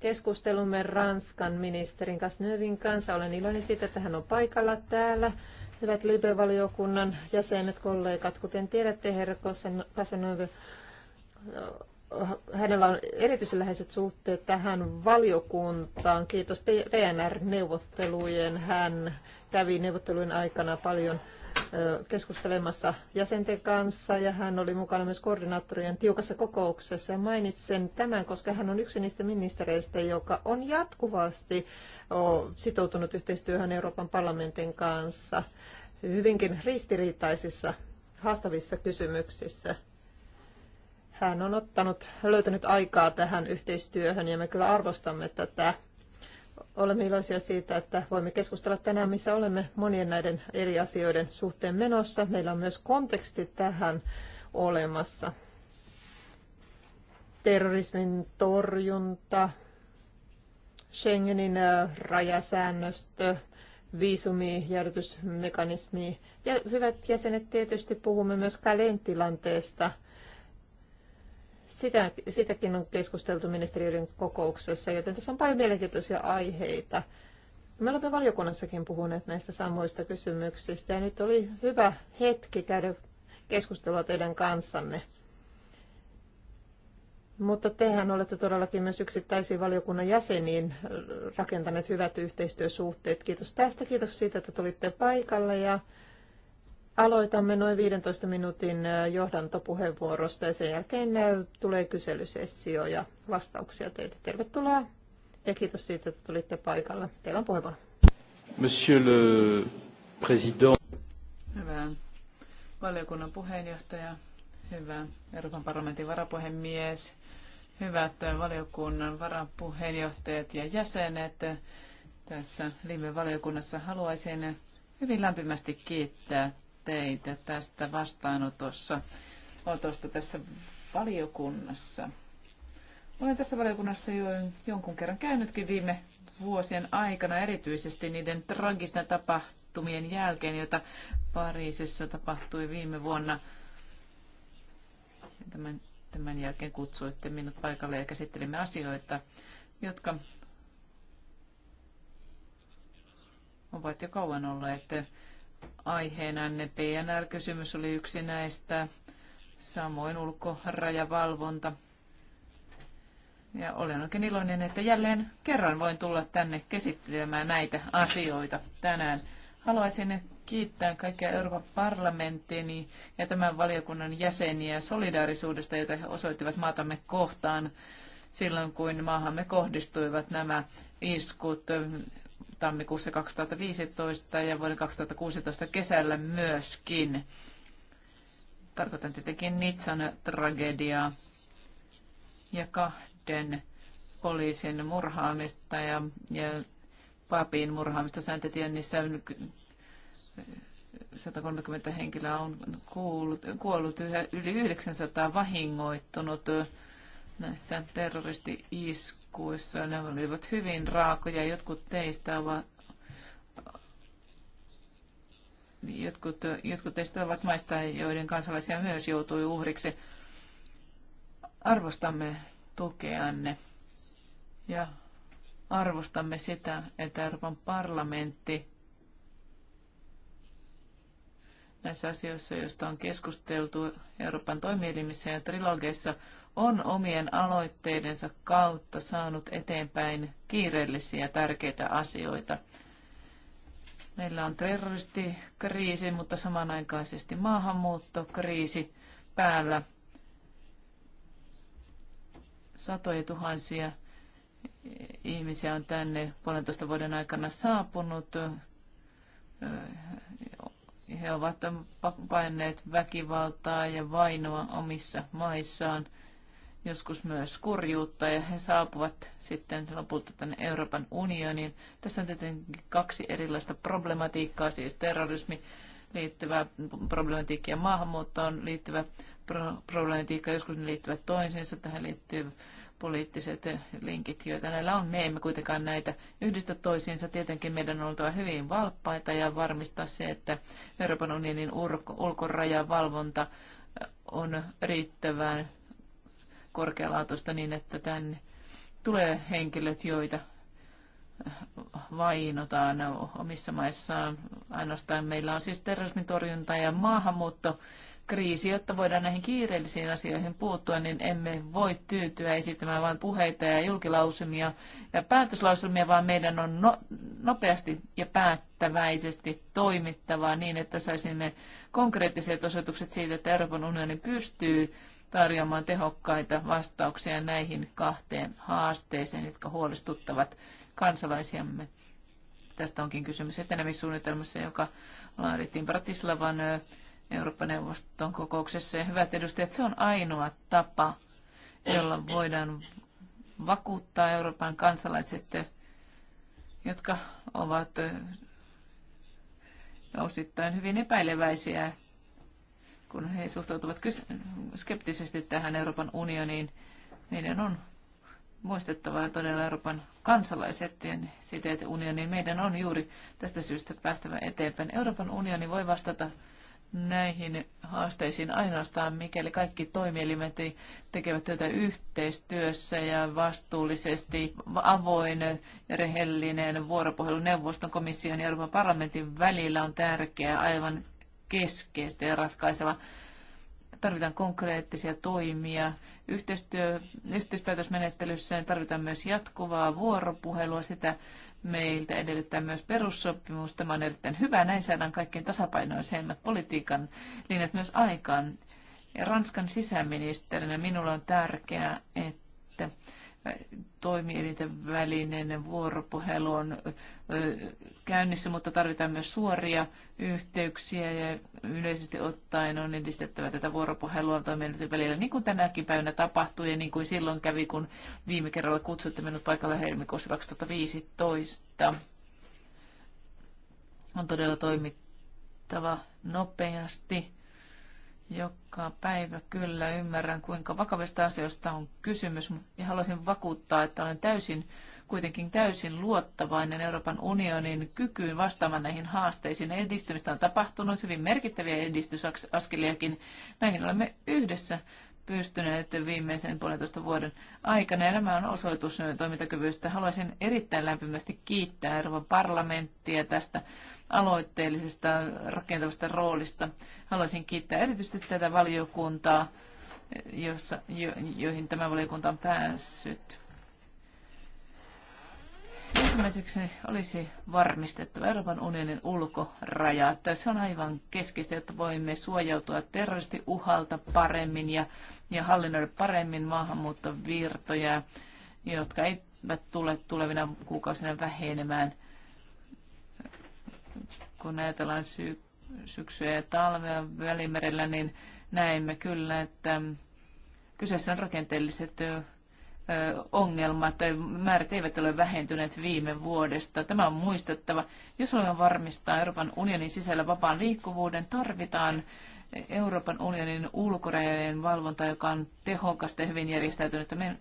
Speaker 2: Keskustelumme Ranskan ministerin Kasnövin kanssa. Olen iloinen siitä, että hän on paikalla täällä. Hyvät Libe-valiokunnan jäsenet, kollegat, kuten tiedätte, herra Kasnövi, hänellä on erityisen läheiset suhteet tähän valiokuntaan. Kiitos PNR-neuvottelujen. Hän kävi neuvottelujen aikana paljon keskustelemassa jäsenten kanssa ja hän oli mukana myös koordinaattorien tiukassa kokouksessa. Ja mainitsen tämän, koska hän on yksi niistä ministereistä, joka on jatkuvasti sitoutunut yhteistyöhön Euroopan parlamentin kanssa hyvinkin ristiriitaisissa, haastavissa kysymyksissä. Hän on ottanut, löytänyt aikaa tähän yhteistyöhön ja me kyllä arvostamme tätä olemme iloisia siitä, että voimme keskustella tänään, missä olemme monien näiden eri asioiden suhteen menossa. Meillä on myös konteksti tähän olemassa. Terrorismin torjunta, Schengenin äh, rajasäännöstö, viisumi viisumijärjestysmekanismi ja hyvät jäsenet tietysti puhumme myös Kalen tilanteesta – sitä, sitäkin on keskusteltu ministeriöiden kokouksessa, joten tässä on paljon mielenkiintoisia aiheita. Me olemme valiokunnassakin puhuneet näistä samoista kysymyksistä ja nyt oli hyvä hetki käydä keskustelua teidän kanssanne. Mutta tehän olette todellakin myös yksittäisiin valiokunnan jäseniin rakentaneet hyvät yhteistyösuhteet. Kiitos tästä, kiitos siitä, että tulitte paikalle ja Aloitamme noin 15 minuutin johdantopuheenvuorosta ja sen jälkeen tulee kyselysessio ja vastauksia teille. Tervetuloa ja kiitos siitä, että tulitte paikalla.
Speaker 3: Teillä on puheenvuoro.
Speaker 1: Monsieur le Président.
Speaker 3: Hyvä valiokunnan puheenjohtaja, hyvä Euroopan parlamentin varapuhemies, hyvät valiokunnan varapuheenjohtajat ja jäsenet. Tässä live-valiokunnassa haluaisin hyvin lämpimästi kiittää teitä tästä vastaanotossa otosta tässä valiokunnassa. Olen tässä valiokunnassa jo jonkun kerran käynytkin viime vuosien aikana, erityisesti niiden tragisten tapahtumien jälkeen, joita Pariisissa tapahtui viime vuonna. Tämän, tämän jälkeen kutsuitte minut paikalle ja käsittelimme asioita, jotka ovat jo kauan olleet aiheena. PNR-kysymys oli yksi näistä, samoin ulkorajavalvonta. Ja olen oikein iloinen, että jälleen kerran voin tulla tänne käsittelemään näitä asioita tänään. Haluaisin kiittää kaikkia Euroopan parlamenttini ja tämän valiokunnan jäseniä solidaarisuudesta, jota he osoittivat maatamme kohtaan silloin, kun maahamme kohdistuivat nämä iskut tammikuussa 2015 ja vuoden 2016 kesällä myöskin. Tarkoitan tietenkin Nitsan tragediaa ja kahden poliisin murhaamista ja, ja papin murhaamista Säntetiennissä. 130 henkilöä on kuollut, kuollut yli 900 vahingoittunut näissä terroristi-iskuissa iskuissa. Ne olivat hyvin raakoja. Jotkut teistä ovat Jotkut, jotkut teistä ovat maista, joiden kansalaisia myös joutui uhriksi. Arvostamme tukeanne ja arvostamme sitä, että Euroopan parlamentti näissä asioissa, joista on keskusteltu Euroopan toimielimissä ja trilogeissa, on omien aloitteidensa kautta saanut eteenpäin kiireellisiä tärkeitä asioita. Meillä on terroristikriisi, mutta samanaikaisesti maahanmuuttokriisi päällä. Satoja tuhansia ihmisiä on tänne puolentoista vuoden aikana saapunut. He ovat paineet väkivaltaa ja vainoa omissa maissaan – joskus myös kurjuutta ja he saapuvat sitten lopulta tänne Euroopan unioniin. Tässä on tietenkin kaksi erilaista problematiikkaa, siis terrorismi liittyvä problematiikka ja maahanmuuttoon liittyvä problematiikka. Joskus ne liittyvät toisiinsa, tähän liittyy poliittiset linkit, joita näillä on. Me emme kuitenkaan näitä yhdistä toisiinsa. Tietenkin meidän on oltava hyvin valppaita ja varmistaa se, että Euroopan unionin ulkorajavalvonta on riittävän korkealaatuista niin, että tänne tulee henkilöt, joita vainotaan omissa maissaan. Ainoastaan meillä on siis terrorismin torjunta ja maahanmuutto kriisi, jotta voidaan näihin kiireellisiin asioihin puuttua, niin emme voi tyytyä esittämään vain puheita ja julkilausumia ja päätöslausumia, vaan meidän on no, nopeasti ja päättäväisesti toimittavaa niin, että saisimme konkreettiset osoitukset siitä, että Euroopan unioni pystyy tarjoamaan tehokkaita vastauksia näihin kahteen haasteeseen, jotka huolestuttavat kansalaisiamme. Tästä onkin kysymys etenemissuunnitelmassa, joka laadittiin Bratislavan Eurooppa-neuvoston kokouksessa. Ja hyvät edustajat, se on ainoa tapa, jolla voidaan vakuuttaa Euroopan kansalaiset, jotka ovat osittain hyvin epäileväisiä kun he suhtautuvat skeptisesti tähän Euroopan unioniin, meidän on muistettava todella Euroopan kansalaiset ja että unioniin. Meidän on juuri tästä syystä päästävä eteenpäin. Euroopan unioni voi vastata näihin haasteisiin ainoastaan, mikäli kaikki toimielimet tekevät työtä yhteistyössä ja vastuullisesti avoin ja rehellinen vuoropuhelu neuvoston, komission ja Euroopan parlamentin välillä on tärkeää aivan keskeistä ja ratkaiseva. Tarvitaan konkreettisia toimia. Yhteistyö, yhteispäätösmenettelyssä tarvitaan myös jatkuvaa vuoropuhelua. Sitä meiltä edellyttää myös perussopimus. Tämä on erittäin hyvä. Näin saadaan kaikkein tasapainoisemmat politiikan linjat myös aikaan. Ja Ranskan sisäministerinä minulla on tärkeää, että toimielinten välinen vuoropuhelu on käynnissä, mutta tarvitaan myös suoria yhteyksiä ja yleisesti ottaen on edistettävä tätä vuoropuhelua toimielinten välillä, niin kuin tänäkin päivänä tapahtui ja niin kuin silloin kävi, kun viime kerralla kutsutte minut paikalla helmikuussa 2015. On todella toimittava nopeasti joka päivä kyllä ymmärrän, kuinka vakavista asioista on kysymys. Ja haluaisin vakuuttaa, että olen täysin, kuitenkin täysin luottavainen Euroopan unionin kykyyn vastaamaan näihin haasteisiin. Edistymistä on tapahtunut, hyvin merkittäviä edistysaskeliakin. Näihin olemme yhdessä pystyneet viimeisen puolentoista vuoden aikana. Ja nämä on osoitus toimintakyvystä. Haluaisin erittäin lämpimästi kiittää Euroopan parlamenttia tästä aloitteellisesta rakentavasta roolista. Haluaisin kiittää erityisesti tätä valiokuntaa, jossa, jo, joihin tämä valiokunta on päässyt. Ensimmäiseksi olisi varmistettava Euroopan unionin ulkorajat. Se on aivan keskeistä, jotta voimme suojautua terroristiuhalta paremmin ja, ja hallinnoida paremmin maahanmuuttovirtoja, jotka eivät tule tulevina kuukausina vähenemään. Kun ajatellaan sy- syksyä ja talvea välimerellä, niin näemme kyllä, että kyseessä on rakenteelliset ongelmat tai määrät eivät ole vähentyneet viime vuodesta. Tämä on muistettava. Jos haluamme varmistaa Euroopan unionin sisällä vapaan liikkuvuuden, tarvitaan Euroopan unionin ulkorajojen valvonta, joka on tehokasta ja hyvin järjestäytynyt. Me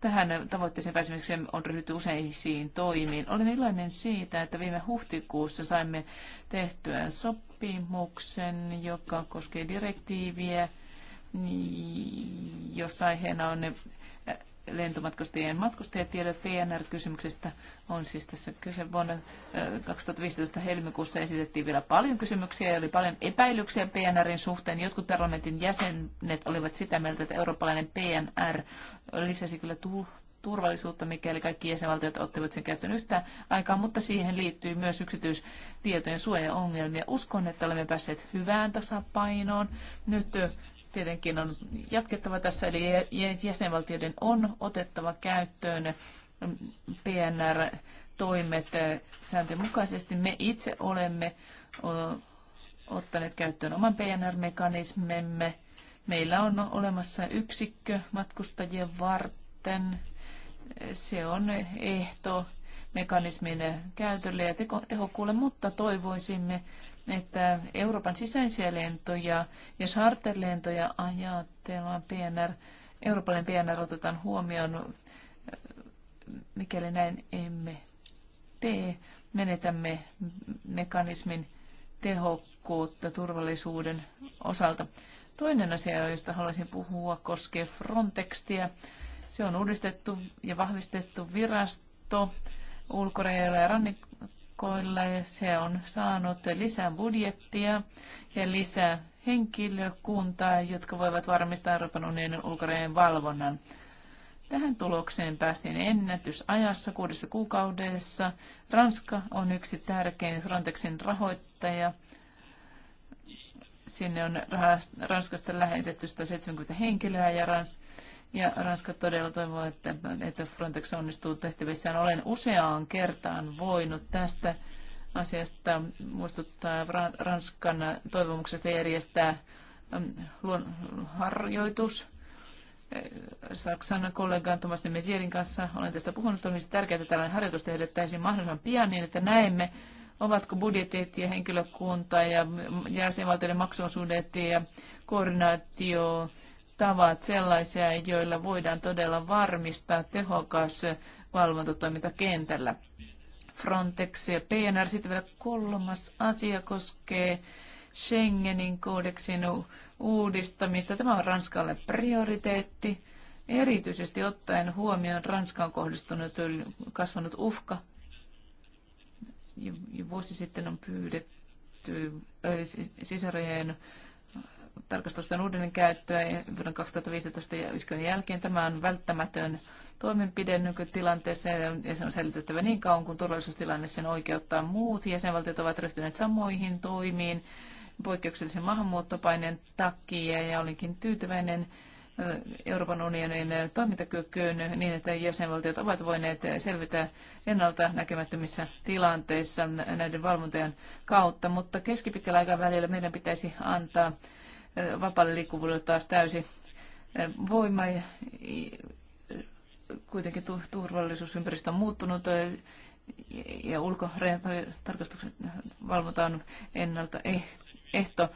Speaker 3: tähän tavoitteeseen pääsemiseksi on ryhdytty useisiin toimiin. Olen iloinen siitä, että viime huhtikuussa saimme tehtyä sopimuksen, joka koskee direktiiviä, jossa aiheena on lentomatkustajien matkustajatiedot PNR-kysymyksestä on siis tässä kyse. Vuonna 2015 helmikuussa esitettiin vielä paljon kysymyksiä ja oli paljon epäilyksiä PNRin suhteen. Jotkut parlamentin jäsenet olivat sitä mieltä, että eurooppalainen PNR lisäsi kyllä tu- turvallisuutta, mikäli kaikki jäsenvaltiot ottivat sen käyttöön yhtä aikaa, mutta siihen liittyy myös yksityistietojen suojaongelmia. Uskon, että olemme päässeet hyvään tasapainoon. Nyt tietenkin on jatkettava tässä, eli jäsenvaltioiden on otettava käyttöön PNR-toimet sääntöjen mukaisesti. Me itse olemme ottaneet käyttöön oman PNR-mekanismemme. Meillä on olemassa yksikkö matkustajien varten. Se on ehto mekanismin käytölle ja tehokkuulle, mutta toivoisimme, että Euroopan sisäisiä lentoja ja charterlentoja ajatellaan PNR, Euroopan PNR otetaan huomioon, mikäli näin emme tee, menetämme mekanismin tehokkuutta turvallisuuden osalta. Toinen asia, josta haluaisin puhua, koskee Frontextia. Se on uudistettu ja vahvistettu virasto ulkorajoilla ja rannik- matkoille. Se on saanut lisää budjettia ja lisää henkilökuntaa, jotka voivat varmistaa Euroopan unionin ulkorajojen valvonnan. Tähän tulokseen päästiin ennätysajassa kuudessa kuukaudessa. Ranska on yksi tärkein Frontexin rahoittaja. Sinne on Ranskasta lähetetty 170 henkilöä ja Ranska ja Ranska todella toivoo, että, että Frontex onnistuu tehtävissään. Olen useaan kertaan voinut tästä asiasta muistuttaa Ranskan toivomuksesta järjestää mm, harjoitus. Saksan kollegan Thomas Mesierin kanssa olen tästä puhunut. Olisi tärkeää, että tällainen harjoitus tehdettäisiin mahdollisimman pian niin, että näemme, ovatko budjetit ja henkilökunta ja jäsenvaltioiden maksuosuudet ja koordinaatio tavat sellaisia, joilla voidaan todella varmistaa tehokas valvontatoiminta kentällä. Frontex ja PNR. Sitten vielä kolmas asia koskee Schengenin koodeksin uudistamista. Tämä on Ranskalle prioriteetti, erityisesti ottaen huomioon Ranskaan kohdistunut kasvanut uhka. Vuosi sitten on pyydetty sisärajojen tarkastusten uudelleenkäyttöä vuoden 2015 iskun jälkeen. Tämä on välttämätön toimenpide nykytilanteessa ja se on selitettävä niin kauan, kun turvallisuustilanne sen oikeuttaa muut. Jäsenvaltiot ovat ryhtyneet samoihin toimiin poikkeuksellisen maahanmuuttopaineen takia ja olinkin tyytyväinen Euroopan unionin toimintakykyyn niin, että jäsenvaltiot ovat voineet selvitä ennalta näkemättömissä tilanteissa näiden valvontojen kautta, mutta keskipitkällä aikavälillä meidän pitäisi antaa vapaalle liikkuvuudelle taas täysi voima. Kuitenkin turvallisuusympäristö on muuttunut ja ulkorajatarkastuksen valvonta eh- on ennalta ehto.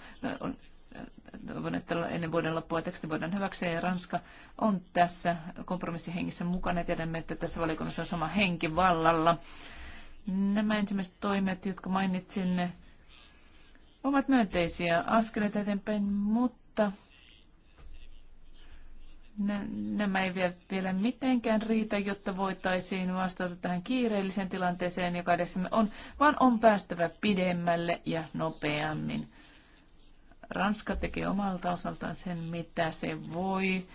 Speaker 3: Toivon, että ennen vuoden loppua teksti voidaan hyväksyä ja Ranska on tässä kompromissihengissä mukana. Tiedämme, että tässä valiokunnassa on sama henki vallalla. Nämä ensimmäiset toimet, jotka mainitsin, ovat myönteisiä askeleita eteenpäin, mutta nämä ei vielä mitenkään riitä, jotta voitaisiin vastata tähän kiireelliseen tilanteeseen, joka edessämme on, vaan on päästävä pidemmälle ja nopeammin. Ranska tekee omalta osaltaan sen, mitä se voi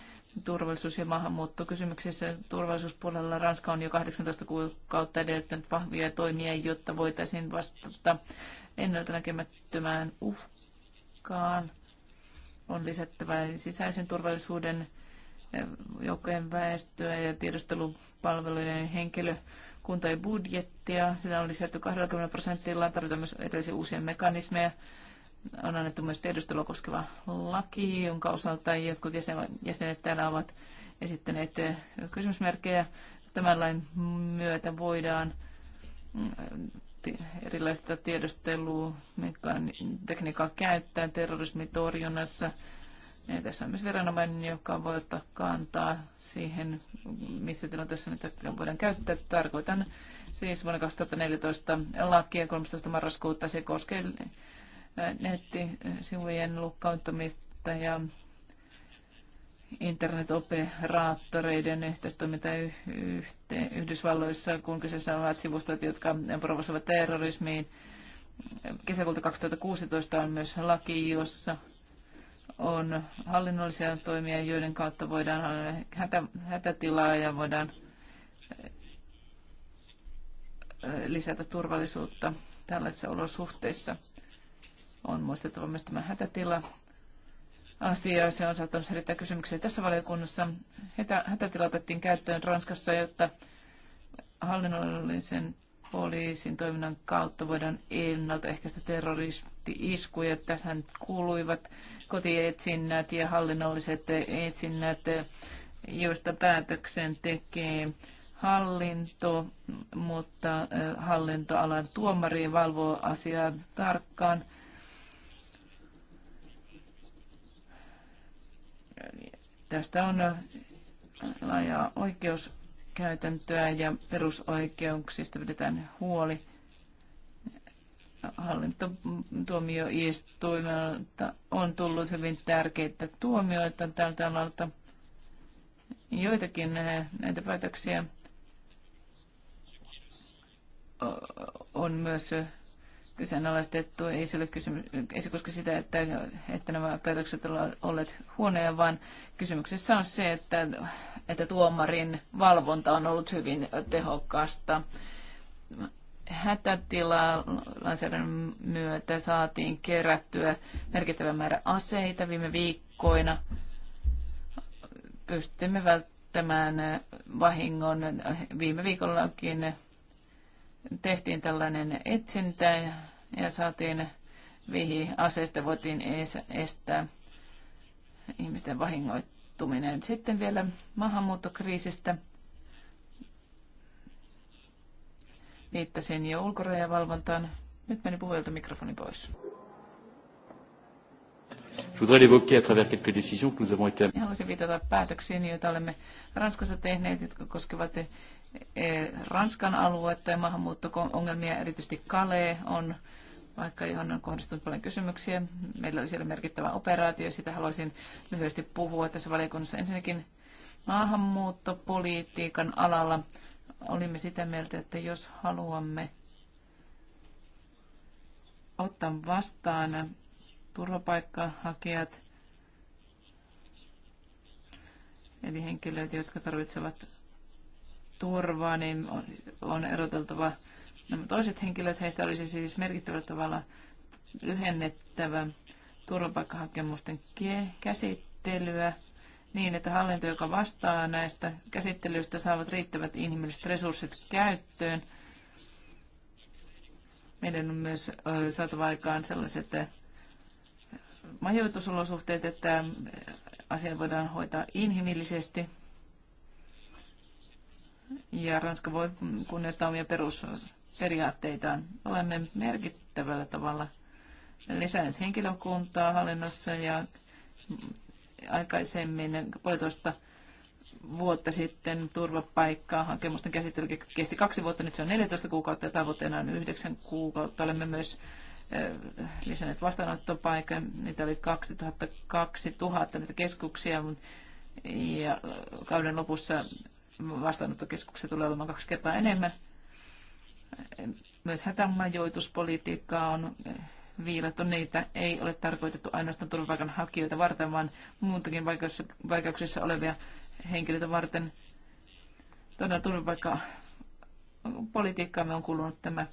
Speaker 3: turvallisuus- ja maahanmuuttokysymyksissä turvallisuuspuolella Ranska on jo 18 kuukautta edellyttänyt vahvia toimia, jotta voitaisiin vastata ennalta näkemättömään uhkaan. On lisättävä sisäisen turvallisuuden eh, joukkojen väestöä ja tiedustelupalveluiden henkilökunta ja budjettia. Sitä on lisätty 20 prosentilla. Tarvitaan myös erilaisia uusia mekanismeja on annettu myös tiedustelua koskeva laki, jonka osalta jotkut jäsenet täällä ovat esittäneet eh, kysymysmerkkejä. Tämän lain myötä voidaan mm, eh, erilaista tiedustelua, tekniikkaa käyttää terrorismitorjunnassa. Ja tässä on myös viranomainen, joka voi ottaa kantaa siihen, missä tilanteessa niitä voidaan käyttää. Tarkoitan siis vuonna 2014 lakia 13. marraskuuta. Se koskee nettisivujen lukkauttamista ja internetoperaattoreiden yhteistoiminta yhteen Yhdysvalloissa, kun kyseessä ovat sivustot, jotka provosoivat terrorismiin. Kesäkuulta 2016 on myös laki, jossa on hallinnollisia toimia, joiden kautta voidaan hätä, hätätilaa ja voidaan lisätä turvallisuutta tällaisissa olosuhteissa. On muistettava myös tämä hätätila asia. Se on saattanut herättää kysymyksiä tässä valiokunnassa. hätätila otettiin käyttöön Ranskassa, jotta hallinnollisen poliisin toiminnan kautta voidaan ennaltaehkäistä terroristi-iskuja. Tähän kuuluivat kotietsinnät ja hallinnolliset etsinnät, joista päätöksen tekee hallinto, mutta hallintoalan tuomari valvoo asiaa tarkkaan. Tästä on äh, laajaa oikeuskäytäntöä ja perusoikeuksista pidetään huoli. Hallintotuomioistuimelta on tullut hyvin tärkeitä tuomioita tältä alalta. Joitakin äh, näitä päätöksiä on myös äh, kyseenalaistettu. Ei se, ole kysymys, ei se koske sitä, että, että nämä päätökset ovat olleet huonoja, vaan kysymyksessä on se, että, että tuomarin valvonta on ollut hyvin tehokasta. Hätätila lainsäädännön myötä saatiin kerättyä merkittävä määrä aseita viime viikkoina. Pystymme välttämään vahingon. Viime viikollakin tehtiin tällainen etsintä ja saatiin vihi aseista voitiin estää ihmisten vahingoittuminen. Sitten vielä maahanmuuttokriisistä. Viittasin jo ulkorajavalvontaan. Nyt meni puhujalta mikrofoni pois. Haluaisin viitata päätöksiin, joita olemme Ranskassa tehneet, jotka koskevat eh, Ranskan aluetta ja maahanmuutto-ongelmia, erityisesti Kale on vaikka johon on kohdistunut paljon kysymyksiä. Meillä oli siellä merkittävä operaatio, sitä haluaisin lyhyesti puhua tässä valiokunnassa. Ensinnäkin maahanmuuttopolitiikan alalla olimme sitä mieltä, että jos haluamme ottaa vastaan turvapaikkahakijat, eli henkilöt, jotka tarvitsevat turvaa, niin on, on eroteltava Nämä no, toiset henkilöt, heistä olisi siis merkittävällä tavalla lyhennettävä turvapaikkahakemusten käsittelyä niin, että hallinto, joka vastaa näistä käsittelyistä, saavat riittävät inhimilliset resurssit käyttöön. Meidän on myös saatava aikaan sellaiset majoitusolosuhteet, että asia voidaan hoitaa inhimillisesti. Ja Ranska voi kunnioittaa omia perus periaatteitaan. Olemme merkittävällä tavalla lisänneet henkilökuntaa hallinnossa ja aikaisemmin puolitoista vuotta sitten turvapaikkaa. Hakemusten käsittely kesti kaksi vuotta, nyt se on 14 kuukautta ja tavoitteena on yhdeksän kuukautta. Olemme myös lisänneet vastaanottopaikan. Niitä oli 2000, 000 niitä keskuksia, ja kauden lopussa vastaanottokeskuksia tulee olemaan kaksi kertaa enemmän. Myös hätämajoituspolitiikkaa on viilattu. Niitä ei ole tarkoitettu ainoastaan turvapaikanhakijoita varten, vaan muutakin vaikeuksissa olevia henkilöitä varten. Todella turvapaikkapolitiikkaamme on kulunut tämä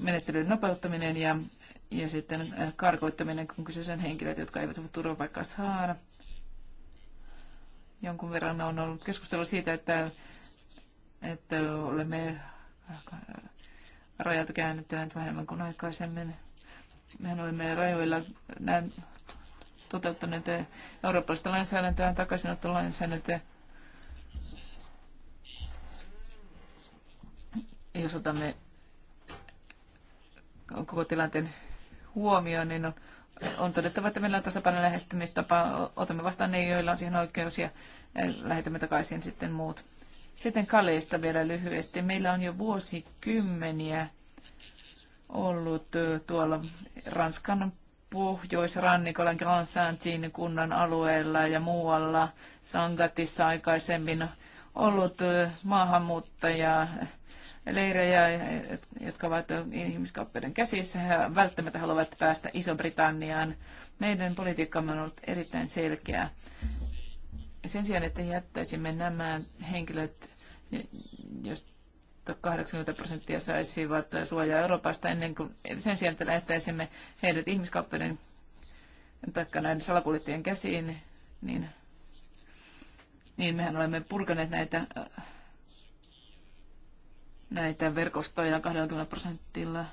Speaker 3: menettelyn nopeuttaminen ja, ja sitten äh, karkoittaminen, kun kyseessä on jotka eivät voi turvapaikkaa saada. Jonkun verran on ollut keskustelua siitä, että, että olemme rajat käännytään vähemmän kuin aikaisemmin. Mehän olemme rajoilla näin toteuttaneet eurooppalaista lainsäädäntöä, takaisinottolainsäädäntöä. Jos otamme koko tilanteen huomioon, niin on, on todettava, että meillä on tasapainon lähestymistapa. Otamme vastaan ne, joilla on siihen oikeus ja eh, lähetämme takaisin sitten muut. Sitten Kaleista vielä lyhyesti. Meillä on jo vuosikymmeniä ollut tuolla Ranskan pohjoisrannikolla Grand Saintin kunnan alueella ja muualla Sangatissa aikaisemmin ollut maahanmuuttajia leirejä, jotka ovat ihmiskauppien käsissä. He välttämättä haluavat päästä Iso-Britanniaan. Meidän politiikkamme on ollut erittäin selkeä. Sen sijaan, että jättäisimme nämä henkilöt, jos 80 prosenttia saisivat suojaa Euroopasta ennen kuin sen sijaan, että lähettäisimme heidät ihmiskauppojen tai näiden salakuljettajien käsiin, niin, niin mehän olemme purkaneet näitä, näitä verkostoja 20 prosentilla.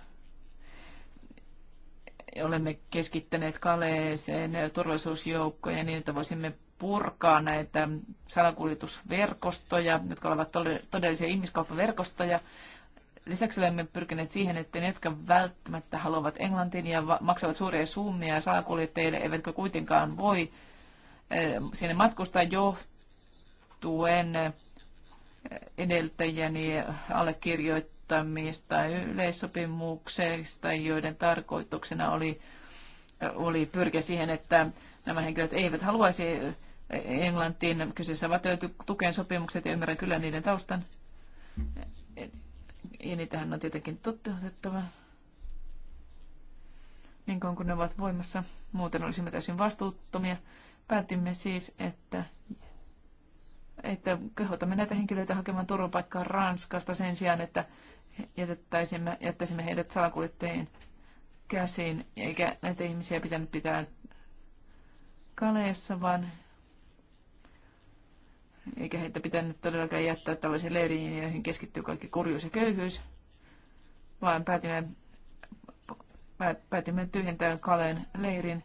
Speaker 3: Olemme keskittäneet Kaleeseen turvallisuusjoukkoja niin, että voisimme purkaa näitä salakuljetusverkostoja, jotka ovat todellisia ihmiskauppaverkostoja. Lisäksi olemme pyrkineet siihen, että ne, jotka välttämättä haluavat Englantiin ja maksavat suuria summia salakuljettajille, eivätkö kuitenkaan voi eh, sinne matkustaa johtuen eh, edeltäjäni allekirjoittamista yleissopimuksesta, joiden tarkoituksena oli, eh, oli pyrkiä siihen, että nämä henkilöt eivät haluaisi Englantiin. Kyseessä ovat tukeen sopimukset ja ymmärrän kyllä niiden taustan. Ja niitähän on tietenkin toteutettava niin kuin kun ne ovat voimassa. Muuten olisimme täysin vastuuttomia. Päätimme siis, että, että kehotamme näitä henkilöitä hakemaan turvapaikkaa Ranskasta sen sijaan, että jätettäisimme, jättäisimme heidät salakuljettajien käsiin, eikä näitä ihmisiä pitänyt pitää Kaleessa, vaan eikä heitä pitänyt todellakaan jättää tällaisiin leiriin, joihin keskittyy kaikki kurjuus ja köyhyys, vaan päätimme, päätimme tyhjentää Kaleen leirin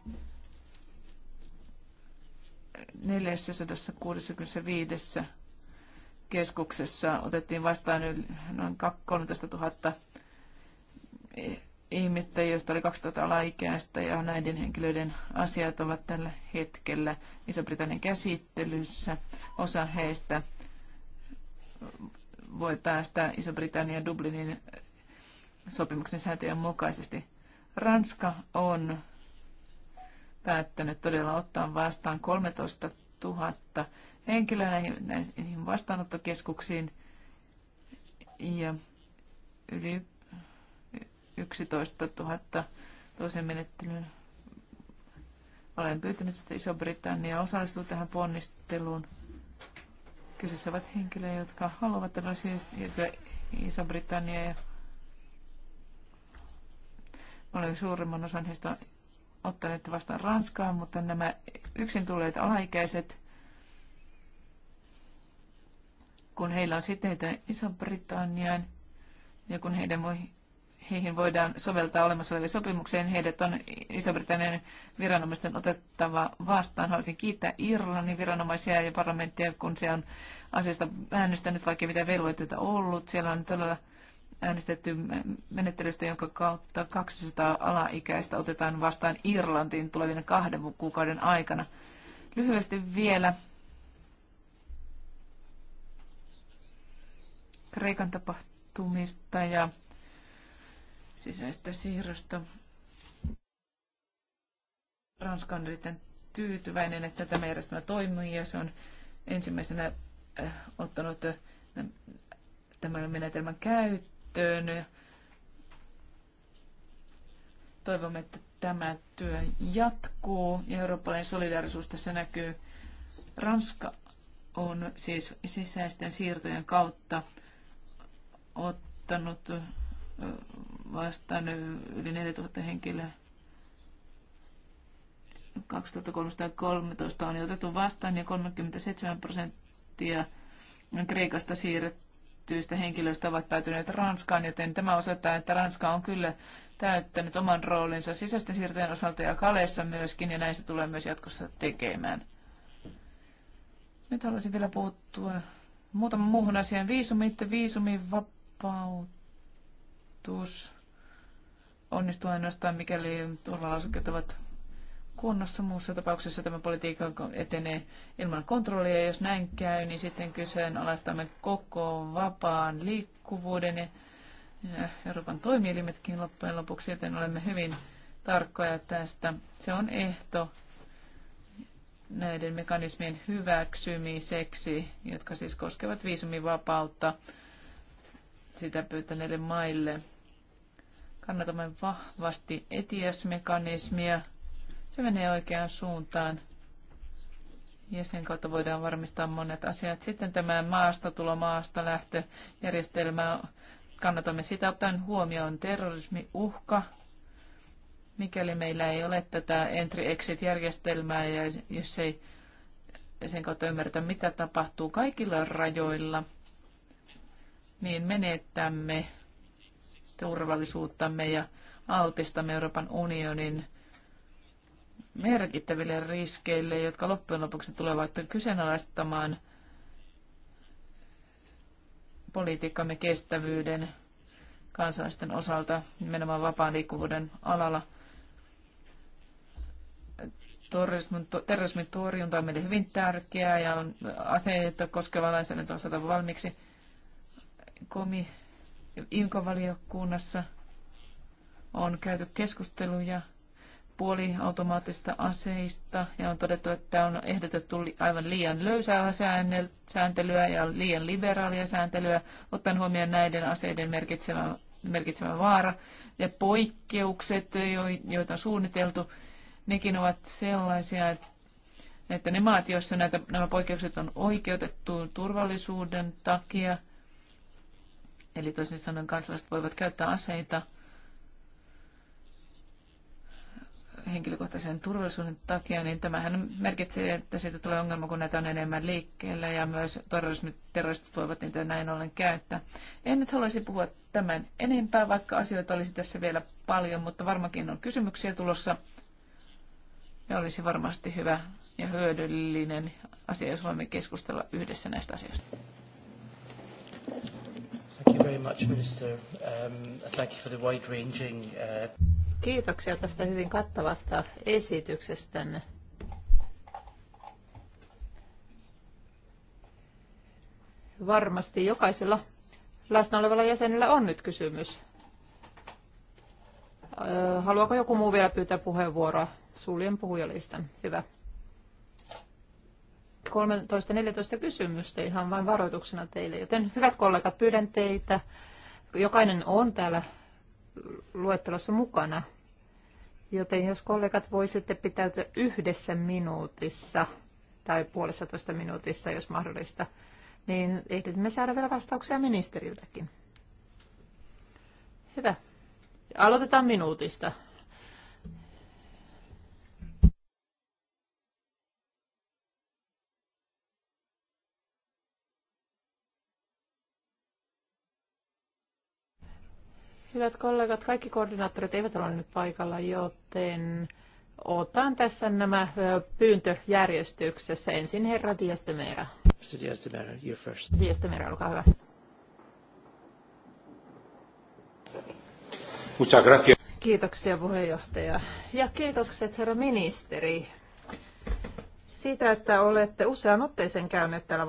Speaker 3: 465 keskuksessa otettiin vastaan noin 13 000 ihmistä, joista oli 2000 alaikäistä ja näiden henkilöiden asiat ovat tällä hetkellä Iso-Britannian käsittelyssä. Osa heistä voi päästä Iso-Britannian Dublinin sopimuksen säätöjen mukaisesti. Ranska on päättänyt todella ottaa vastaan 13 000 henkilöä näihin, näihin vastaanottokeskuksiin ja yli 11 000 toisen menettelyn. Olen pyytänyt, että Iso-Britannia osallistuu tähän ponnisteluun. Kyseessä ovat henkilöjä, jotka haluavat todella siirtyä Iso-Britanniaan ja olen suurimman osan heistä ottaneet vastaan Ranskaan, mutta nämä yksin tulleet alaikäiset, kun heillä on siteitä Iso-Britanniaan ja kun heidän voi heihin voidaan soveltaa olemassa olevia sopimukseen. Niin heidät on Iso-Britannian viranomaisten otettava vastaan. Haluaisin kiittää Irlannin viranomaisia ja parlamenttia, kun se on asiasta äänestänyt, vaikka mitä velvoitteita ollut. Siellä on todella äänestetty menettelystä, jonka kautta 200 alaikäistä otetaan vastaan Irlantiin tulevina kahden kuukauden aikana. Lyhyesti vielä Kreikan tapahtumista ja sisäistä siirrosta. Ranska on erittäin tyytyväinen, että tämä järjestelmä toimii ja se on ensimmäisenä äh, ottanut äh, tämän menetelmän käyttöön. Toivomme, että tämä työ jatkuu ja eurooppalainen solidaarisuus tässä näkyy. Ranska on siis sisäisten siirtojen kautta ottanut vastaan yli 4000 henkilöä. 2313 on otettu vastaan ja 37 prosenttia Kreikasta siirrettyistä henkilöistä ovat päätyneet Ranskaan, joten tämä osoittaa, että Ranska on kyllä täyttänyt oman roolinsa sisäisten siirtojen osalta ja Kaleessa myöskin, ja näin se tulee myös jatkossa tekemään. Nyt haluaisin vielä puuttua muutaman muuhun asiaan. Viisumit ja viisumin ehdotus onnistuu ainoastaan, mikäli turvalausekkeet ovat kunnossa. Muussa tapauksessa tämä politiikka etenee ilman kontrollia. Ja jos näin käy, niin sitten kyseenalaistamme koko vapaan liikkuvuuden ja Euroopan toimielimetkin loppujen lopuksi, joten olemme hyvin tarkkoja tästä. Se on ehto näiden mekanismien hyväksymiseksi, jotka siis koskevat viisumivapautta sitä pyytäneille maille. Kannatamme vahvasti etiäsmekanismia, Se menee oikeaan suuntaan ja sen kautta voidaan varmistaa monet asiat. Sitten tämä maasta tulo, maasta lähtöjärjestelmä. kannatamme sitä ottaen huomioon terrorismi uhka. Mikäli meillä ei ole tätä entry-exit-järjestelmää ja jos ei sen kautta ymmärretä, mitä tapahtuu kaikilla rajoilla – niin menettämme turvallisuuttamme ja altistamme Euroopan unionin merkittäville riskeille, jotka loppujen lopuksi tulevat kyseenalaistamaan politiikkamme kestävyyden kansalaisten osalta nimenomaan vapaan liikkuvuuden alalla. Terrorismin, torjunta on meille hyvin tärkeää ja on aseita koskeva lainsäädäntö on saatava valmiiksi komi inkovaliokunnassa on käyty keskusteluja puoliautomaattisista aseista ja on todettu, että on ehdotettu aivan liian löysää sääntelyä ja liian liberaalia sääntelyä, ottaen huomioon näiden aseiden merkitsevä, merkitsevä vaara ja poikkeukset, joita on suunniteltu, nekin ovat sellaisia, että ne maat, joissa näitä, nämä poikkeukset on oikeutettu turvallisuuden takia – Eli toisin sanoen kansalaiset voivat käyttää aseita henkilökohtaisen turvallisuuden takia, niin tämähän merkitsee, että siitä tulee ongelma, kun näitä on enemmän liikkeellä ja myös terroristit voivat niitä näin ollen käyttää. En nyt haluaisi puhua tämän enempää, vaikka asioita olisi tässä vielä paljon, mutta varmaankin on kysymyksiä tulossa ja olisi varmasti hyvä ja hyödyllinen asia, jos voimme keskustella yhdessä näistä
Speaker 1: asioista very much, Minister. Um, thank you for the wide-ranging... Uh... Kiitoksia tästä hyvin kattavasta esityksestänne.
Speaker 2: Varmasti jokaisella läsnä olevalla jäsenellä on nyt kysymys. Haluaako joku muu vielä pyytää puheenvuoroa? Suljen puhujalistan. Hyvä. 13-14 kysymystä ihan vain varoituksena teille. Joten hyvät kollegat, pyydän teitä. Jokainen on täällä luettelossa mukana. Joten jos kollegat voisitte pitäytyä yhdessä minuutissa tai puolessatoista minuutissa, jos mahdollista, niin ehdimme saada vielä vastauksia ministeriltäkin. Hyvä. Aloitetaan minuutista. Hyvät kollegat, kaikki koordinaattorit eivät ole nyt paikalla, joten otan tässä nämä pyyntöjärjestyksessä. Ensin herra Diestemera.
Speaker 1: Mr. Diestemera,
Speaker 2: you first. Diestemera, olkaa hyvä. Kiitoksia puheenjohtaja. Ja kiitokset herra ministeri siitä, että olette usean otteeseen käyneet täällä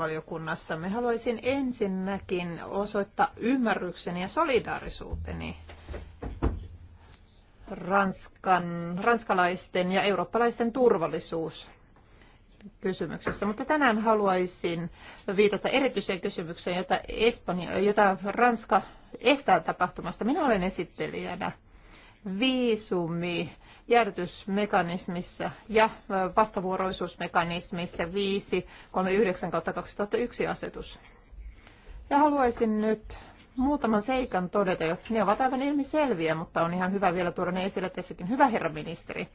Speaker 2: me Haluaisin ensinnäkin osoittaa ymmärrykseni ja solidaarisuuteni Ranskan, ranskalaisten ja eurooppalaisten turvallisuus kysymyksessä. Mutta tänään haluaisin viitata erityiseen kysymykseen, jota, Espanja, jota Ranska estää tapahtumasta. Minä olen esittelijänä viisumi jäädytysmekanismissa ja vastavuoroisuusmekanismissa 5 39 2001 asetus. Ja haluaisin nyt muutaman seikan todeta, jo. ne ovat aivan ilmiselviä, mutta on ihan hyvä vielä tuoda ne esille tässäkin. Hyvä herra ministeri,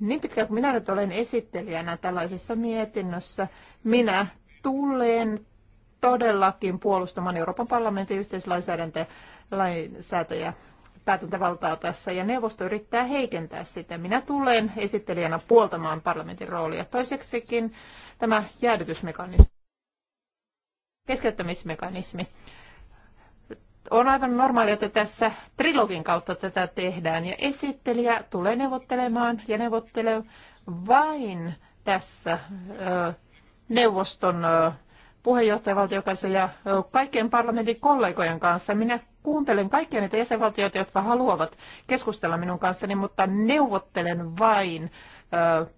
Speaker 2: niin pitkään kuin minä nyt olen esittelijänä tällaisessa mietinnössä, minä tulen todellakin puolustamaan Euroopan parlamentin yhteislainsäädäntöä lainsäätäjä päätäntävaltaa tässä ja neuvosto yrittää heikentää sitä. Minä tulen esittelijänä puoltamaan parlamentin roolia. Toiseksikin tämä jäädytysmekanismi, keskeyttämismekanismi. On aivan normaali että tässä trilogin kautta tätä tehdään ja esittelijä tulee neuvottelemaan ja neuvottelee vain tässä neuvoston puheenjohtajavaltion kanssa ja kaikkien parlamentin kollegojen kanssa. Minä kuuntelen kaikkia niitä jäsenvaltioita, jotka haluavat keskustella minun kanssani, mutta neuvottelen vain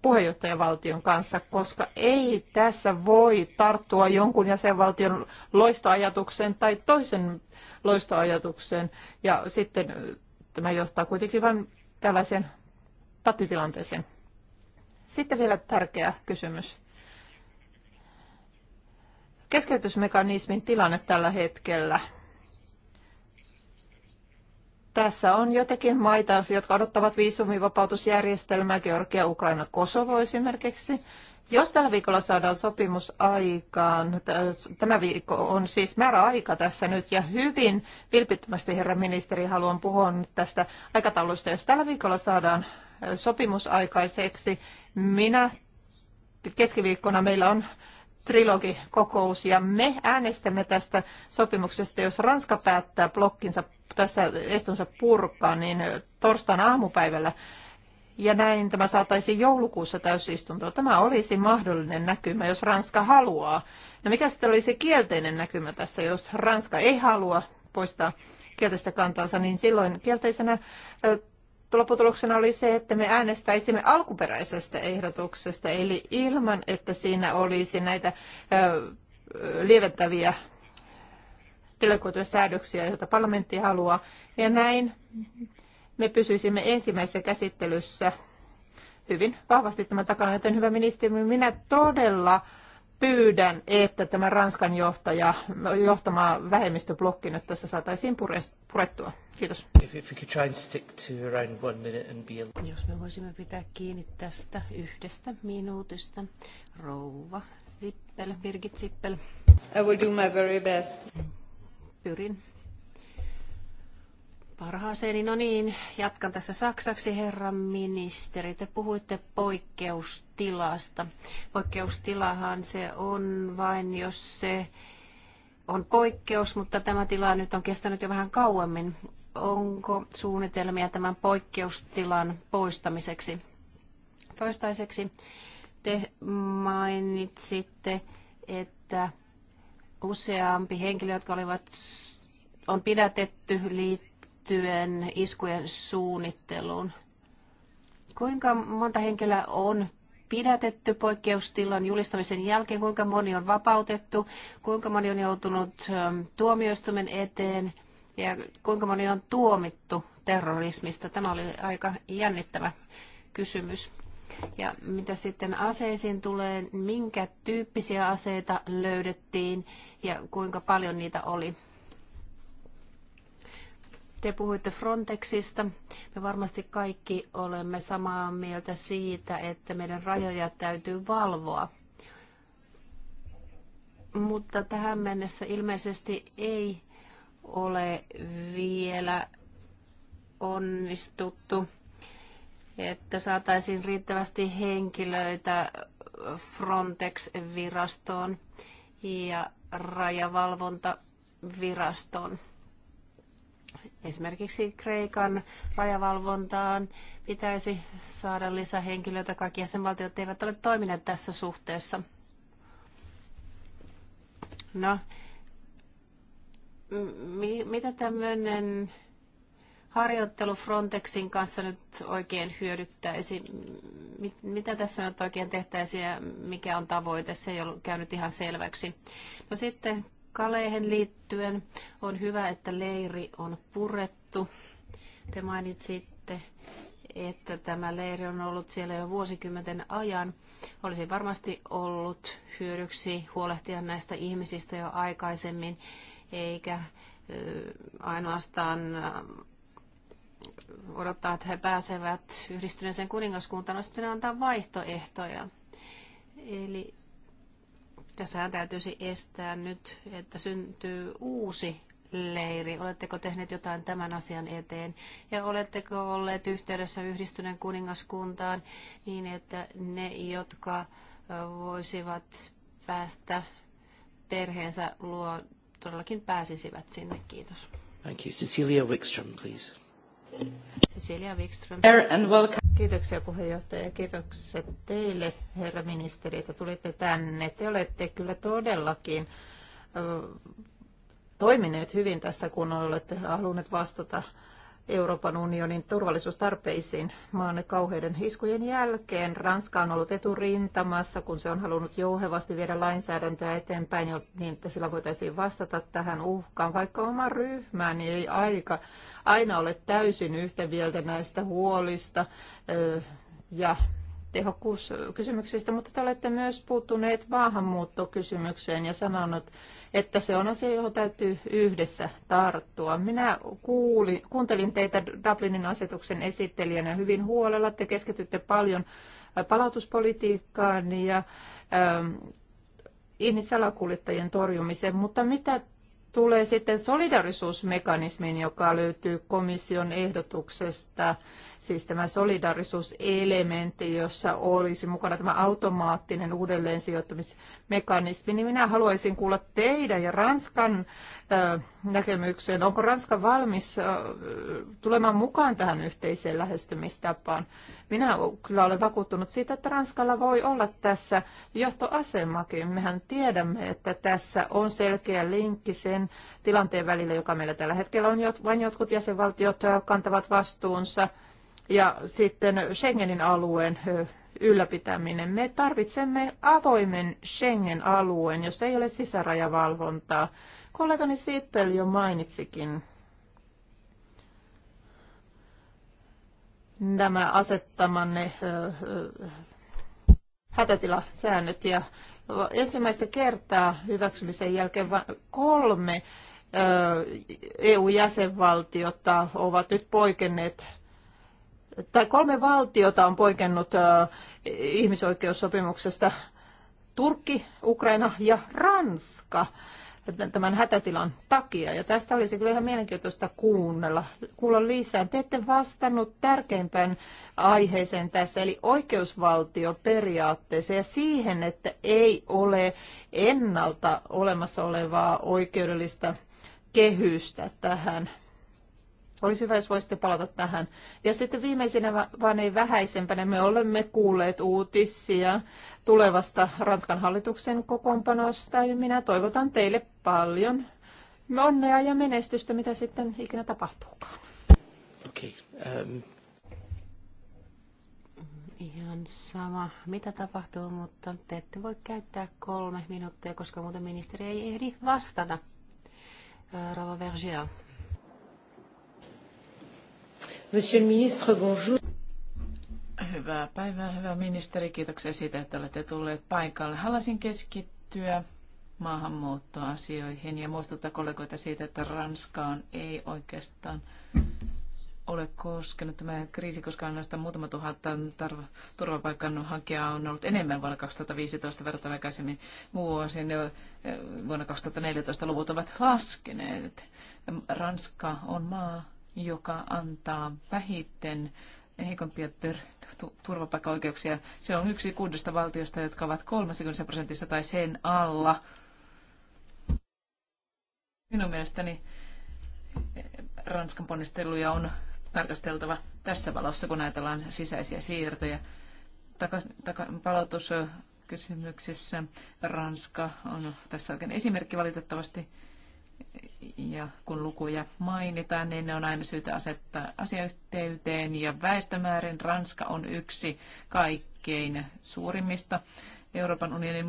Speaker 2: puheenjohtajavaltion kanssa, koska ei tässä voi tarttua jonkun jäsenvaltion loistoajatukseen tai toisen loistoajatukseen. Ja sitten tämä johtaa kuitenkin vain tällaiseen pattitilanteeseen. Sitten vielä tärkeä kysymys keskeytysmekanismin tilanne tällä hetkellä. Tässä on jotakin maita, jotka odottavat viisumivapautusjärjestelmää, Georgia, Ukraina, Kosovo esimerkiksi. Jos tällä viikolla saadaan sopimus aikaan, tämä viikko on siis aika tässä nyt ja hyvin vilpittömästi herra ministeri haluan puhua nyt tästä aikataulusta. Jos tällä viikolla saadaan sopimus aikaiseksi, minä keskiviikkona meillä on trilogikokous ja me äänestämme tästä sopimuksesta. Jos Ranska päättää blokkinsa tässä estonsa purkaa, niin torstaina aamupäivällä ja näin tämä saataisiin joulukuussa täysistuntoon. Tämä olisi mahdollinen näkymä, jos Ranska haluaa. No mikä sitten olisi kielteinen näkymä tässä, jos Ranska ei halua poistaa kielteistä kantaansa, niin silloin kielteisenä lopputuloksena oli se, että me äänestäisimme alkuperäisestä ehdotuksesta, eli ilman, että siinä olisi näitä lieventäviä delegoituja säädöksiä, joita parlamentti haluaa. Ja näin me pysyisimme ensimmäisessä käsittelyssä hyvin vahvasti tämän takana, joten hyvä ministeri, minä todella pyydän, että tämä Ranskan johtaja, johtama vähemmistöblokki nyt tässä saataisiin
Speaker 1: purettua. Kiitos. Jos me voisimme pitää
Speaker 4: kiinni tästä yhdestä minuutista. Rouva Sippel, Birgit Sippel. I will do my very best. Pyrin parhaaseeni. No niin, jatkan tässä saksaksi, herra ministeri. Te puhuitte poikkeustilasta. Poikkeustilahan se on vain, jos se on poikkeus, mutta tämä tila nyt on kestänyt jo vähän kauemmin. Onko suunnitelmia tämän poikkeustilan poistamiseksi? Toistaiseksi te mainitsitte, että useampi henkilö, jotka olivat, on pidätetty liittyen liittyen iskujen suunnitteluun. Kuinka monta henkilöä on pidätetty poikkeustilan julistamisen jälkeen, kuinka moni on vapautettu, kuinka moni on joutunut ähm, tuomioistuimen eteen ja kuinka moni on tuomittu terrorismista. Tämä oli aika jännittävä kysymys. Ja mitä sitten aseisiin tulee, minkä tyyppisiä aseita löydettiin ja kuinka paljon niitä oli? Te puhuitte Frontexista. Me varmasti kaikki olemme samaa mieltä siitä, että meidän rajoja täytyy valvoa. Mutta tähän mennessä ilmeisesti ei ole vielä onnistuttu, että saataisiin riittävästi henkilöitä Frontex-virastoon ja rajavalvontavirastoon. Esimerkiksi Kreikan rajavalvontaan pitäisi saada lisähenkilöitä. Kaikki jäsenvaltiot eivät ole toimineet tässä suhteessa. No, mitä tämmöinen harjoittelu Frontexin kanssa nyt oikein hyödyttäisi? Mit- mitä tässä nyt oikein tehtäisiin ja mikä on tavoite? Se ei ollut käynyt ihan selväksi. No sitten Kaleihin liittyen on hyvä, että leiri on purettu. Te mainitsitte, että tämä leiri on ollut siellä jo vuosikymmenten ajan. Olisi varmasti ollut hyödyksi huolehtia näistä ihmisistä jo aikaisemmin, eikä ainoastaan odottaa, että he pääsevät yhdistyneeseen kuningaskuntaan, olisi antaa vaihtoehtoja. Eli sehän täytyisi estää nyt, että syntyy uusi leiri. Oletteko tehneet jotain tämän asian eteen? Ja oletteko olleet yhteydessä yhdistyneen kuningaskuntaan niin, että ne, jotka voisivat päästä perheensä luo, todellakin pääsisivät sinne? Kiitos.
Speaker 1: Thank you. Cecilia Wickström, please.
Speaker 4: Cecilia Wikström.
Speaker 2: Kiitoksia puheenjohtaja ja kiitokset teille, herra ministeri, että tulitte tänne. Te olette kyllä todellakin toimineet hyvin tässä, kun olette halunneet vastata Euroopan unionin turvallisuustarpeisiin maan kauheiden iskujen jälkeen. Ranska on ollut eturintamassa, kun se on halunnut jouhevasti viedä lainsäädäntöä eteenpäin, niin että sillä voitaisiin vastata tähän uhkaan. Vaikka oma niin ei aika, aina ole täysin yhtä mieltä näistä huolista ja tehokkuuskysymyksistä, mutta te olette myös puuttuneet maahanmuuttokysymykseen ja sanonut, että se on asia, johon täytyy yhdessä tarttua. Minä kuulin, kuuntelin teitä Dublinin asetuksen esittelijänä hyvin huolella. Te keskitytte paljon äh, palautuspolitiikkaan ja ähm, ihmissalakuljettajien torjumiseen, mutta mitä tulee sitten solidarisuusmekanismiin, joka löytyy komission ehdotuksesta? siis tämä solidarisuuselementti, jossa olisi mukana tämä automaattinen uudelleensijoittamismekanismi, niin minä haluaisin kuulla teidän ja Ranskan näkemykseen. Onko Ranska valmis tulemaan mukaan tähän yhteiseen lähestymistapaan? Minä kyllä olen vakuuttunut siitä, että Ranskalla voi olla tässä johtoasemakin. Mehän tiedämme, että tässä on selkeä linkki sen tilanteen välillä, joka meillä tällä hetkellä on. Vain jotkut jäsenvaltiot kantavat vastuunsa ja sitten Schengenin alueen ylläpitäminen. Me tarvitsemme avoimen Schengen-alueen, jos ei ole sisärajavalvontaa. Kollegani Sittel jo mainitsikin nämä asettamanne hätätilasäännöt ja ensimmäistä kertaa hyväksymisen jälkeen kolme EU-jäsenvaltiota ovat nyt poikenneet tai kolme valtiota on poikennut ihmisoikeussopimuksesta. Turkki, Ukraina ja Ranska tämän hätätilan takia. Ja tästä olisi kyllä ihan mielenkiintoista kuunnella, kuulla lisää. Te ette vastannut tärkeimpään aiheeseen tässä, eli oikeusvaltioperiaatteeseen ja siihen, että ei ole ennalta olemassa olevaa oikeudellista kehystä tähän olisi hyvä, jos voisitte palata tähän. Ja sitten viimeisenä, vaan ei vähäisempänä, me olemme kuulleet uutisia tulevasta Ranskan hallituksen kokoonpanosta. minä toivotan teille
Speaker 1: paljon
Speaker 2: onnea ja menestystä, mitä sitten ikinä tapahtuukaan.
Speaker 1: Okei. Okay, um... Ähm.
Speaker 4: Ihan sama, mitä tapahtuu, mutta te ette voi käyttää kolme minuuttia, koska muuten ministeri ei ehdi vastata. Äh, Rova Vergea.
Speaker 3: Monsieur le ministre, bonjour. Hyvää päivää, hyvä ministeri. Kiitoksia siitä, että olette tulleet paikalle. Haluaisin keskittyä maahanmuuttoasioihin ja muistuttaa kollegoita siitä, että Ranskaan ei oikeastaan ole koskenut tämä kriisi, koska ainoastaan muutama tuhatta tarva, turvapaikan hakijaa on ollut enemmän vuonna 2015 verrattuna aikaisemmin vuosiin. Vuonna 2014 luvut ovat laskeneet. Ranska on maa, joka antaa vähiten heikompia per, turvapaikkaoikeuksia. Se on yksi kuudesta valtiosta, jotka ovat 30 prosentissa tai sen alla. Minun mielestäni eh, Ranskan ponnisteluja on tarkasteltava tässä valossa, kun ajatellaan sisäisiä siirtoja. Takas, taka, palautuskysymyksessä Ranska on tässä oikein esimerkki valitettavasti ja kun lukuja mainitaan, niin ne on aina syytä asettaa asiayhteyteen. Ja väestömäärin Ranska on yksi kaikkein suurimmista Euroopan unionin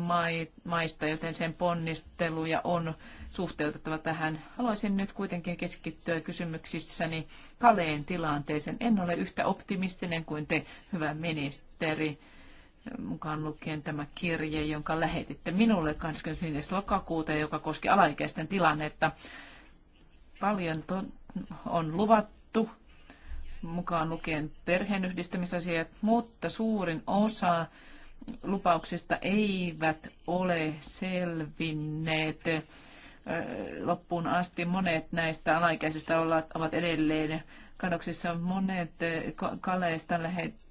Speaker 3: maista, joten sen ponnisteluja on suhteutettava tähän. Haluaisin nyt kuitenkin keskittyä kysymyksissäni Kaleen tilanteeseen. En ole yhtä optimistinen kuin te, hyvä ministeri mukaan lukien tämä kirje, jonka lähetitte minulle 25. lokakuuta, joka koski alaikäisten tilannetta. Paljon on luvattu, mukaan lukien perheenyhdistämisasiat, mutta suurin osa lupauksista eivät ole selvinneet loppuun asti. Monet näistä alaikäisistä ovat edelleen kadoksissa. Monet kaleista lähetet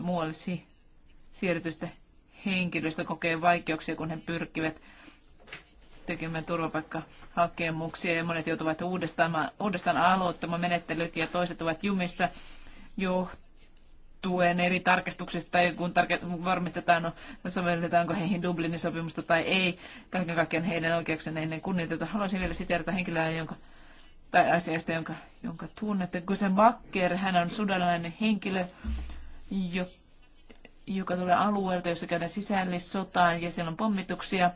Speaker 3: muualle siirrytystä henkilöistä kokee vaikeuksia, kun he pyrkivät tekemään turvapaikkahakemuksia ja monet joutuvat uudestaan, uudestaan aloittamaan menettelyt ja toiset ovat jumissa johtuen eri tarkistuksista, kun tarke- varmistetaan, no, no, sovelletaanko heihin Dublinin sopimusta tai ei. Kaiken kaikkiaan heidän oikeuksensa ennen kunnioitetaan. Haluaisin vielä siteerata henkilöä, jonka tai asiasta, jonka, jonka tunnette. Gusen Bakker, hän on sudanilainen henkilö, joka joka tulee alueelta, jossa käydään sisällissotaa ja siellä on pommituksia.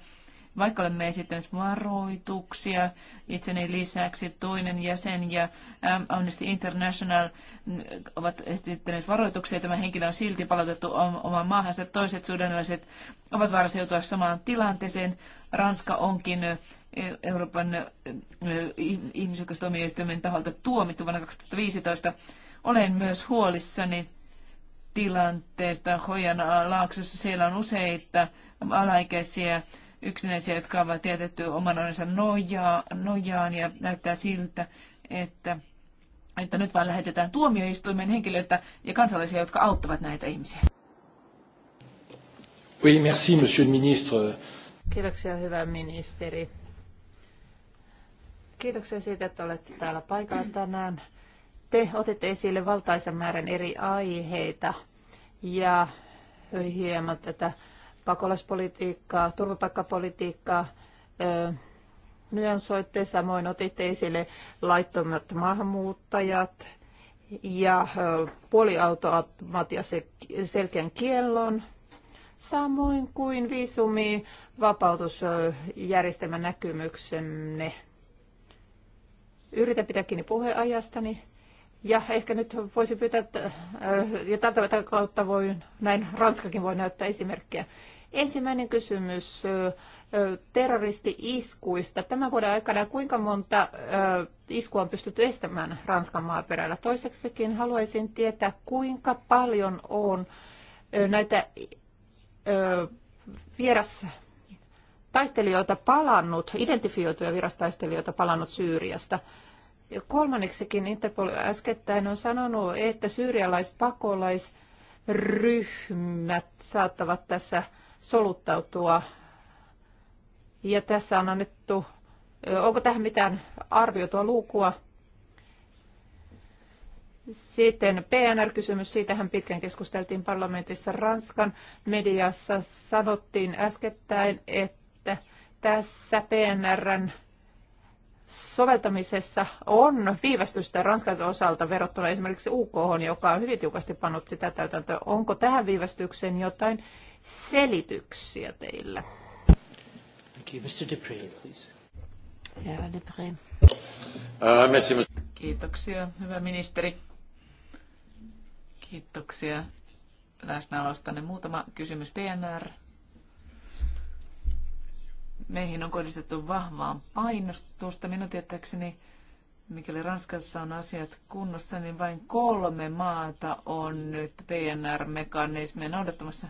Speaker 3: Vaikka olemme esittäneet varoituksia itseni lisäksi, toinen jäsen ja Amnesty International ovat esittäneet varoituksia. Tämä henkilö on silti palautettu omaan maahansa. Toiset sudanilaiset ovat vaarassa joutua samaan tilanteeseen. Ranska onkin Euroopan ihmisoikeustuomioistuimen taholta tuomittu vuonna 2015. Olen myös huolissani tilanteesta Hojan laaksossa. Siellä on useita alaikäisiä yksinäisiä, jotka ovat tietetty oman onnensa nojaa, nojaan ja näyttää siltä, että, että nyt vain lähetetään tuomioistuimen henkilöitä ja kansalaisia, jotka auttavat näitä ihmisiä.
Speaker 1: Oui, merci, monsieur le ministre.
Speaker 3: Kiitoksia, hyvä ministeri.
Speaker 2: Kiitoksia siitä, että olette täällä paikalla tänään. Te otette esille valtaisen määrän eri aiheita ja hieman tätä pakolaispolitiikkaa, turvapaikkapolitiikkaa nyansoitte. Samoin otitte esille laittomat maahanmuuttajat ja ö, puoliautomatia selkeän kiellon, samoin kuin viisumi vapautusjärjestelmän näkymyksenne. Yritän pitää kiinni puheajastani. Ja ehkä nyt voisi pyytää, äh, ja tältä kautta voi, näin Ranskakin voi näyttää esimerkkiä. Ensimmäinen kysymys äh, äh, terroristi-iskuista. Tämän vuoden aikana kuinka monta iskua on pystytty estämään Ranskan maaperällä? Toiseksikin haluaisin tietää, kuinka paljon on näitä vieras taistelijoita palannut, identifioituja vierastaistelijoita palannut Syyriasta. Ja kolmanneksikin Interpol äskettäin on sanonut, että syyrialaispakolaisryhmät saattavat tässä soluttautua. Ja tässä on annettu, onko tähän mitään arvioitua lukua? Sitten PNR-kysymys, siitähän pitkään keskusteltiin parlamentissa Ranskan mediassa. Sanottiin äskettäin, että tässä PNRn soveltamisessa on viivästystä Ranskan osalta verrattuna esimerkiksi UK, joka on hyvin tiukasti pannut sitä täytäntöä. Onko tähän viivästykseen jotain selityksiä teillä?
Speaker 1: Thank you, Mr. please.
Speaker 3: Äh, Kiitoksia, hyvä ministeri. Kiitoksia läsnäolostanne. Muutama kysymys PNR meihin on kohdistettu vahvaa painostusta. Minun tietääkseni, mikäli Ranskassa on asiat kunnossa, niin vain kolme maata on nyt PNR-mekanismia noudattamassa.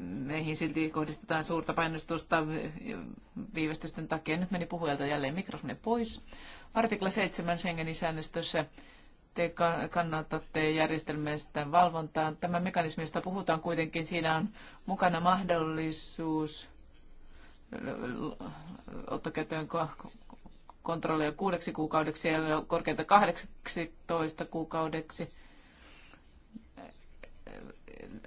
Speaker 3: Meihin silti kohdistetaan suurta painostusta viivästysten takia. Nyt meni puhujalta jälleen mikrofoni pois. Artikla 7 Schengenin säännöstössä te kannatatte järjestelmästä valvontaan. Tämä mekanismi, josta puhutaan kuitenkin, siinä on mukana mahdollisuus ottokäyttöön kontrollia kuudeksi kuukaudeksi ja korkeinta 18 kuukaudeksi.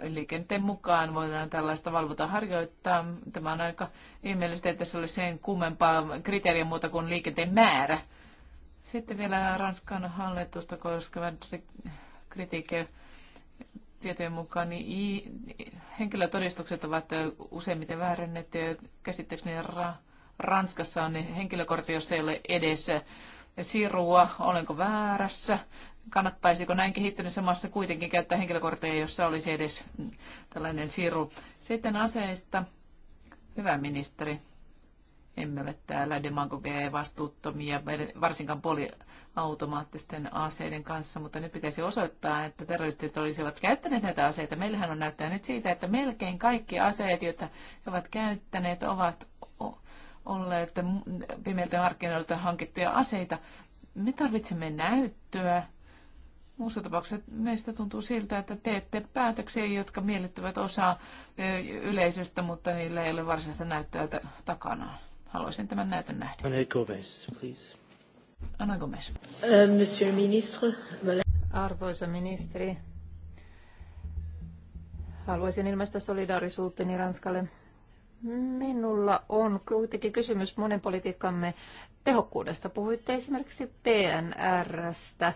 Speaker 3: Liikenteen mukaan voidaan tällaista valvota harjoittaa. Tämä on aika ihmeellistä, että se oli sen kummempaa kriteeriä muuta kuin liikenteen määrä. Sitten vielä Ranskan hallitusta koskevan kritiikki tietojen mukaan niin henkilötodistukset ovat useimmiten väärennettyjä. Käsittääkseni ra- Ranskassa on henkilökortti, jos ei ole edessä sirua, olenko väärässä, kannattaisiko näin kehittyneessä maassa kuitenkin käyttää henkilökortteja, jossa olisi edes mm, tällainen siru. Sitten aseista. Hyvä ministeri. Emme ole täällä demagogeja ja vastuuttomia, varsinkaan poliautomaattisten aseiden kanssa, mutta nyt pitäisi osoittaa, että terroristit olisivat käyttäneet näitä aseita. Meillähän on näyttää nyt siitä, että melkein kaikki aseet, joita he ovat käyttäneet, ovat olleet pimeiltä markkinoilta hankittuja aseita. Me tarvitsemme näyttöä. Muussa tapauksessa meistä tuntuu siltä, että teette päätöksiä, jotka miellyttävät osaa yleisöstä, mutta niillä ei ole varsinaista näyttöä takanaan. Haluaisin tämän näytön nähdä.
Speaker 1: Ana Gomez, please.
Speaker 3: Ana Gomez. Euh, monsieur ministre.
Speaker 2: Arvoisa ministeri, haluaisin ilmaista solidaarisuuteni Ranskalle. Minulla on kuitenkin kysymys monen politiikkamme tehokkuudesta. Puhuitte esimerkiksi PNRstä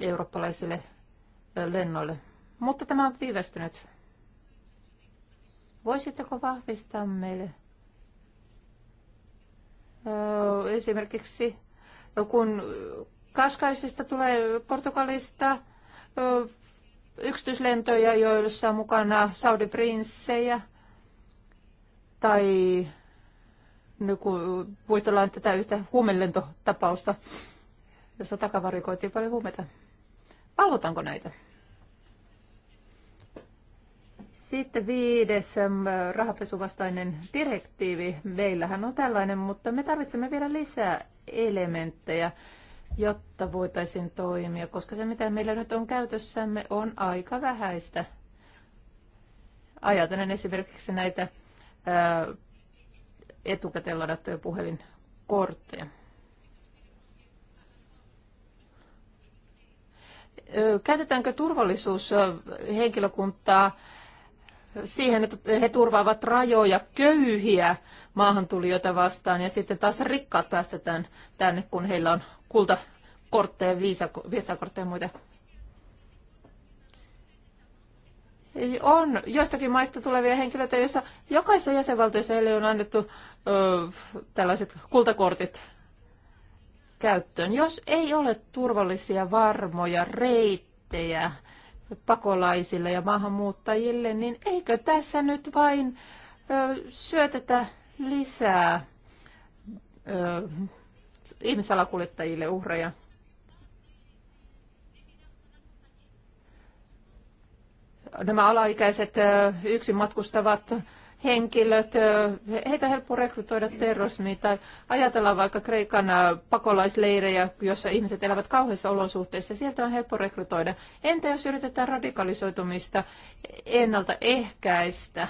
Speaker 2: eurooppalaisille lennoille, mutta tämä on viivästynyt. Voisitteko vahvistaa meille Esimerkiksi kun Kaskaisista tulee Portugalista yksityislentoja, joissa on mukana Saudi-prinssejä tai nyt kun muistellaan tätä yhtä huumelentotapausta, jossa takavarikoitiin paljon huumeita. Valvotaanko näitä? Sitten viides ähm, rahapesuvastainen direktiivi. Meillähän on tällainen, mutta me tarvitsemme vielä lisää elementtejä, jotta voitaisiin toimia, koska se mitä meillä nyt on käytössämme on aika vähäistä. Ajatellen esimerkiksi näitä ää, äh, etukäteen ladattuja puhelinkortteja. Käytetäänkö turvallisuushenkilökuntaa siihen, että he turvaavat rajoja köyhiä maahantulijoita vastaan ja sitten taas rikkaat päästetään tänne, kun heillä on kultakortteja, viisakortteja ja muita. On joistakin maista tulevia henkilöitä, joissa jokaisessa jäsenvaltiossa heille on annettu ö, tällaiset kultakortit käyttöön. Jos ei ole turvallisia, varmoja reittejä, pakolaisille ja maahanmuuttajille, niin eikö tässä nyt vain syötetä lisää ihmisalakuljettajille uhreja? Nämä alaikäiset yksin matkustavat henkilöt, heitä on helppo rekrytoida terrorismiin tai ajatellaan vaikka Kreikan pakolaisleirejä, jossa ihmiset elävät kauheissa olosuhteissa, sieltä on helppo rekrytoida. Entä jos yritetään radikalisoitumista ennaltaehkäistä?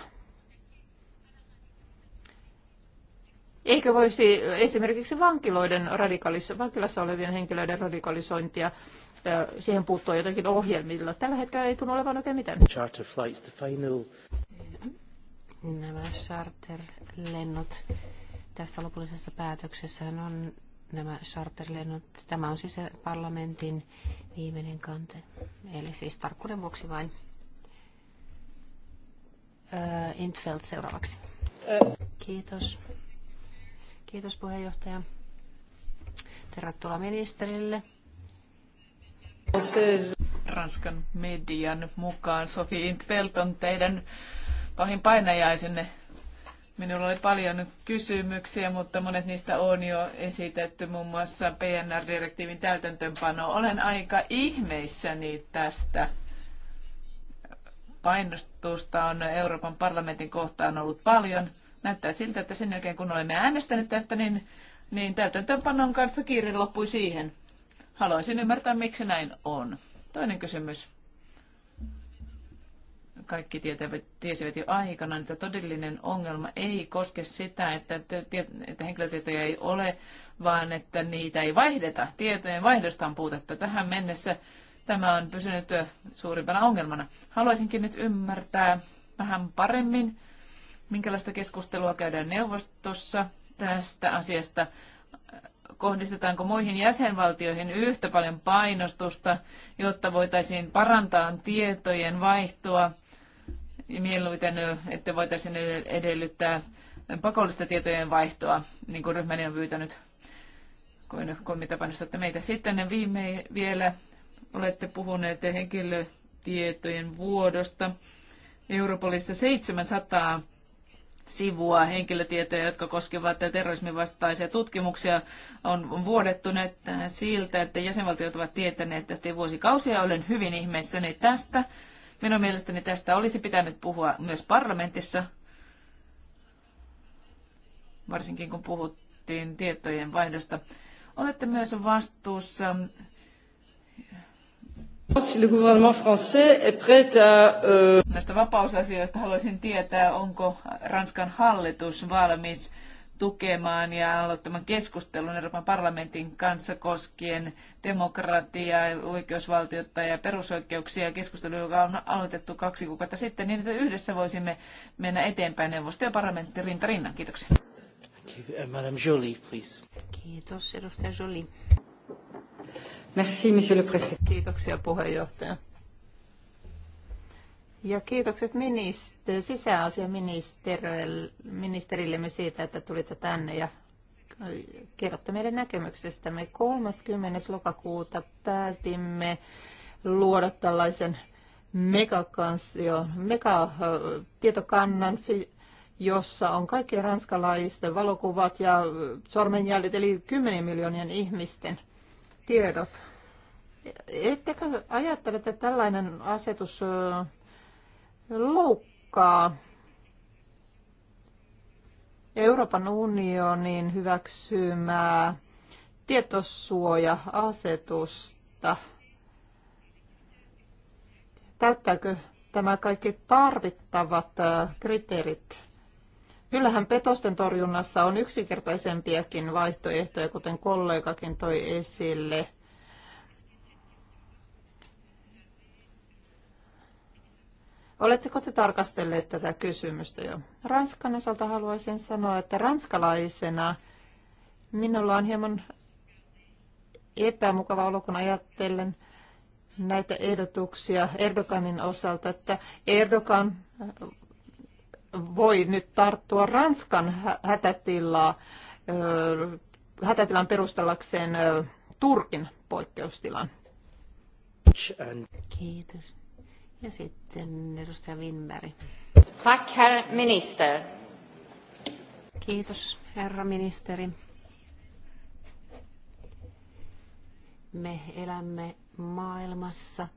Speaker 2: Eikö voisi esimerkiksi vankiloiden radikalis- vankilassa olevien henkilöiden radikalisointia siihen puuttua jotenkin ohjelmilla. Tällä hetkellä ei tunnu olevan oikein mitään
Speaker 1: nämä charterlennot.
Speaker 4: Tässä lopullisessa päätöksessä on nämä charterlennot. Tämä on siis parlamentin viimeinen kante. Eli siis tarkkuuden vuoksi vain. Äh, Intfeld seuraavaksi. Kiitos. Kiitos puheenjohtaja.
Speaker 3: Tervetuloa ministerille. Ranskan median mukaan Sofi Intveld on teidän pahin painajaisenne. Minulla oli paljon kysymyksiä, mutta monet niistä on jo esitetty, muun muassa PNR-direktiivin täytäntöönpano. Olen aika ihmeissäni tästä. Painostusta on Euroopan parlamentin kohtaan ollut paljon. Näyttää siltä, että sen jälkeen kun olemme äänestäneet tästä, niin, niin täytäntöönpanon kanssa kiire loppui siihen. Haluaisin ymmärtää, miksi näin on. Toinen kysymys kaikki tietävät, tiesivät jo aikana, että todellinen ongelma ei koske sitä, että, että henkilötietoja ei ole, vaan että niitä ei vaihdeta. Tietojen vaihdosta on puutetta. Tähän mennessä tämä on pysynyt suurimpana ongelmana. Haluaisinkin nyt ymmärtää vähän paremmin, minkälaista keskustelua käydään neuvostossa tästä asiasta kohdistetaanko muihin jäsenvaltioihin yhtä paljon painostusta, jotta voitaisiin parantaa tietojen vaihtoa mieluiten, että voitaisiin edellyttää pakollista tietojen vaihtoa, niin kuin ryhmäni on pyytänyt, kuin kolmitapainostatte meitä. Sitten viime vielä olette puhuneet henkilötietojen vuodosta. Europolissa 700 sivua henkilötietoja, jotka koskevat terrorismin vastaisia tutkimuksia, on vuodettu siltä, että jäsenvaltiot ovat tietäneet tästä vuosikausia. Olen hyvin ihmeissäni tästä. Minun mielestäni tästä olisi pitänyt puhua myös parlamentissa, varsinkin kun puhuttiin tietojen vaihdosta. Olette myös vastuussa Si le gouvernement français est prêt à, euh... Näistä vapausasioista haluaisin tietää, onko Ranskan hallitus valmis tukemaan ja aloittamaan keskustelun Euroopan parlamentin kanssa koskien demokratiaa, oikeusvaltiota ja perusoikeuksia, keskustelu, joka on aloitettu kaksi kuukautta sitten, niin että yhdessä voisimme mennä eteenpäin neuvosto ja parlamentti rinta rinnan. Kiitoksia.
Speaker 1: Uh, Madame Jolie, please.
Speaker 3: Kiitos, edustaja Jolie.
Speaker 1: Merci, monsieur le président. Kiitoksia puheenjohtaja.
Speaker 2: Ja kiitokset minister- sisäasiaministerillemme siitä, että tulitte tänne ja kerrotte meidän näkemyksestämme. 30. lokakuuta päätimme luoda tällaisen megakansio, megatietokannan, jossa on kaikkien ranskalaisten valokuvat ja sormenjäljet, eli 10 miljoonien ihmisten tiedot. Ettekö ajattele, että tällainen asetus loukkaa Euroopan unionin hyväksymää tietosuoja-asetusta. Täyttääkö tämä kaikki tarvittavat äh, kriteerit? Kyllähän petosten torjunnassa on yksinkertaisempiakin vaihtoehtoja, kuten kollegakin toi esille. Oletteko te tarkastelleet tätä kysymystä jo? Ranskan osalta haluaisin sanoa, että ranskalaisena minulla on hieman epämukava olo, kun ajattelen näitä ehdotuksia Erdoganin osalta, että Erdogan voi nyt tarttua Ranskan hätätilaa, hätätilan perustellakseen Turkin poikkeustilan.
Speaker 4: Kiitos. Ja sitten edustaja Winberg. Tack, herr minister. Kiitos, herra ministeri. Me elämme maailmassa,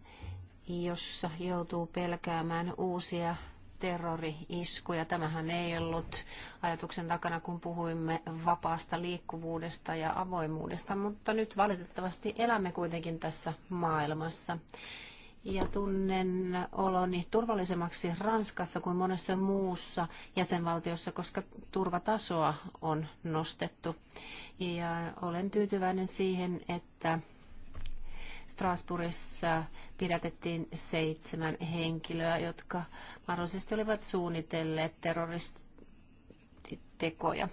Speaker 4: jossa joutuu pelkäämään uusia terrori-iskuja. Tämähän ei ollut ajatuksen takana, kun puhuimme vapaasta liikkuvuudesta ja avoimuudesta, mutta nyt valitettavasti elämme kuitenkin tässä maailmassa ja tunnen oloni turvallisemmaksi Ranskassa kuin monessa muussa jäsenvaltiossa, koska turvatasoa on nostettu. Ja olen tyytyväinen siihen, että Strasbourgissa pidätettiin seitsemän henkilöä, jotka mahdollisesti olivat suunnitelleet terroristitekoja.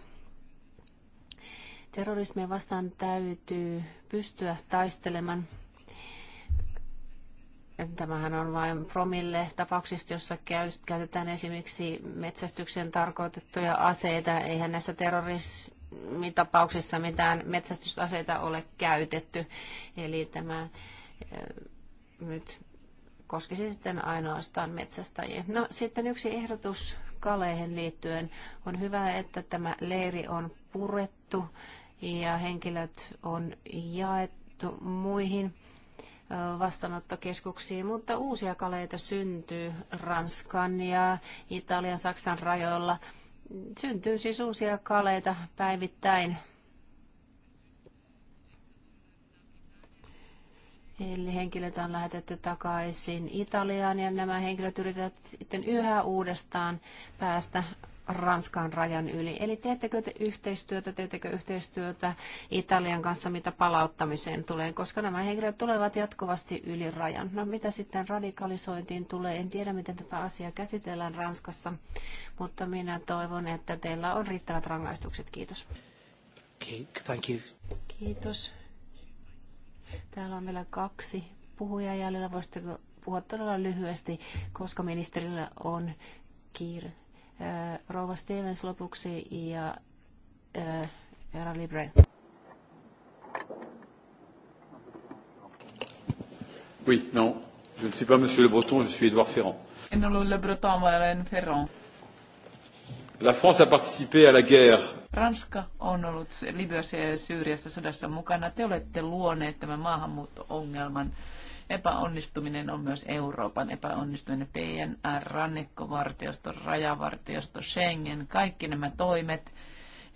Speaker 4: Terrorismia vastaan täytyy pystyä taistelemaan Tämähän on vain promille tapauksista, jossa käytetään esimerkiksi metsästyksen tarkoitettuja aseita. Eihän näissä terrorismitapauksissa mitään metsästysaseita ole käytetty. Eli tämä nyt koskisi sitten ainoastaan metsästäjiä. No sitten yksi ehdotus kaleihin liittyen. On hyvä, että tämä leiri on purettu ja henkilöt on jaettu muihin vastaanottokeskuksiin, mutta uusia kaleita syntyy Ranskan ja Italian, Saksan rajoilla. Syntyy siis uusia kaleita päivittäin. Eli henkilöt on lähetetty takaisin Italiaan ja nämä henkilöt yrittävät sitten yhä uudestaan päästä Ranskan rajan yli. Eli teettekö te yhteistyötä, teettekö yhteistyötä Italian kanssa, mitä palauttamiseen tulee, koska nämä henkilöt tulevat jatkuvasti yli rajan. No mitä sitten radikalisointiin tulee, en tiedä miten tätä asiaa käsitellään Ranskassa, mutta minä toivon, että teillä on riittävät rangaistukset. Kiitos.
Speaker 1: Okay, thank you.
Speaker 4: Kiitos. Täällä on vielä kaksi puhujaa jäljellä. Voisitteko puhua todella lyhyesti, koska ministerillä on kiire. Rouva Stevens lopuksi ja
Speaker 3: herra Libre. Oui, non. Je ne suis pas Monsieur Le Breton, je suis Edouard Ferrand. En ollut Le Breton, vaan olen Ferrand.
Speaker 1: La France a participé à la guerre.
Speaker 3: Ranska on ollut Libyassa ja Syyriassa sodassa mukana. Te olette luoneet tämän maahanmuutto-ongelman. Epäonnistuminen on myös Euroopan epäonnistuminen. PNR, rannikkovartiosto, rajavartiosto, Schengen, kaikki nämä toimet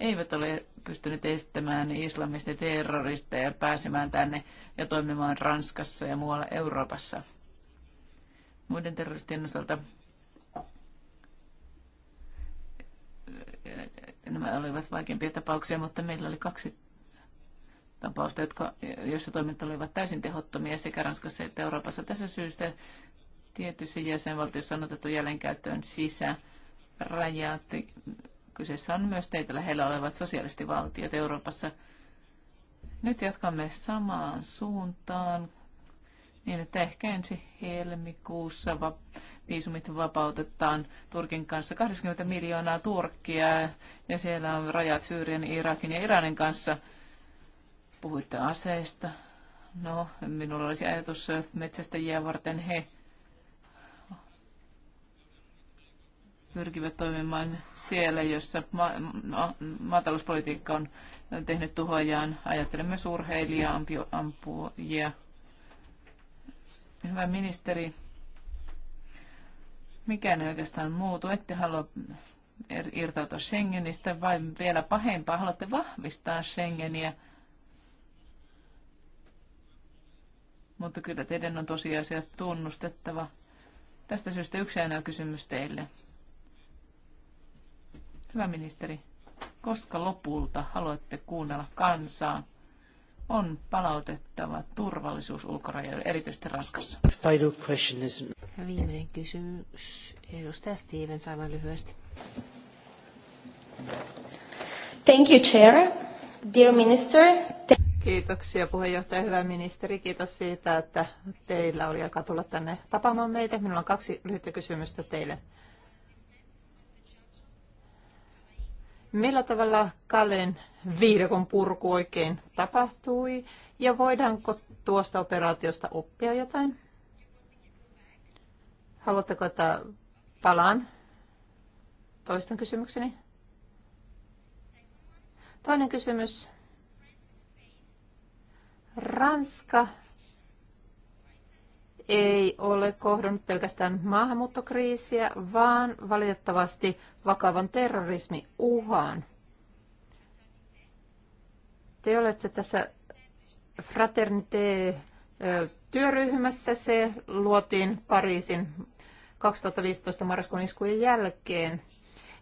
Speaker 3: eivät ole pystynyt estämään islamisten terroristeja pääsemään tänne ja toimimaan Ranskassa ja muualla Euroopassa. Muiden terroristien osalta nämä olivat vaikeampia tapauksia, mutta meillä oli kaksi tapausta, jotka, joissa toimet olivat täysin tehottomia sekä Ranskassa että Euroopassa. Tässä syystä tietyissä jäsenvaltioissa on otettu jälleenkäyttöön sisärajat. Kyseessä on myös teitä lähellä olevat sosialistivaltiot Euroopassa. Nyt jatkamme samaan suuntaan niin, että ehkä ensi helmikuussa va- viisumit vapautetaan Turkin kanssa 80 miljoonaa Turkkia ja siellä on rajat Syyrian, Irakin ja Iranin kanssa – Puhuitte aseista. No, minulla olisi ajatus metsästäjiä varten he pyrkivät toimimaan siellä, jossa ma- ma- maatalouspolitiikka on tehnyt tuhojaan. ajattelemme surheilijaa, urheilijaa, ampujia. Hyvä ministeri, mikään ei oikeastaan muutu. Ette halua er-, irtautua Schengenistä, vai vielä pahempaa, haluatte vahvistaa Schengeniä – mutta kyllä teidän on tosiasiat tunnustettava. Tästä syystä yksi ainoa kysymys teille. Hyvä ministeri, koska lopulta haluatte kuunnella kansaa, on palautettava turvallisuus ulkorajoille, erityisesti Ranskassa.
Speaker 1: Final question is...
Speaker 4: Viimeinen
Speaker 3: kysymys. Edustaja
Speaker 4: Steven, aivan lyhyesti. Thank you, Chair. Dear Minister.
Speaker 2: Kiitoksia puheenjohtaja, hyvä ministeri. Kiitos siitä, että teillä oli aika tulla tänne tapaamaan meitä. Minulla on kaksi lyhyttä kysymystä teille. Millä tavalla Kalen viidakon purku oikein tapahtui ja voidaanko tuosta operaatiosta oppia jotain? Haluatteko, että palaan? Toistan kysymykseni. Toinen kysymys. Ranska ei ole kohdannut pelkästään maahanmuuttokriisiä, vaan valitettavasti vakavan terrorismiuhan. Te olette tässä Fraternité-työryhmässä. Se luotiin Pariisin 2015 marraskuun iskujen jälkeen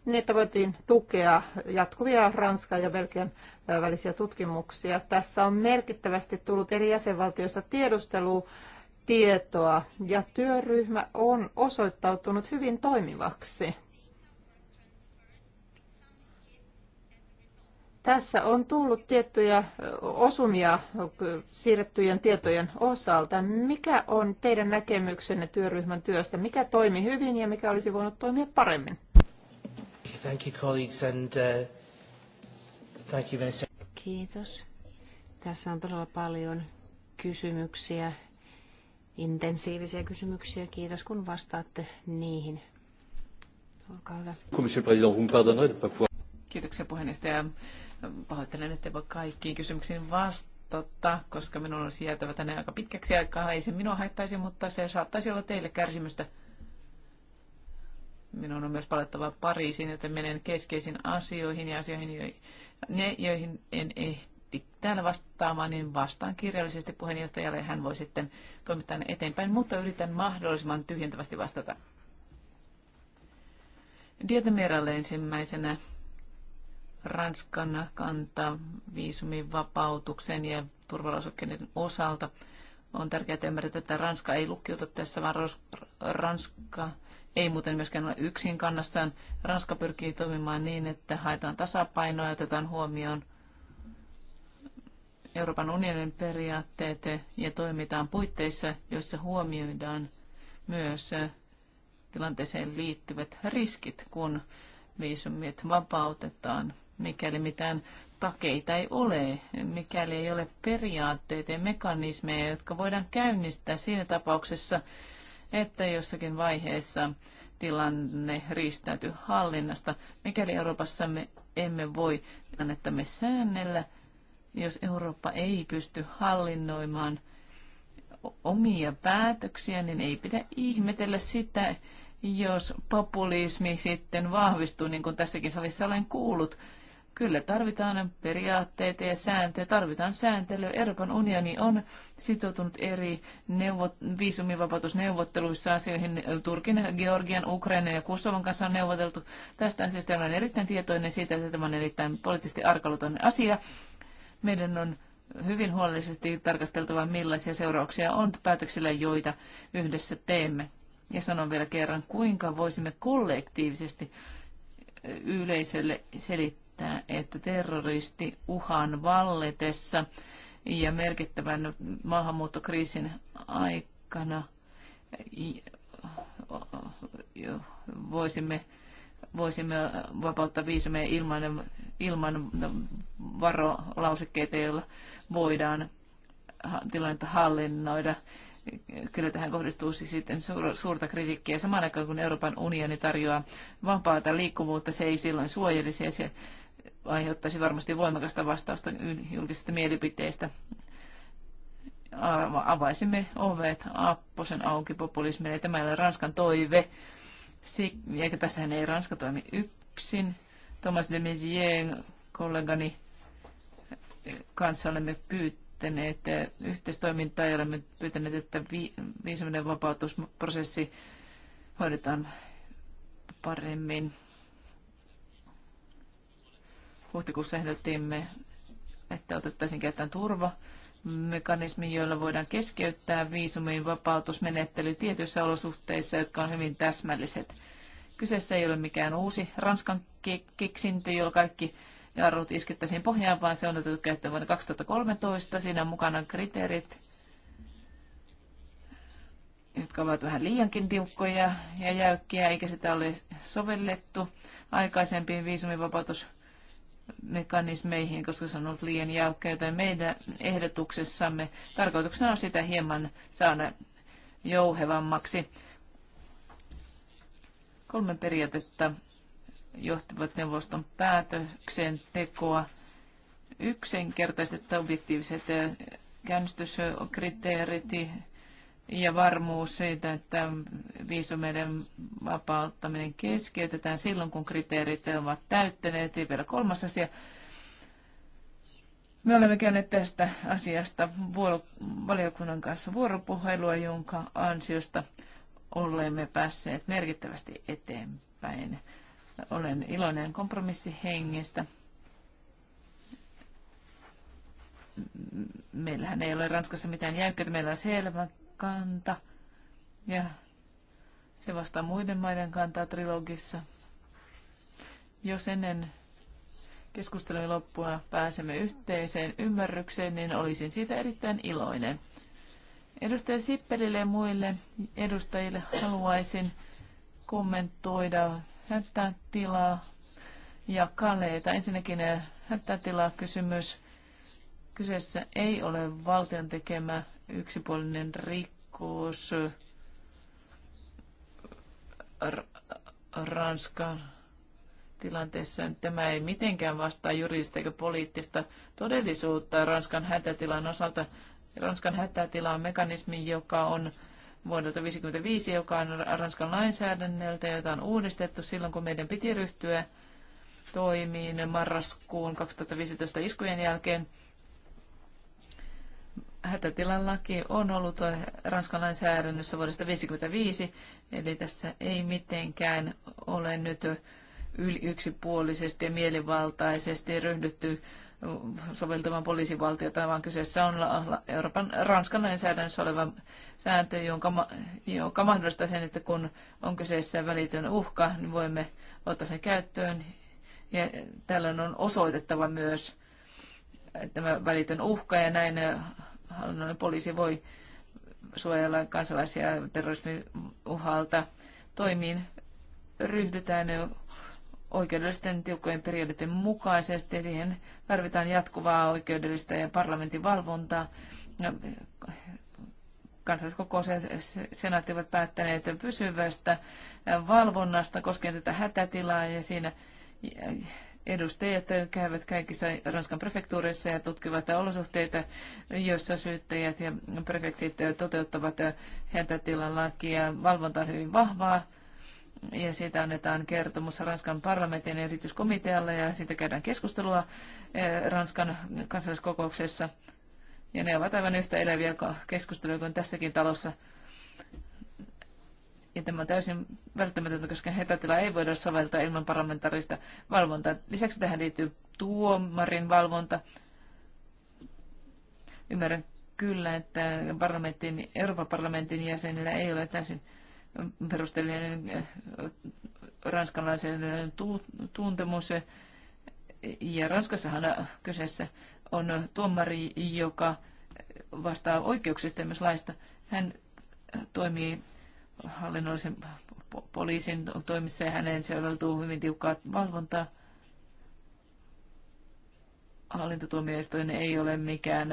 Speaker 2: niin että voitiin tukea jatkuvia Ranskan ja Belgian välisiä tutkimuksia. Tässä on merkittävästi tullut eri jäsenvaltioissa tiedustelutietoa ja työryhmä on osoittautunut hyvin toimivaksi. Tässä on tullut tiettyjä osumia siirrettyjen tietojen osalta. Mikä on teidän näkemyksenne työryhmän työstä? Mikä toimi hyvin ja mikä olisi voinut toimia
Speaker 1: paremmin? Thank you, colleagues, and uh, thank you,
Speaker 4: Kiitos. Tässä on todella paljon kysymyksiä, intensiivisiä kysymyksiä. Kiitos, kun vastaatte niihin.
Speaker 3: Olkaa hyvä. Kiitoksia puheenjohtaja. Pahoittelen, että voi kaikkiin kysymyksiin vastata, koska minun olisi jäätävä tänne aika pitkäksi aikaa. Ei se minua haittaisi, mutta se saattaisi olla teille kärsimystä. Minun on myös palattava Pariisiin, joten menen keskeisiin asioihin ja asioihin, ne, joihin en ehdi täällä vastaamaan, niin vastaan kirjallisesti puheenjohtajalle. Hän voi sitten toimittaa ne eteenpäin, mutta yritän mahdollisimman tyhjentävästi vastata. Dietemeralle ensimmäisenä Ranskan kanta viisumin vapautuksen ja turvalausekkeiden osalta. On tärkeää ymmärtää, että Ranska ei lukkiuta tässä, vaan Ranska ei muuten myöskään ole yksin kannassaan. Ranska pyrkii toimimaan niin, että haetaan tasapainoa ja otetaan huomioon Euroopan unionin periaatteet ja toimitaan puitteissa, joissa huomioidaan myös tilanteeseen liittyvät riskit, kun viisumit vapautetaan, mikäli mitään takeita ei ole, mikäli ei ole periaatteita ja mekanismeja, jotka voidaan käynnistää siinä tapauksessa, että jossakin vaiheessa tilanne riistäytyy hallinnasta. Mikäli Euroopassa me emme voi annettamme säännellä, jos Eurooppa ei pysty hallinnoimaan omia päätöksiä, niin ei pidä ihmetellä sitä, jos populismi sitten vahvistuu, niin kuin tässäkin salissa olen kuullut. Kyllä tarvitaan periaatteita ja sääntöjä, tarvitaan sääntelyä. Euroopan unioni on sitoutunut eri neuvot, viisumivapautusneuvotteluissa asioihin. Turkin, Georgian, Ukrainan ja Kosovan kanssa on neuvoteltu. Tästä asiasta olen erittäin tietoinen siitä, että tämä on erittäin poliittisesti arkaluton asia. Meidän on hyvin huolellisesti tarkasteltava, millaisia seurauksia on päätöksillä, joita yhdessä teemme. Ja sanon vielä kerran, kuinka voisimme kollektiivisesti yleisölle selittää, että, että terroristi uhan valletessa ja merkittävän maahanmuuttokriisin aikana voisimme, voisimme vapauttaa viisumeja ilman, ilman varolausekkeita, joilla voidaan tilannetta hallinnoida. Kyllä tähän kohdistuu siis sitten suurta kritiikkiä. Samaan aikaan kun Euroopan unioni tarjoaa vapaata liikkuvuutta, se ei silloin suojelisi ja se aiheuttaisi varmasti voimakasta vastausta julkisesta mielipiteestä. Avaisimme ovet apposen auki populismille. Tämä ei ole Ranskan toive. Eikä tässähän ei Ranska toimi yksin. Thomas de Maizière, kollegani kanssa olemme pyytäneet yhteistoimintaa ja olemme pyytäneet, että vi- viisuminen vapautusprosessi hoidetaan paremmin. Huhtikuussa ehdotimme, että otettaisiin käyttöön turva mekanismi, joilla voidaan keskeyttää viisumin vapautusmenettely tietyissä olosuhteissa, jotka on hyvin täsmälliset. Kyseessä ei ole mikään uusi Ranskan keksintö, jolla kaikki jarrut iskettäisiin pohjaan, vaan se on otettu käyttöön vuonna 2013. Siinä on mukana kriteerit, jotka ovat vähän liiankin tiukkoja ja jäykkiä, eikä sitä ole sovellettu aikaisempiin viisumivapautus mekanismeihin, koska se on ollut liian jäykkäitä. Meidän ehdotuksessamme tarkoituksena on sitä hieman saada jouhevammaksi. Kolme periaatetta johtivat neuvoston päätöksen tekoa. Yksinkertaiset objektiiviset käynnistyskriteerit, ja varmuus siitä, että viisumeiden vapauttaminen keskeytetään silloin, kun kriteerit ovat täyttäneet. Ja vielä kolmas asia. Me olemme käyneet tästä asiasta valiokunnan kanssa vuoropuhelua, jonka ansiosta olemme päässeet merkittävästi eteenpäin. Olen iloinen kompromissihengestä. Meillähän ei ole Ranskassa mitään jäykkää, meillä on selvä kanta ja se vastaa muiden maiden kantaa trilogissa. Jos ennen keskustelun loppua pääsemme yhteiseen ymmärrykseen, niin olisin siitä erittäin iloinen. Edustaja Sippelille ja muille edustajille haluaisin kommentoida hätätilaa ja kaleita. Ensinnäkin kysymys. Kyseessä ei ole valtion tekemä yksipuolinen rikkoos. Ranskan tilanteessa tämä ei mitenkään vastaa juridista eikä poliittista todellisuutta Ranskan hätätilan osalta. Ranskan hätätila on mekanismi, joka on vuodelta 1955, joka on Ranskan lainsäädännöltä, jota on uudistettu silloin, kun meidän piti ryhtyä toimiin marraskuun 2015 iskujen jälkeen hätätilan laki on ollut eh, Ranskan lainsäädännössä vuodesta 1955, eli tässä ei mitenkään ole nyt eh, yli yksipuolisesti ja mielivaltaisesti ryhdytty eh, soveltamaan poliisivaltiota, vaan kyseessä on Euroopan Ranskan lainsäädännössä oleva sääntö, jonka, joka mahdollistaa sen, että kun on kyseessä välitön uhka, niin voimme ottaa sen käyttöön. Ja tällöin on osoitettava myös tämä välitön uhka ja näin hallinnollinen poliisi voi suojella kansalaisia terrorismin uhalta. Toimiin ryhdytään oikeudellisten tiukkojen periaatteiden mukaisesti. Siihen tarvitaan jatkuvaa oikeudellista ja parlamentin valvontaa. Kansalliskokous ja senaatti ovat päättäneet pysyvästä valvonnasta koskien tätä hätätilaa ja siinä edustajat käyvät kaikissa Ranskan prefektuureissa ja tutkivat olosuhteita, joissa syyttäjät ja prefektit toteuttavat hätätilan lakia. Valvonta on hyvin vahvaa ja siitä annetaan kertomus Ranskan parlamentin erityiskomitealle ja siitä käydään keskustelua eh, Ranskan kansalliskokouksessa. Ja ne ovat aivan yhtä eläviä keskusteluja kuin tässäkin talossa. Ja tämä on täysin välttämätöntä, koska hätätilaa ei voida soveltaa ilman parlamentaarista valvontaa. Lisäksi tähän liittyy tuomarin valvonta. Ymmärrän kyllä, että parlamentin, Euroopan parlamentin jäsenillä ei ole täysin perusteellinen eh, ranskalaisen eh, tuntemus. Ja Ranskassahan kyseessä on tuomari, joka vastaa oikeuksista ja myös laista. Hän toimii hallinnollisen poliisin toimissa ja hänen soveltuu hyvin tiukkaa valvontaa. Hallintotuomioistuin ei ole mikään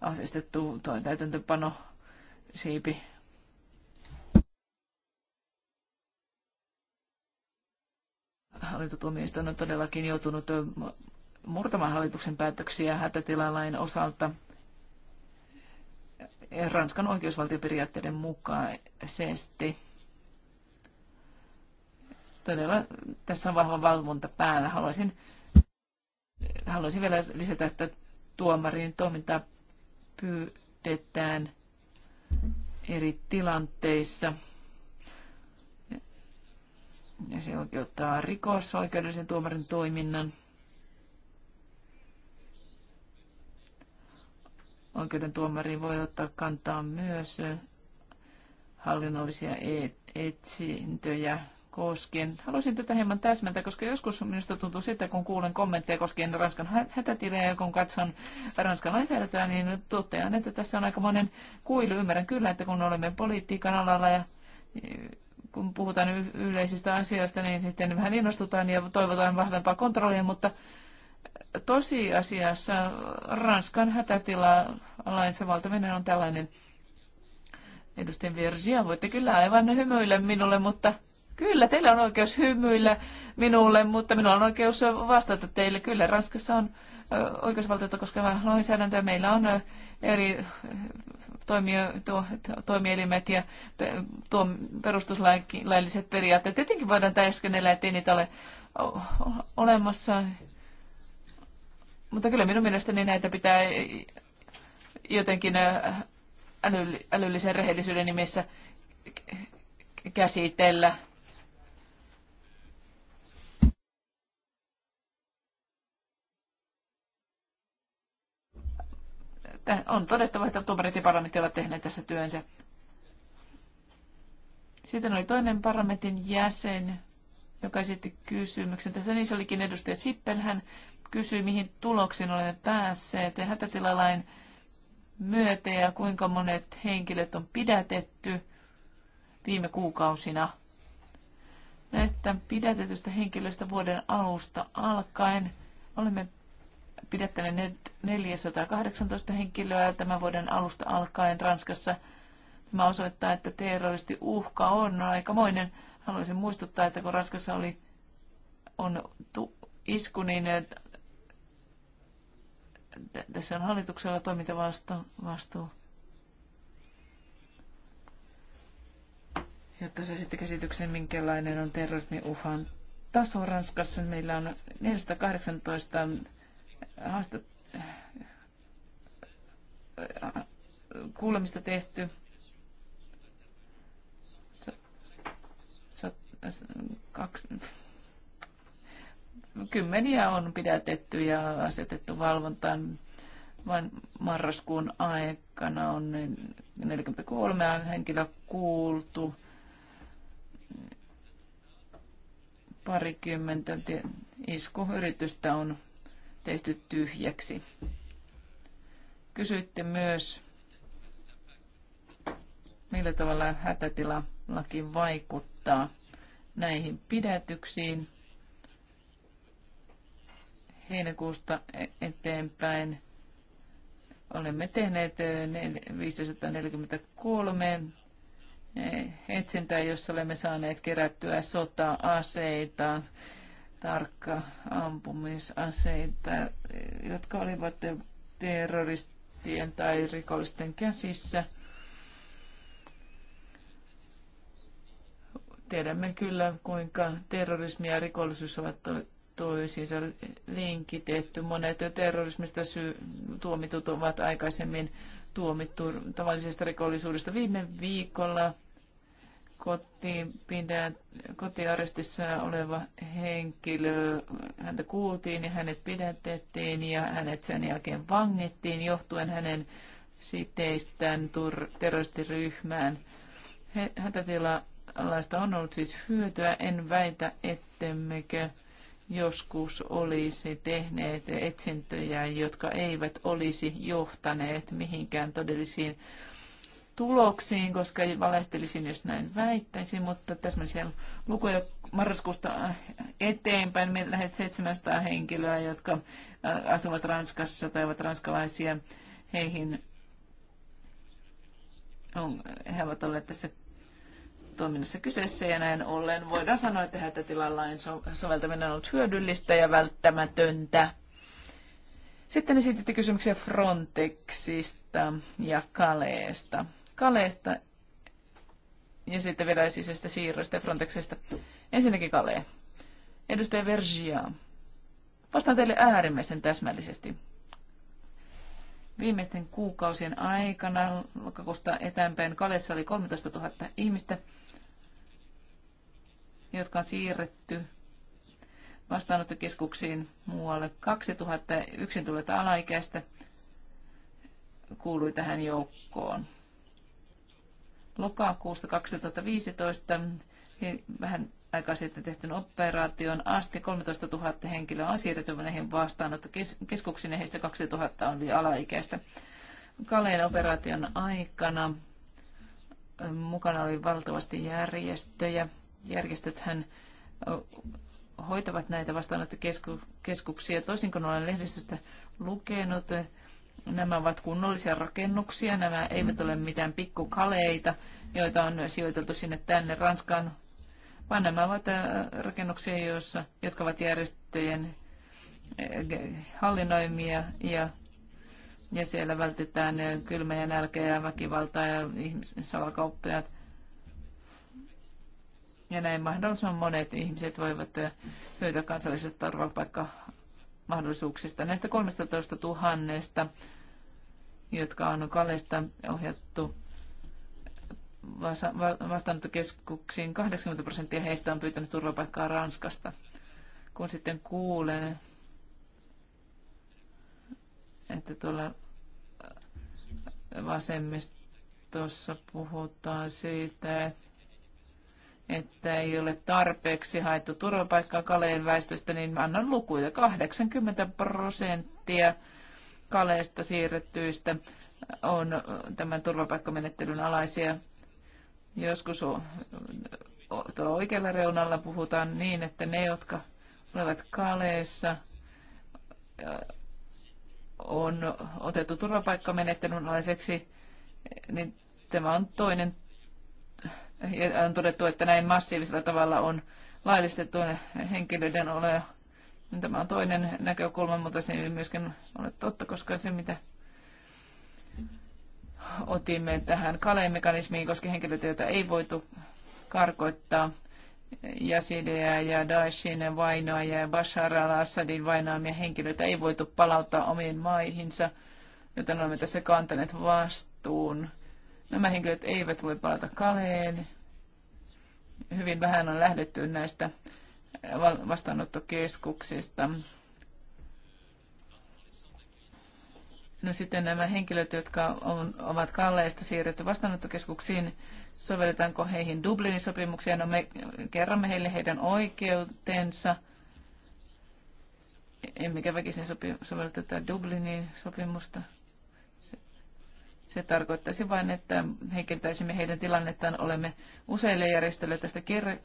Speaker 3: asestettu täytäntöpano siipi. Hallintotuomioistuin on todellakin joutunut murtamaan hallituksen päätöksiä hätätilalain osalta – Ranskan oikeusvaltioperiaatteiden mukaisesti. Todella tässä on vahva valvonta päällä. Haluaisin, haluaisin vielä lisätä, että tuomarin toimintaa pyydetään eri tilanteissa. Ja se oikeuttaa rikosoikeudellisen tuomarin toiminnan. oikeuden tuomari voi ottaa kantaa myös hallinnollisia e- etsintöjä koskien. Haluaisin tätä hieman täsmentää, koska joskus minusta tuntuu sitä, kun kuulen kommentteja koskien Ranskan hätätilejä ja kun katson Ranskan lainsäädäntöä, niin totean, että tässä on monen kuilu. Ymmärrän kyllä, että kun olemme politiikan alalla ja eh, kun puhutaan yleisistä asioista, niin sitten vähän innostutaan ja toivotaan vahvempaa kontrollia, mutta tosiasiassa Ranskan hätätilalainsa valtaminen on tällainen. Edustin Versia, voitte kyllä aivan hymyillä minulle, mutta kyllä teillä on oikeus hymyillä minulle, mutta minulla on oikeus vastata teille. Kyllä Ranskassa on oikeusvaltiota koskeva lainsäädäntö. Meillä on eri toimio, tuo, toimielimet ja tuo perustuslailliset periaatteet. Tietenkin voidaan täyskennellä, ettei niitä ole olemassa mutta kyllä minun mielestäni näitä pitää jotenkin äh, älyllisen rehellisyyden nimessä käsitellä. on todettava, että tuomarit ja parlamentti ovat tehneet tässä työnsä. Sitten oli toinen parlamentin jäsen, joka esitti kysymyksen. Tässä niissä olikin edustaja Sippel. Hän kysyi, mihin tuloksiin olemme päässeet ja hätätilalain myötä ja kuinka monet henkilöt on pidätetty viime kuukausina. Näistä pidätetystä henkilöistä vuoden alusta alkaen olemme pidättäneet 418 henkilöä tämän vuoden alusta alkaen Ranskassa. Tämä osoittaa, että terroristi uhka on aikamoinen. Haluaisin muistuttaa, että kun Ranskassa oli on isku, niin äh, tässä on hallituksella toimintavastuu. Jotta se sitten käsityksen, minkälainen on terrorismin uhan taso Ranskassa. Meillä on 418 äh, haastat, äh, kuulemista tehty kaksi, kymmeniä on pidätetty ja asetettu valvontaan. Vain marraskuun aikana on 43 henkilöä kuultu, parikymmentä iskuyritystä on tehty tyhjäksi. Kysyitte myös, millä tavalla hätätilalaki vaikuttaa näihin pidätyksiin heinäkuusta e- eteenpäin. Olemme tehneet 543 e, etsintää, jossa olemme saaneet kerättyä sota-aseita, tarkka ampumisaseita, jotka olivat terroristien tai rikollisten käsissä – Tiedämme kyllä, kuinka terrorismi ja rikollisuus ovat to- toisiinsa linkitetty. Monet jo terrorismista sy- tuomitut ovat aikaisemmin tuomittu tavallisesta rikollisuudesta. Viime viikolla kotiin, pidän, kotiarestissa oleva henkilö, häntä kuultiin ja hänet pidätettiin ja hänet sen jälkeen vangittiin johtuen hänen siteistään tur- terroristiryhmään. He, hätätila Alaista on ollut siis hyötyä. En väitä, ettemmekö joskus olisi tehneet etsintöjä, jotka eivät olisi johtaneet mihinkään todellisiin tuloksiin, koska valehtelisin, jos näin väittäisin, mutta täsmällisiä lukuja marraskuusta eteenpäin. Meillä lähet 700 henkilöä, jotka äh, asuvat Ranskassa tai ovat ranskalaisia. Heihin on, he ovat olleet tässä toiminnassa kyseessä ja näin ollen voidaan sanoa, että hätätilalain soveltaminen on ollut hyödyllistä ja välttämätöntä. Sitten esititte kysymyksiä Frontexista ja Kaleesta. Kaleesta ja sitten vielä sisäistä siirroista ja Frontexista. Ensinnäkin Kalee. Edustaja Vergia. Vastaan teille äärimmäisen täsmällisesti. Viimeisten kuukausien aikana, lokakuusta eteenpäin, Kalessa oli 13 000 ihmistä, jotka on siirretty vastaanottokeskuksiin muualle. 2000 yksin tulleita alaikäistä kuului tähän joukkoon. Lokakuusta 2015 vähän aikaa sitten tehtyn operaation asti 13 000 henkilöä on siirretty näihin vastaanottokeskuksiin ja heistä 2000 on vielä alaikäistä. Kaleen operaation aikana eh, mukana oli valtavasti järjestöjä, järjestöthän hoitavat näitä vastaanottokeskuksia. Toisin kuin olen lehdistöstä lukenut, nämä ovat kunnollisia rakennuksia, nämä eivät ole mitään pikkukaleita, joita on sijoiteltu sinne tänne Ranskaan, vaan nämä ovat rakennuksia, joissa, jotka ovat järjestöjen e, hallinnoimia ja, ja siellä vältetään kylmä ja nälkä ja väkivaltaa ja salakauppia. Ja näin mahdollisimman monet ihmiset voivat hyötyä kansallisesta turvapaikkamahdollisuuksista. Näistä 13 000, jotka on Kalesta ohjattu vastaanottokeskuksiin, 80 prosenttia heistä on pyytänyt turvapaikkaa Ranskasta. Kun sitten kuulen, että tuolla vasemmistossa puhutaan siitä, että että ei ole tarpeeksi haettu turvapaikkaa Kaleen väestöstä, niin annan lukuja. 80 prosenttia Kaleesta siirrettyistä on tämän turvapaikkamenettelyn alaisia. Joskus tuolla oikealla reunalla puhutaan niin, että ne, jotka olivat Kaleessa, äh, on otettu turvapaikkamenettelyn alaiseksi, niin tämä on toinen on todettu, että näin massiivisella tavalla on laillistettu henkilöiden ole. Tämä on toinen näkökulma, mutta se ei myöskään ole totta, koska se mitä otimme tähän kalemekanismiin, koska henkilöitä, joita ei voitu karkoittaa, jäsidejä ja Daeshin vainoajia ja Bashar al-Assadin vainoamia henkilöitä ei voitu palauttaa omiin maihinsa, joten olemme tässä kantaneet vastuun Nämä henkilöt eivät voi palata Kaleen. Hyvin vähän on lähdetty näistä vastaanottokeskuksista. No sitten nämä henkilöt, jotka on, ovat kalleista siirretty vastaanottokeskuksiin, sovelletaanko heihin Dublinin sopimuksia? No me kerromme heille heidän oikeutensa. Emmekä väkisin sopi, sovelleta tätä Dublinin sopimusta. Se se tarkoittaisi vain, että heikentäisimme heidän tilannettaan. Olemme useille järjestöille tästä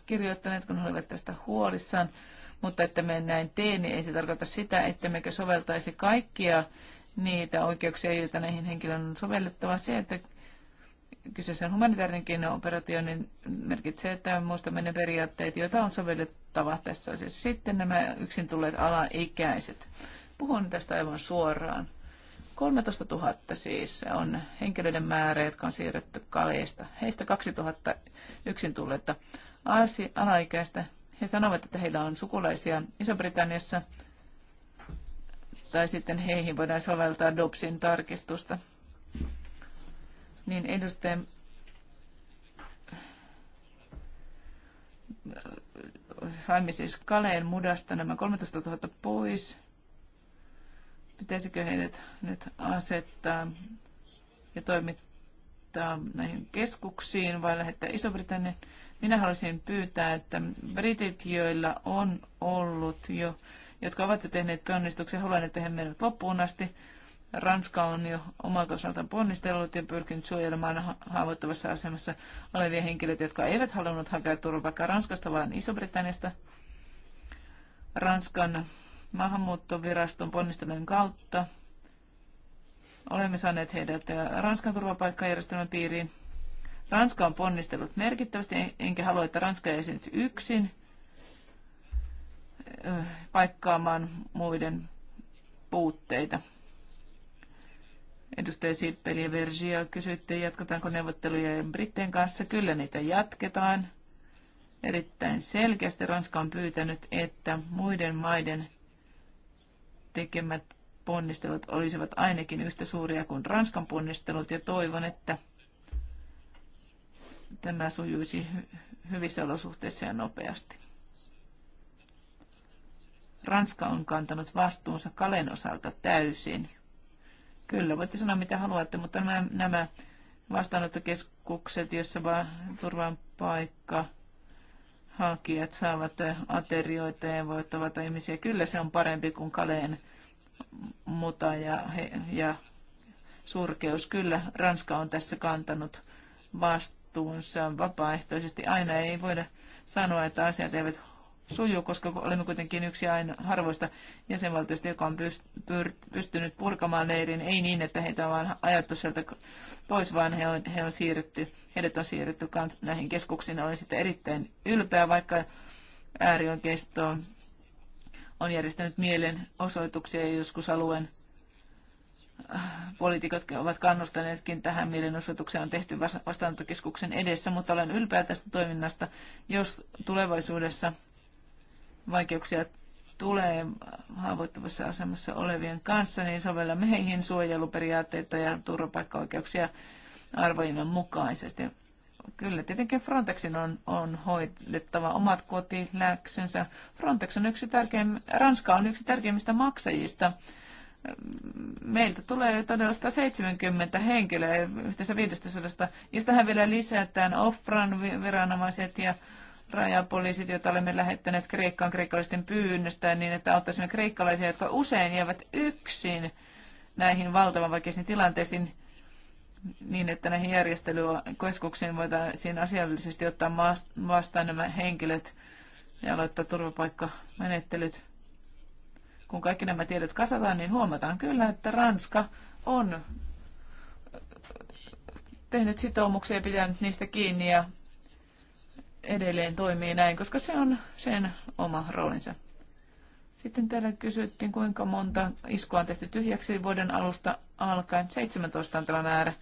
Speaker 3: kirjoittaneet, kun he olivat tästä huolissaan. Mutta että me näin tee, niin ei se tarkoita sitä, että mekä soveltaisi kaikkia niitä oikeuksia, joita näihin henkilöön on sovellettava. Se, että kyseessä on humanitaarinen operaatio, niin merkitsee, että muistamme ne periaatteet, joita on sovellettava tässä asiassa. Sitten nämä yksin tulleet alaikäiset. Puhun tästä aivan suoraan. 13 000 siis on henkilöiden määrä, jotka on siirretty kaleista. Heistä 2000 yksin tulleita alaikäistä. He sanovat, että heillä on sukulaisia Iso-Britanniassa, tai sitten heihin voidaan soveltaa DOPSin tarkistusta. Niin edustaja äh, saimme siis Kaleen mudasta nämä 13 000 pois. Pitäisikö heidät nyt asettaa ja toimittaa näihin keskuksiin vai lähettää Iso-Britannian? Minä haluaisin pyytää, että britit, joilla on ollut jo, jotka ovat jo tehneet ponnistuksen, haluan, että he menevät loppuun asti. Ranska on jo omalta osaltaan ponnistellut ja pyrkinyt suojelemaan haavoittuvassa asemassa olevia henkilöitä, jotka eivät halunnut hakea turvapaikkaa Ranskasta, vaan Iso-Britanniasta. Ranskan maahanmuuttoviraston ponnistelujen kautta. Olemme saaneet heidät äh, Ranskan turvapaikkajärjestelmän piiriin. Ranska on ponnistellut merkittävästi, enkä halua, että Ranska jäisi nyt yksin äh, paikkaamaan muiden puutteita. Edustaja Sippeli ja Vergia kysytte, jatketaanko neuvotteluja Britteen kanssa. Kyllä niitä jatketaan. Erittäin selkeästi Ranska on pyytänyt, että muiden maiden tekemät ponnistelut olisivat ainakin yhtä suuria kuin Ranskan ponnistelut ja toivon, että tämä sujuisi hyvissä olosuhteissa ja nopeasti. Ranska on kantanut vastuunsa Kalen osalta täysin. Kyllä, voitte sanoa mitä haluatte, mutta nämä, nämä vastaanottokeskukset, joissa vaan turvan paikka – hakijat saavat eh, aterioita ja voivat tavata ihmisiä. Kyllä se on parempi kuin kaleen muta ja, he, ja surkeus. Kyllä Ranska on tässä kantanut vastuunsa vapaaehtoisesti. Aina ei voida sanoa, että asiat eivät sujuu, koska olemme kuitenkin yksi aina harvoista jäsenvaltioista, joka on pystynyt purkamaan leirin, ei niin, että heitä on vaan ajattu sieltä pois, vaan he on, he on siirretty, heidät on siirretty näihin keskuksiin. Olen sitten erittäin ylpeä, vaikka äärioikeisto on järjestänyt mielenosoituksia ja joskus alueen äh, poliitikot ovat kannustaneetkin tähän mielenosoitukseen on tehty vastaanottokeskuksen edessä, mutta olen ylpeä tästä toiminnasta, jos tulevaisuudessa vaikeuksia tulee haavoittuvassa asemassa olevien kanssa, niin sovellamme heihin suojeluperiaatteita ja turvapaikkaoikeuksia arvojemme mukaisesti. Kyllä, tietenkin Frontexin on, on hoidettava omat kotiläksensä. Frontex on yksi tärkein, Ranska on yksi tärkeimmistä maksajista. Meiltä tulee todella 170 henkilöä yhteensä 500, Josta hän vielä lisätään ofran viranomaiset ja rajapoliisit, joita olemme lähettäneet Kreikkaan kreikkalaisten pyynnöstä, niin että auttaisimme kreikkalaisia, jotka usein jäävät yksin näihin valtavan vaikeisiin tilanteisiin, niin että näihin järjestelykeskuksiin voitaisiin asiallisesti ottaa vastaan nämä henkilöt ja aloittaa turvapaikkamenettelyt. Kun kaikki nämä tiedot kasataan, niin huomataan kyllä, että Ranska on tehnyt sitoumuksia ja pitänyt niistä kiinni ja edelleen toimii näin, koska se on sen oma roolinsa. Sitten täällä kysyttiin, kuinka monta iskua on tehty tyhjäksi vuoden alusta alkaen. 17 on tämä määrä.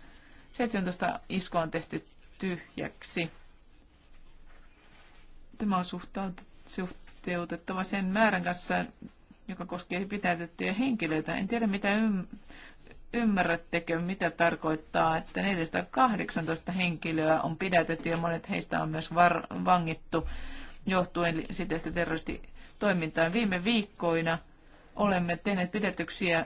Speaker 3: 17 iskua on tehty tyhjäksi. Tämä on suhteutettava sen määrän kanssa, joka koskee pitäytettyjä henkilöitä. En tiedä, mitä Ymmärrättekö, mitä tarkoittaa, että 418 henkilöä on pidätetty ja monet heistä on myös var- vangittu johtuen siitä terroristitoimintaan. Viime viikkoina olemme tehneet pidätyksiä.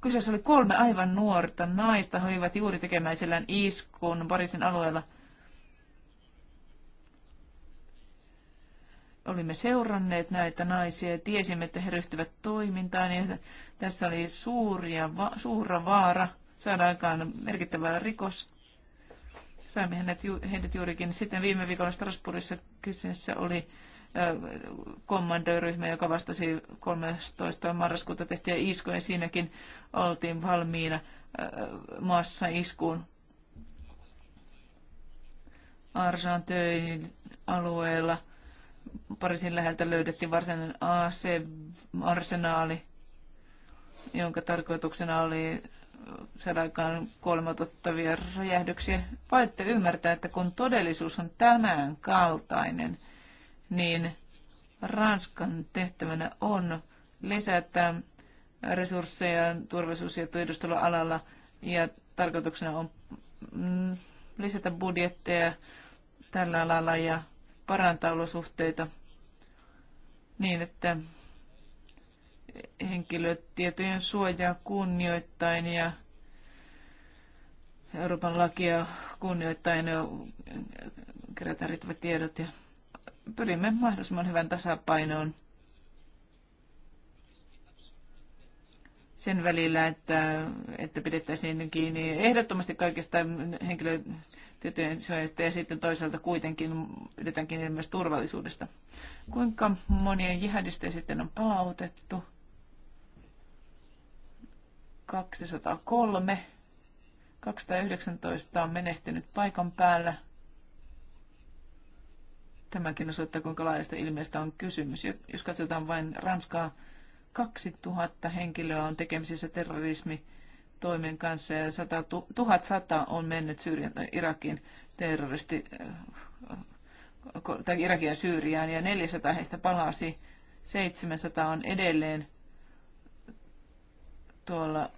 Speaker 3: Kyseessä oli kolme aivan nuorta naista. He olivat juuri tekemäisellään iskun parisin alueella – olimme seuranneet näitä naisia ja tiesimme, että he ryhtyvät toimintaan. Ja tässä oli suuria, va, suura vaara saada aikaan merkittävä rikos. Saimme ju, heidät juurikin. Sitten viime viikolla Strasbourgissa kyseessä oli kommandöryhmä, joka vastasi 13. marraskuuta tehtyä iskuja. Siinäkin oltiin valmiina maassa iskuun. Arjantöin alueella Pariisin läheltä löydettiin varsinainen AC-arsenaali, jonka tarkoituksena oli saada aikaan kuolematuttavia räjähdyksiä. Voitte ymmärtää, että kun todellisuus on tämän kaltainen, niin Ranskan tehtävänä on lisätä resursseja turvallisuus- ja tiedustelualalla ja tarkoituksena on mm, lisätä budjetteja tällä alalla ja parantaa olosuhteita niin, että henkilötietojen suojaa kunnioittain ja Euroopan lakia kunnioittain kerätään riittävät tiedot ja pyrimme mahdollisimman hyvän tasapainoon sen välillä, että, että pidettäisiin kiinni ehdottomasti kaikista henkilö tietojen suojasta ja sitten toisaalta kuitenkin pidetään myös turvallisuudesta. Kuinka monien jihadisteja sitten on palautettu? 203. 219 on menehtynyt paikan päällä. Tämäkin osoittaa, kuinka laajasta ilmeestä on kysymys. Jos katsotaan vain Ranskaa, 2000 henkilöä on tekemisissä terrorismi toimen kanssa ja 100, 1100 on mennyt Syyrian tai Irakin terroristi äh, tai Irakia Syyriään ja 400 heistä palasi. 700 on edelleen tuolla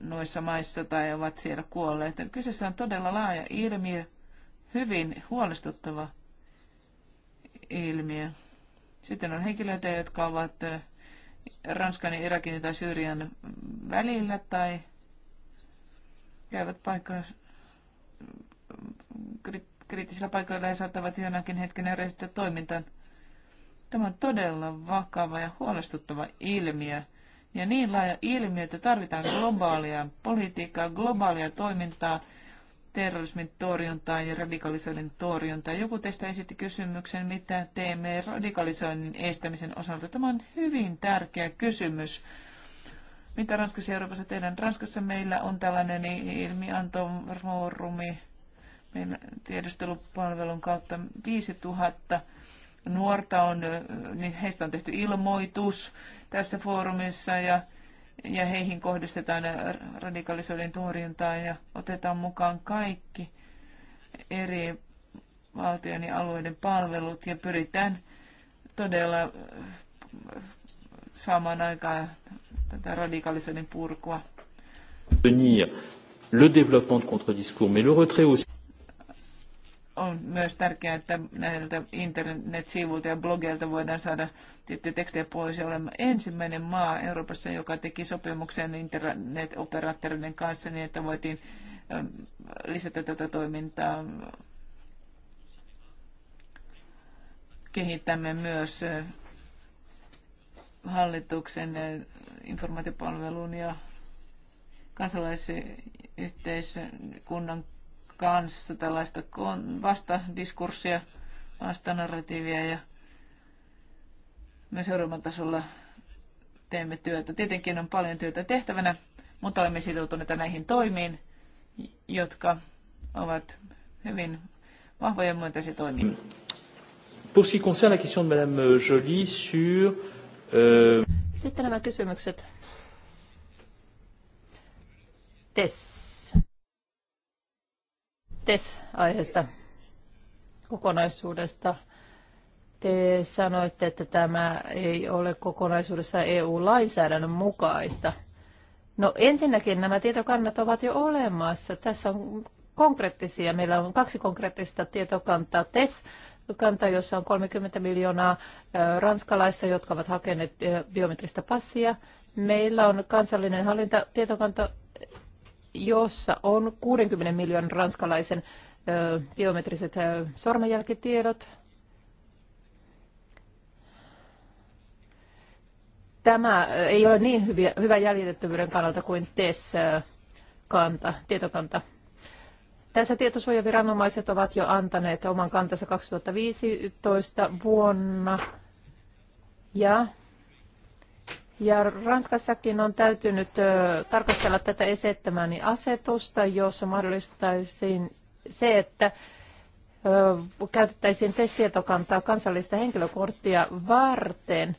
Speaker 3: noissa maissa tai ovat siellä kuolleet. Kyseessä on todella laaja ilmiö, hyvin huolestuttava ilmiö. Sitten on henkilöitä, jotka ovat äh, Ranskan ja Irakin tai Syyrian välillä tai käyvät paikalla kriittisillä paikoilla ja saattavat jonakin hetken ryhtyä toimintaan. Tämä on todella vakava ja huolestuttava ilmiö. Ja niin laaja ilmiö, että tarvitaan globaalia politiikkaa, globaalia toimintaa, terrorismin torjuntaan ja radikalisoinnin torjuntaan. Joku teistä esitti kysymyksen, mitä teemme radikalisoinnin estämisen osalta. Tämä on hyvin tärkeä kysymys. Mitä Ranskassa ja Euroopassa tehdään? Ranskassa meillä on tällainen ilmiantofoorumi meidän tiedustelupalvelun kautta 5000 nuorta on, niin heistä on tehty ilmoitus tässä foorumissa ja ja heihin kohdistetaan radikalisoiden torjuntaa ja otetaan mukaan kaikki eri valtion ja alueiden palvelut ja pyritään todella äh, saamaan aikaan tätä radikalisoiden purkua.
Speaker 1: Le développement de contre-discours, mais le retrait aussi
Speaker 3: on myös tärkeää, että näiltä internet-sivuilta ja blogeilta voidaan saada tiettyjä tekstejä pois. Olemme ensimmäinen maa Euroopassa, joka teki sopimuksen internetoperaattoreiden kanssa niin, että voitiin ähm, lisätä tätä toimintaa. Kehitämme myös äh, hallituksen äh, informaatiopalvelun ja kansalaisyhteiskunnan kanssa tällaista vastadiskurssia, vastanarratiivia ja myös Euroopan tasolla teemme työtä. Tietenkin on paljon työtä tehtävänä, mutta olemme sitoutuneita näihin toimiin, jotka ovat hyvin vahvoja myönteisiä toimia.
Speaker 1: Pour ce qui concerne la question de Madame Joly sur... Euh...
Speaker 3: Sitten nämä kysymykset.
Speaker 2: Tess. TES-aiheesta kokonaisuudesta. Te sanoitte, että tämä ei ole kokonaisuudessa EU-lainsäädännön mukaista. No ensinnäkin nämä tietokannat ovat jo olemassa. Tässä on konkreettisia. Meillä on kaksi konkreettista tietokantaa. TES, kanta, jossa on 30 miljoonaa ranskalaista, jotka ovat hakeneet biometristä passia. Meillä on kansallinen hallinta tietokanta, jossa on 60 miljoonan ranskalaisen biometriset sormenjälkitiedot. Tämä ei ole niin hyviä, hyvä jäljitettävyyden kannalta kuin TES-kanta, tietokanta. Tässä tietosuojaviranomaiset ovat jo antaneet oman kantansa 2015 vuonna ja ja Ranskassakin on täytynyt tarkastella tätä esittämäni asetusta, jossa mahdollistaisiin se, että käytettäisiin testietokantaa kansallista henkilökorttia varten.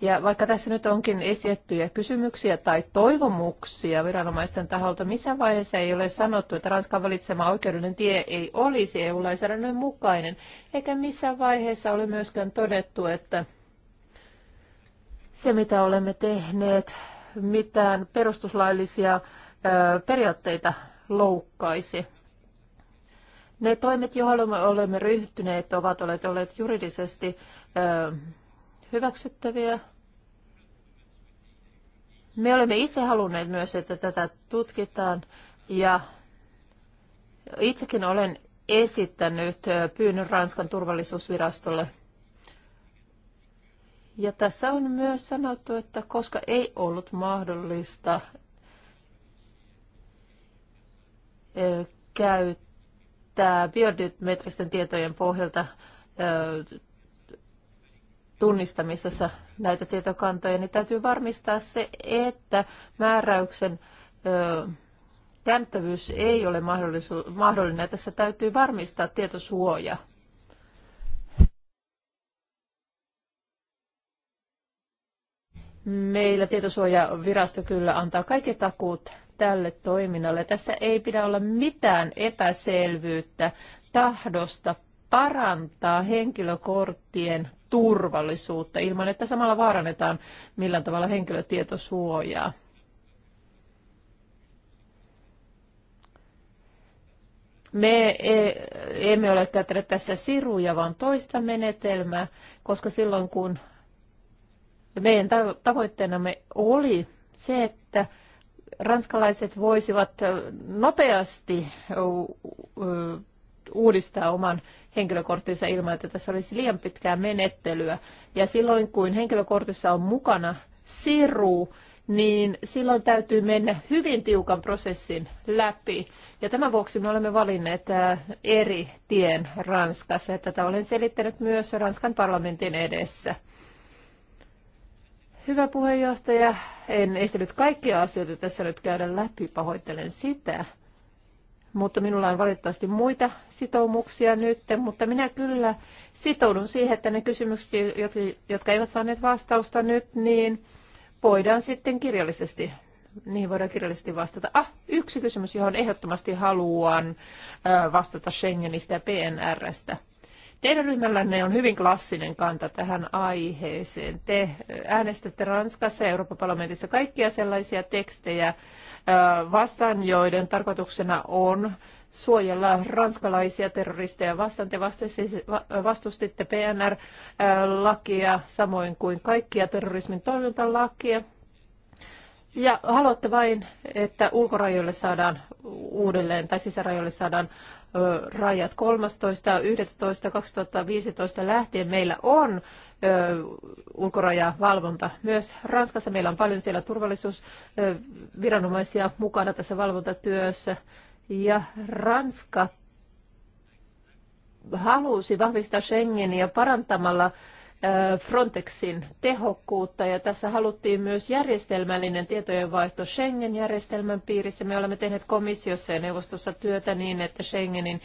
Speaker 2: Ja vaikka tässä nyt onkin esitettyjä kysymyksiä tai toivomuksia viranomaisten taholta, missä vaiheessa ei ole sanottu, että Ranskan valitsema oikeudellinen tie ei olisi EU-lainsäädännön mukainen, eikä missä vaiheessa ole myöskään todettu, että se, mitä olemme tehneet, mitään perustuslaillisia periaatteita loukkaisi. Ne toimet, joihin olemme ryhtyneet, ovat olleet, olleet juridisesti hyväksyttäviä. Me olemme itse halunneet myös, että tätä tutkitaan ja itsekin olen esittänyt pyynnön Ranskan turvallisuusvirastolle ja tässä on myös sanottu, että koska ei ollut mahdollista käyttää biodiometristen tietojen pohjalta tunnistamisessa näitä tietokantoja, niin täytyy varmistaa se, että määräyksen jännittävyys ei ole mahdollinen. Tässä täytyy varmistaa tietosuoja. Meillä tietosuojavirasto kyllä antaa kaikki takuut tälle toiminnalle. Tässä ei pidä olla mitään epäselvyyttä tahdosta parantaa henkilökorttien turvallisuutta ilman, että samalla vaarannetaan millään tavalla henkilötietosuojaa. Me e, emme ole käyttäneet tässä siruja, vaan toista menetelmää, koska silloin kun meidän tavoitteenamme oli se, että ranskalaiset voisivat nopeasti uudistaa oman henkilökorttinsa ilman, että tässä olisi liian pitkää menettelyä. Ja silloin, kun henkilökortissa on mukana siru, niin silloin täytyy mennä hyvin tiukan prosessin läpi. Ja tämän vuoksi me olemme valinneet eri tien Ranskassa. tätä olen selittänyt myös Ranskan parlamentin edessä. Hyvä puheenjohtaja, en ehtinyt kaikkia asioita tässä nyt käydä läpi, pahoittelen sitä. Mutta minulla on valitettavasti muita sitoumuksia nyt, mutta minä kyllä sitoudun siihen, että ne kysymykset, jotka eivät saaneet vastausta nyt, niin voidaan sitten kirjallisesti, niihin voidaan kirjallisesti vastata. Ah, yksi kysymys, johon ehdottomasti haluan äh, vastata Schengenistä ja PNRstä. Teidän ryhmällänne on hyvin klassinen kanta tähän aiheeseen. Te äänestätte Ranskassa ja Euroopan parlamentissa kaikkia sellaisia tekstejä vastaan, joiden tarkoituksena on suojella ranskalaisia terroristeja vastaan. Te vastustitte PNR-lakia samoin kuin kaikkia terrorismin torjuntalakia. Ja haluatte vain, että ulkorajoille saadaan uudelleen tai sisärajoille saadaan rajat 13.11.2015 lähtien meillä on ulkorajavalvonta. Myös Ranskassa meillä on paljon siellä turvallisuusviranomaisia mukana tässä valvontatyössä. Ja Ranska halusi vahvistaa Schengeniä parantamalla Frontexin tehokkuutta ja tässä haluttiin myös järjestelmällinen tietojenvaihto Schengen-järjestelmän piirissä. Me olemme tehneet komissiossa ja neuvostossa työtä niin, että Schengenin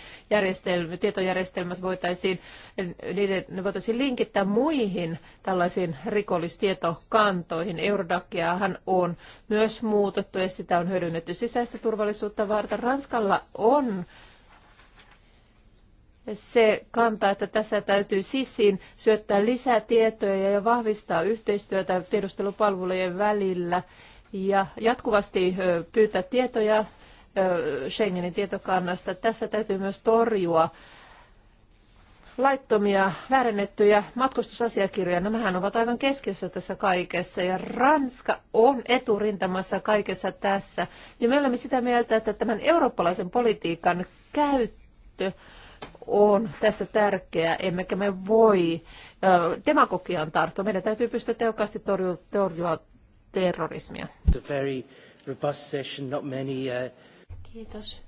Speaker 2: tietojärjestelmät voitaisiin, niiden, ne voitaisiin linkittää muihin tällaisiin rikollistietokantoihin. Eurodakiahan on myös muutettu ja sitä on hyödynnetty sisäistä turvallisuutta varten. Ranskalla on se kantaa, että tässä täytyy sissiin syöttää lisää tietoja ja vahvistaa yhteistyötä tiedustelupalvelujen välillä ja jatkuvasti pyytää tietoja Schengenin tietokannasta. Tässä täytyy myös torjua laittomia väärennettyjä matkustusasiakirjoja. Nämähän ovat aivan keskiössä tässä kaikessa ja Ranska on eturintamassa kaikessa tässä. Ja me olemme sitä mieltä, että tämän eurooppalaisen politiikan käyttö on tässä tärkeää, emmekä me voi demagogiaan tarttua. Meidän täytyy pystyä tehokkaasti torjua, torjua terrorismia.
Speaker 1: Uh, Kiitos.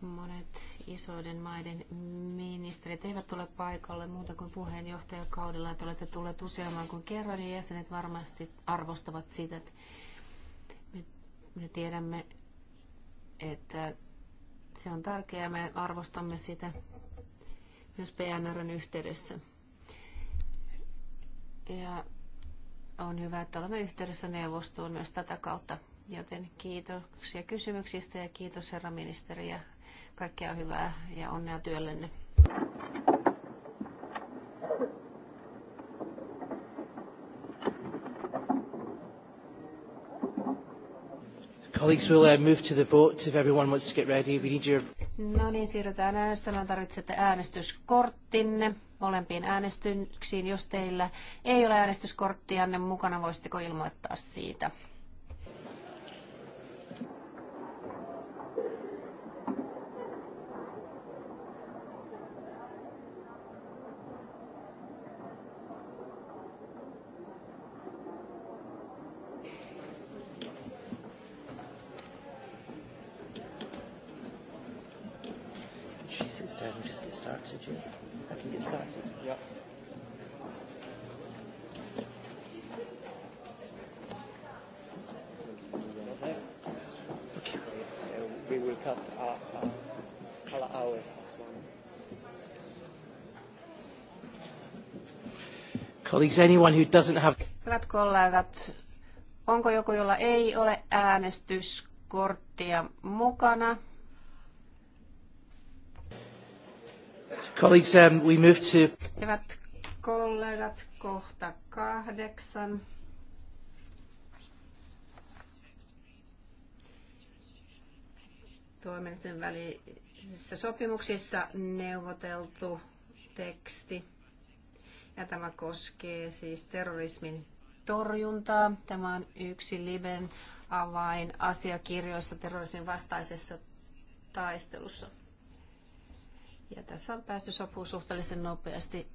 Speaker 4: Monet isoiden maiden ministerit eivät tule paikalle muuta kuin puheenjohtajakaudella, että olette tulleet useamman kuin kerran, ja jäsenet varmasti arvostavat sitä, että me, me tiedämme, että se on tärkeää, me arvostamme sitä myös PNRn yhteydessä. Ja on hyvä, että olemme yhteydessä neuvostoon myös tätä kautta. Joten kiitoksia kysymyksistä ja kiitos herra ministeri ja kaikkea hyvää ja onnea työllenne.
Speaker 1: Colleagues, will uh, move to the vote if everyone wants to get ready. We need your...
Speaker 4: No niin, siirrytään äänestämään. Tarvitsette äänestyskorttinne molempiin äänestyksiin. Jos teillä ei ole äänestyskorttianne mukana, voisitteko ilmoittaa siitä?
Speaker 1: Colleagues, anyone who doesn't have...
Speaker 4: Hyvät kollegat, onko joku, jolla ei ole äänestyskorttia mukana?
Speaker 1: Colleagues, um, we move to...
Speaker 4: Hyvät kollegat, kohta kahdeksan. Toimintojen välisissä sopimuksissa neuvoteltu teksti. Ja tämä koskee siis terrorismin torjuntaa. Tämä on yksi Liben avain asiakirjoissa terrorismin vastaisessa taistelussa. Ja tässä on päästy sopuun suhteellisen nopeasti.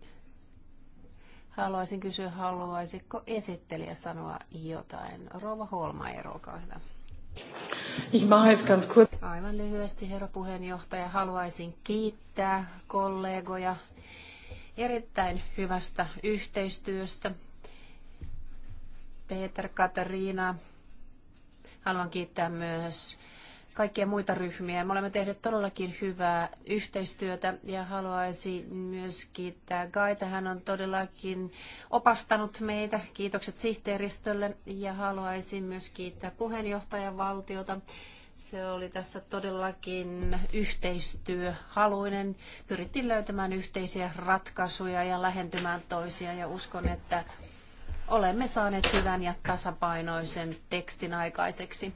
Speaker 4: Haluaisin kysyä, haluaisiko esittelijä sanoa jotain? Rova Holmaier, olkaa hyvä.
Speaker 2: Ich mache es ganz kurz.
Speaker 4: Aivan lyhyesti, herra puheenjohtaja. Haluaisin kiittää kollegoja erittäin hyvästä yhteistyöstä. Peter, Katariina, haluan kiittää myös kaikkia muita ryhmiä. Me olemme tehneet todellakin hyvää yhteistyötä ja haluaisin myös kiittää Gaita. Hän on todellakin opastanut meitä. Kiitokset sihteeristölle ja haluaisin myös kiittää puheenjohtajan valtiota se oli tässä todellakin yhteistyöhaluinen. Pyrittiin löytämään yhteisiä ratkaisuja ja lähentymään toisia ja uskon, että olemme saaneet hyvän ja tasapainoisen tekstin aikaiseksi.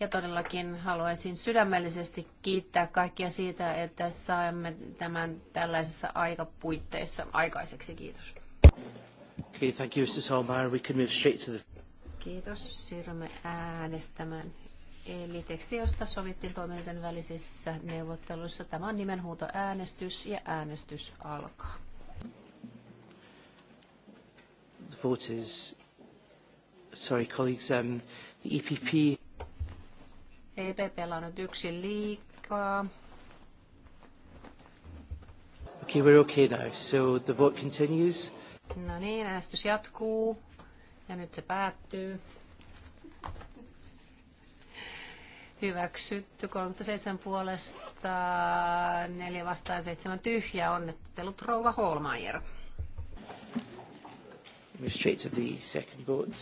Speaker 4: Ja todellakin haluaisin sydämellisesti kiittää kaikkia siitä, että saimme tämän tällaisessa aikapuitteissa aikaiseksi. Kiitos.
Speaker 1: Okay, thank you, Mrs. Holmeyer. We can move straight to the...
Speaker 4: Kiitos. Siirrymme äänestämään. Eli teksti, josta sovittiin toimijoiden välisissä neuvotteluissa. Tämä on nimenhuuto äänestys ja äänestys alkaa.
Speaker 1: The vote is... Sorry, colleagues, um, the EPP...
Speaker 4: EPP on nyt yksi liikaa.
Speaker 1: Okay, we're okay now. So the vote continues.
Speaker 4: No niin, äänestys jatkuu. Ja nyt se päättyy. hyväksytty. 37 puolesta, 4 vastaan, 7 tyhjää. Onnettelut Rouva Holmeier.
Speaker 1: straight to the second vote.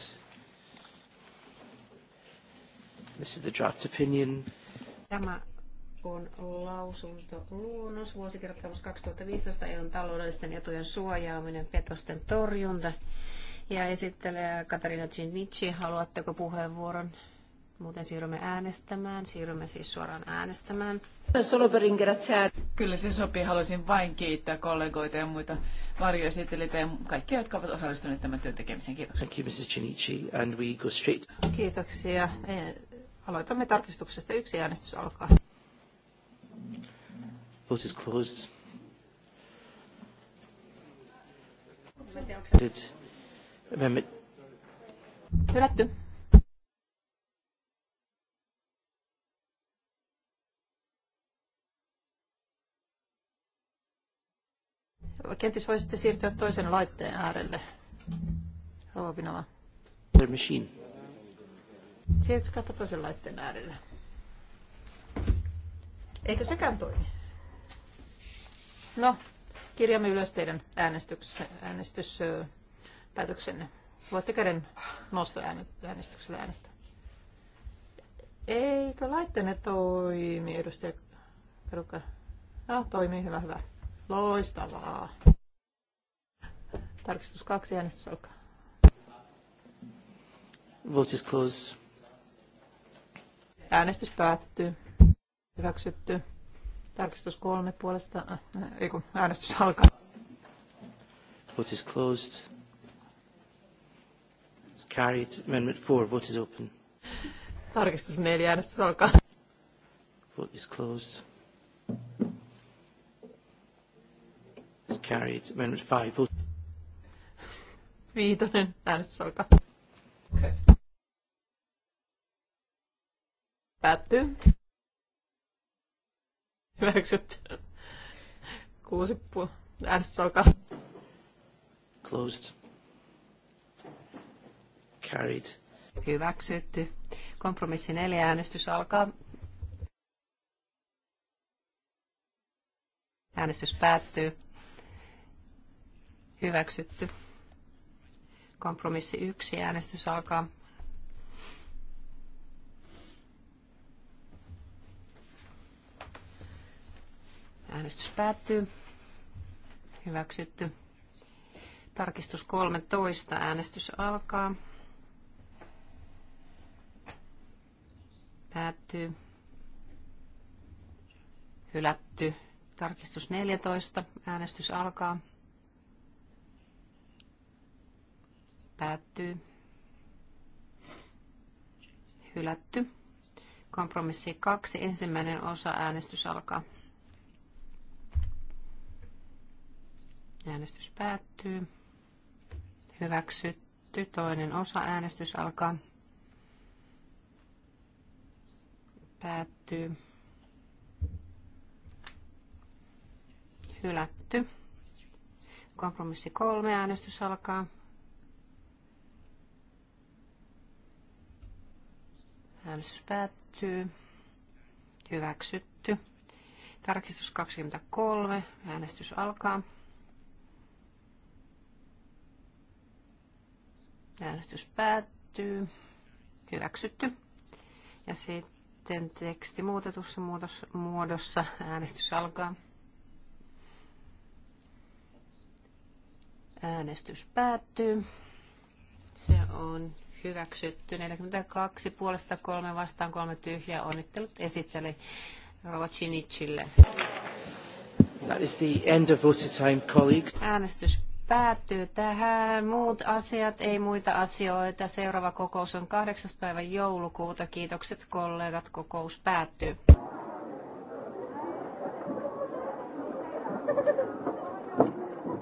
Speaker 1: This is the draft opinion.
Speaker 4: Tämä on lausunto luonnos vuosikertomus 2015 EUn taloudellisten etujen suojaaminen, petosten torjunta. Ja esittelee Katarina Ginnici, haluatteko puheenvuoron? Muuten siirrymme
Speaker 3: äänestämään. Siirrymme siis suoraan äänestämään. Kyllä se sopii. Haluaisin vain kiittää kollegoita ja muita varjoesittelijöitä ja
Speaker 1: kaikkia, jotka ovat osallistuneet tämän työn tekemiseen. Kiitoksia. Thank you, Mrs. Chinichi. And we go straight...
Speaker 2: Kiitoksia. Eh, aloitamme tarkistuksesta. Yksi äänestys alkaa.
Speaker 1: Vote is closed.
Speaker 3: Hylätty.
Speaker 2: Kenties voisitte siirtyä toisen laitteen äärelle. Rovapinova. The machine. Siirtykääpä toisen laitteen äärelle. Eikö sekään toimi? No, kirjaamme ylös teidän äänestys, äänestyspäätöksenne. Voitte käden nostoäänestyksellä äänestää. Eikö laitteenne toimi, edustaja Karukka? No, toimii. Hyvä, hyvä. Loistavaa. Tarkistus kaksi, äänestys alkaa.
Speaker 1: Vote is closed.
Speaker 2: Äänestys päättyy. Hyväksytty. Tarkistus kolme puolesta. Äh, ei kun äänestys alkaa.
Speaker 1: Vote is closed. It's carried. Amendment four. Vote is open.
Speaker 2: Tarkistus neljä. Äänestys alkaa.
Speaker 1: Vote is closed carried. Amendment 5.
Speaker 2: Viitonen äänestys alkaa. Päättyy. Hyväksytty. Kuusi pu... Äänestys alkaa.
Speaker 1: Closed. Carried.
Speaker 4: Hyväksytty. Kompromissi neljä äänestys alkaa. Äänestys päättyy. Hyväksytty. Kompromissi yksi. Äänestys alkaa. Äänestys päättyy. Hyväksytty. Tarkistus 13. Äänestys alkaa. Päättyy. Hylätty. Tarkistus 14. Äänestys alkaa. Päättyy. Hylätty. Kompromissi kaksi. Ensimmäinen osa. Äänestys alkaa. Äänestys päättyy. Hyväksytty. Toinen osa. Äänestys alkaa. Päättyy. Hylätty. Kompromissi kolme. Äänestys alkaa. Äänestys päättyy. Hyväksytty. Tarkistus 23. Äänestys alkaa. Äänestys päättyy. Hyväksytty. Ja sitten teksti muutetussa muodossa. Äänestys alkaa. Äänestys päättyy. Se on hyväksytty. 42 puolesta kolme vastaan kolme tyhjää. Onnittelut esitteli Rova Chinicille.
Speaker 1: That is the end of voting time, colleagues.
Speaker 4: Äänestys päättyy tähän. Muut asiat, ei muita asioita. Seuraava kokous on 8. päivä joulukuuta. Kiitokset kollegat, kokous päättyy.